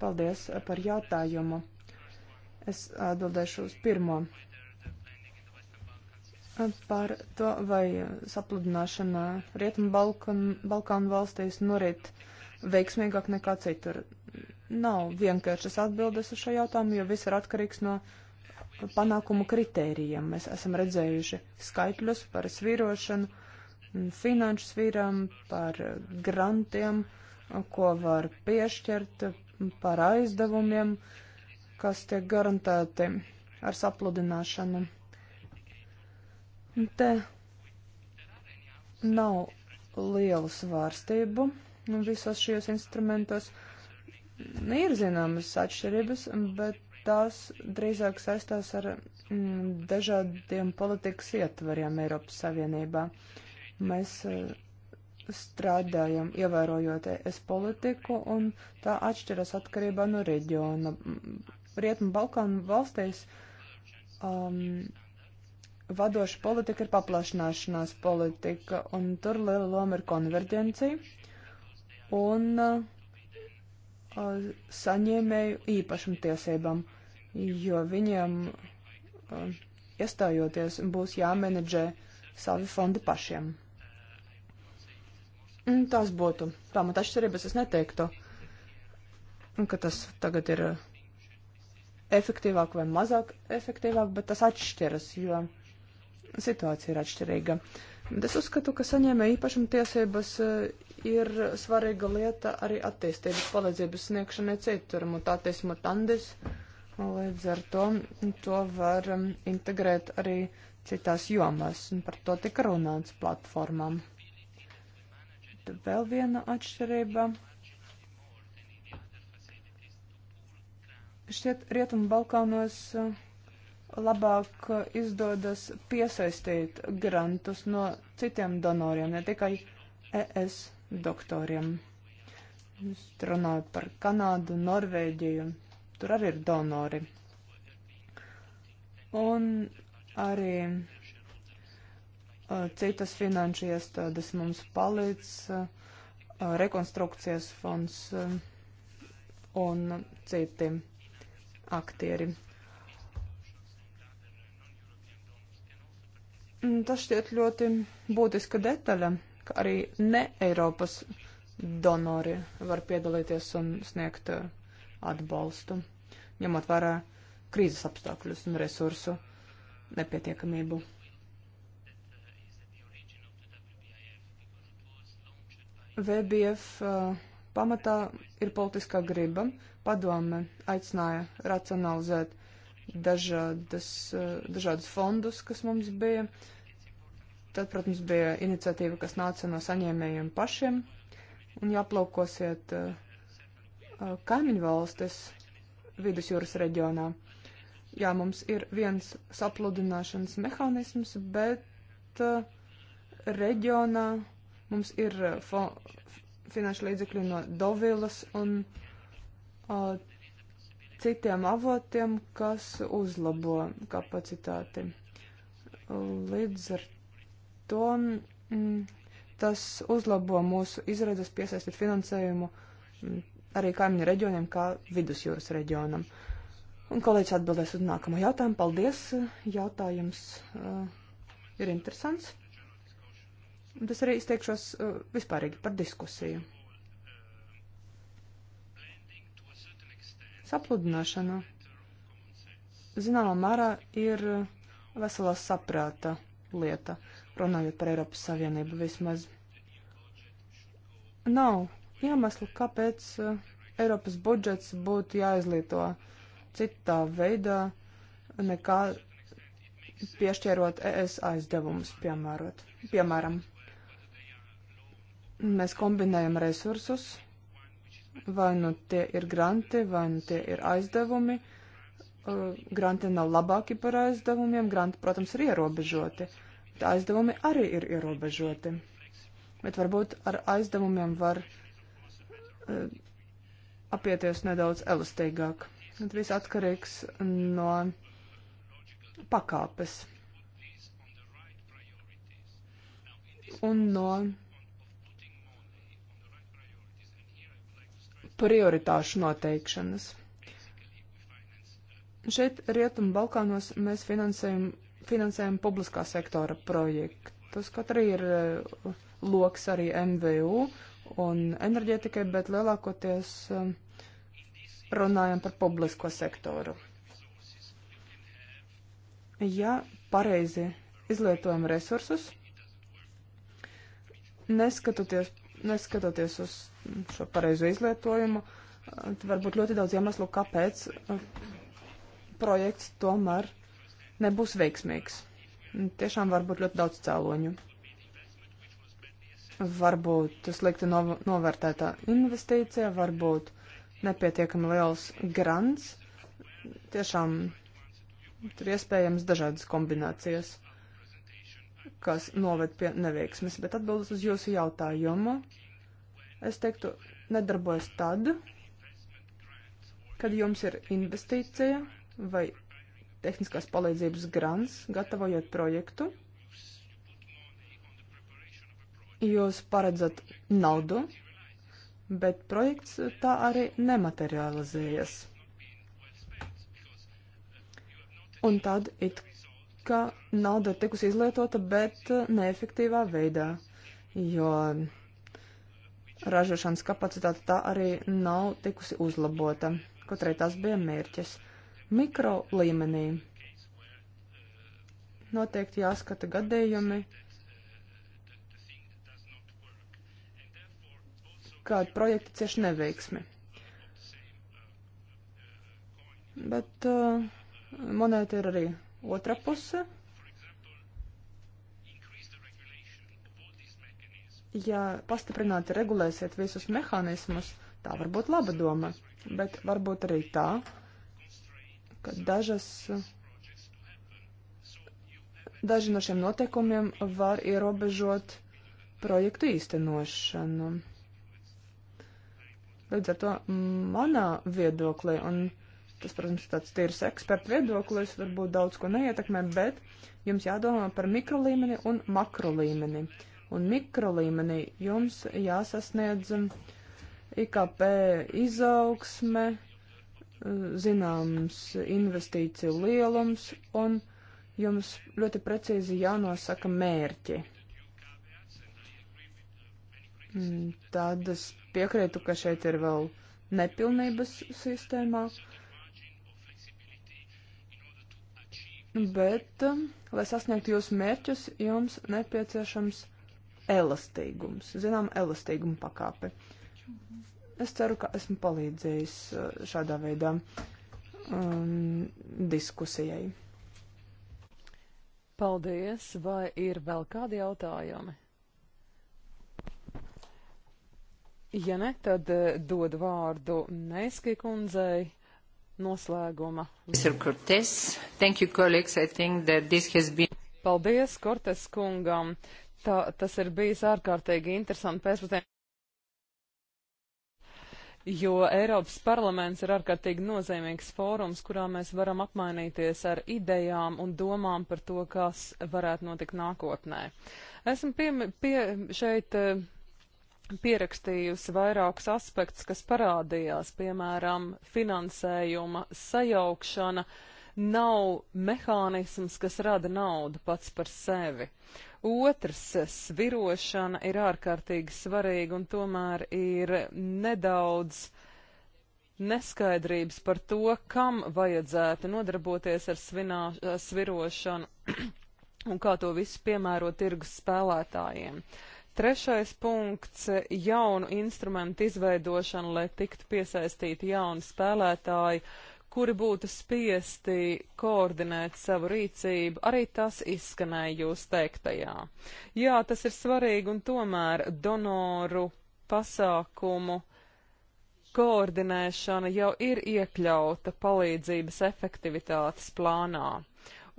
Paldies par jautājumu. Es atbildēšu uz pirmo par to, vai uh, sapludināšana Rietumu Balkanu, Balkanu valstīs norit veiksmīgāk nekā citur. Nav vienkāršas atbildes uz šo jautājumu, jo viss ir atkarīgs no panākumu kritērijiem. Mēs esam redzējuši skaitļus par svīrošanu, mm, finanšu svīram, par uh, grantiem, ko var piešķirt, par aizdevumiem, kas tiek garantēti ar sapludināšanu. Un te nav lielu svārstību nu, visos šajos instrumentos. Ir zināmas atšķirības, bet tās drīzāk saistās ar mm, dažādiem politikas ietvariem Eiropas Savienībā. Mēs eh, strādājam, ievērojot es politiku, un tā atšķiras atkarībā no reģiona. Mm, Rietumu Balkānu valstīs um, vadoša politika ir paplašināšanās politika, un tur liela loma ir konverģencija un uh, saņēmēju īpašam tiesībām, jo viņiem uh, iestājoties būs jāmenedžē savi fondi pašiem. Un tās būtu pamata atšķirības. Es neteiktu, ka tas tagad ir efektīvāk vai mazāk efektīvāk, bet tas atšķiras, jo. Uh, situācija ir atšķirīga. Bet es uzskatu, ka saņēmē īpašuma tiesības eh, ir svarīga lieta arī attīstības palīdzības sniegšanai citur, mutātis mutandis, līdz ar to to var mm, integrēt arī citās jomās, un par to tika runāts platformām. Tad vēl viena atšķirība. Šķiet, Rietumu Balkānos uh, labāk izdodas piesaistīt grantus no citiem donoriem, ne tikai ES doktoriem. Runājot par Kanādu, Norvēģiju, tur arī ir donori. Un arī uh, citas finanšu iestādes mums palīdz, uh, rekonstrukcijas fonds uh, un citi aktieri. Mm, tas šķiet ļoti būtiska detaļa, ka arī ne Eiropas donori var piedalīties un sniegt uh, atbalstu, ņemot vērā krīzes apstākļus un resursu nepietiekamību. VBF uh, pamatā ir politiskā griba. Padome aicināja racionalizēt dažādas, eh, dažādus fondus, kas mums bija. Tad, protams, bija iniciatīva, kas nāca no saņēmējiem pašiem. Un, ja aplaukosiet eh, eh, kaimiņu valstis vidusjūras reģionā, jā, mums ir viens sapludināšanas mehānisms, bet reģionā mums ir finanšu līdzekļi no Dovilas un citiem avotiem, kas uzlabo kapacitāti. Līdz ar to mm, tas uzlabo mūsu izredzes piesaistīt finansējumu mm, arī kaimiņu reģioniem, kā vidusjūras reģionam. Un kolēģis atbildēs uz nākamo jautājumu. Paldies! Jautājums uh, ir interesants. Un tas arī izteikšos uh, vispārīgi par diskusiju. Sapludināšana zināmā mērā ir veselā saprāta lieta, runājot par Eiropas Savienību vismaz. Nav iemesla, kāpēc eh, Eiropas budžets būtu jāizlieto citā veidā nekā piešķirot ES aizdevumus, piemērot. piemēram. Mēs kombinējam resursus, vai nu tie ir granti, vai nu tie ir aizdevumi. Uh, granti nav labāki par aizdevumiem, granti, protams, ir ierobežoti. Tā aizdevumi arī ir ierobežoti. Bet varbūt ar aizdevumiem var uh, apieties nedaudz elastīgāk. Tas viss atkarīgs no pakāpes un no prioritāšu noteikšanas. Šeit Rietumu Balkānos mēs finansējam, finansējam publiskā sektora projektus, kaut arī ir eh, loks arī MVU un enerģētikai, bet lielākoties eh, runājam par publisko sektoru. Ja pareizi izlietojam resursus, neskatoties, neskatoties uz šo pareizo izlietojumu. Tad varbūt ļoti daudz iemeslu, kāpēc uh, projekts tomēr nebūs veiksmīgs. Tiešām var būt ļoti daudz cēloņu. Varbūt slikti nov novērtētā investīcija, varbūt nepietiekami liels grants. Tiešām tur iespējams dažādas kombinācijas, kas noved pie neveiksmes. Bet atbildes uz jūsu jautājumu. Uh, es teiktu, nedarbojas tad, kad jums ir investīcija vai tehniskās palīdzības grants, gatavojot projektu. Jūs paredzat naudu, bet projekts tā arī nematerializējas. Un tad it kā nauda ir tikusi izlietota, bet neefektīvā veidā, jo ražošanas kapacitāte tā arī nav tikusi uzlabota, kaut arī tas bija mērķis. Mikro līmenī noteikti jāskata gadījumi, kādi projekti cieši neveiksmi. Bet uh, monēta ir arī otra puse. Uh, ja pastiprināti regulēsiet visus mehānismus, tā var būt laba doma, bet varbūt arī tā, ka dažas, daži no šiem noteikumiem var ierobežot projektu īstenošanu. Līdz ar to manā viedoklī, un tas, protams, tāds tīrs eksperta viedoklis, varbūt daudz ko neietekmē, bet jums jādomā par mikrolīmeni un makrolīmeni. līmeni un mikrolīmenī jums jāsasniedz um, IKP izaugsme, uh, zināms investīciju lielums un jums ļoti precīzi jānosaka mērķi. Mm, tad es piekrītu, ka šeit ir vēl nepilnības sistēmā. Bet, um, lai sasniegtu jūsu mērķus, jums nepieciešams elastīgums, zinām, elastīguma pakāpe. Es ceru, ka esmu palīdzējis uh, šādā veidā um, diskusijai. Paldies, vai ir vēl kādi jautājumi? Ja ne, tad uh, dod vārdu Neiski kundzei noslēguma. Paldies, Kortes kungam. Tā, tas ir bijis ārkārtīgi interesanti pēcpusdienā jo Eiropas parlaments ir ārkārtīgi nozīmīgs fórums, kurā mēs varam apmainīties ar idejām un domām par to, kas varētu notikt nākotnē. Esmu pie, pie, šeit eh, pierakstījusi vairākus aspektus, kas parādījās, piemēram, finansējuma sajaukšana nav mehānisms, kas rada naudu pats par sevi. Otrs svirošana ir ārkārtīgi svarīga un tomēr ir nedaudz neskaidrības par to, kam vajadzētu nodarboties ar svinā, svirošanu un kā to visu piemēro tirgus spēlētājiem. Trešais punkts - jaunu instrumentu izveidošana, lai tiktu piesaistīti jauni spēlētāji kuri būtu spiesti koordinēt savu rīcību, arī tas izskanēja jūs teiktajā. Jā, tas ir svarīgi un tomēr donoru pasākumu koordinēšana jau ir iekļauta palīdzības efektivitātes plānā,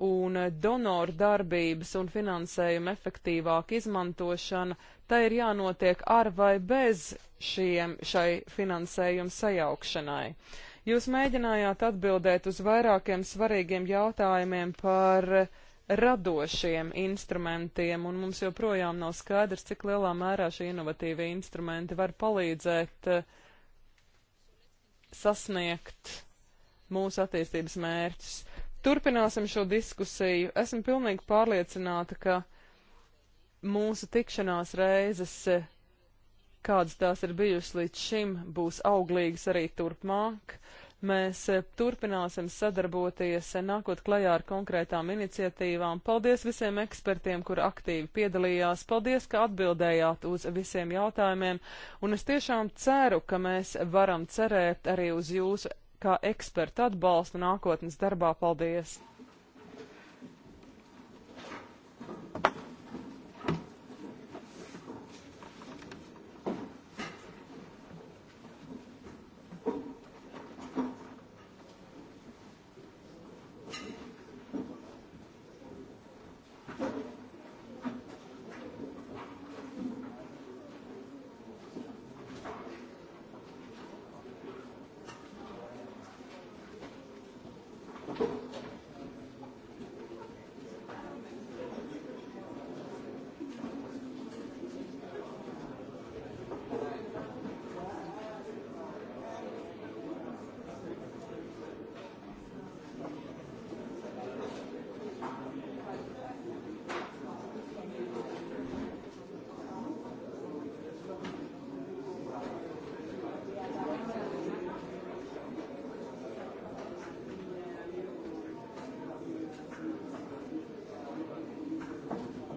un donoru darbības un finansējuma efektīvāka izmantošana tai ir jānotiek ar vai bez šiem, šai finansējuma sajaukšanai. Jūs mēģinājāt atbildēt uz vairākiem svarīgiem jautājumiem par radošiem instrumentiem, un mums joprojām nav skaidrs, cik lielā mērā šie inovatīvie instrumenti var palīdzēt eh, sasniegt mūsu attīstības mērķus. Turpināsim šo diskusiju. Esmu pilnīgi pārliecināta, ka mūsu tikšanās reizes eh, kādas tās ir bijušas līdz šim, būs auglīgas arī turpmāk. Mēs eh, turpināsim sadarboties, eh, nākot klajā ar konkrētām iniciatīvām. Paldies visiem ekspertiem, kur aktīvi piedalījās. Paldies, ka atbildējāt uz visiem jautājumiem. Un es tiešām ceru, ka mēs varam cerēt arī uz jūsu kā ekspertu atbalstu nākotnes darbā. Paldies!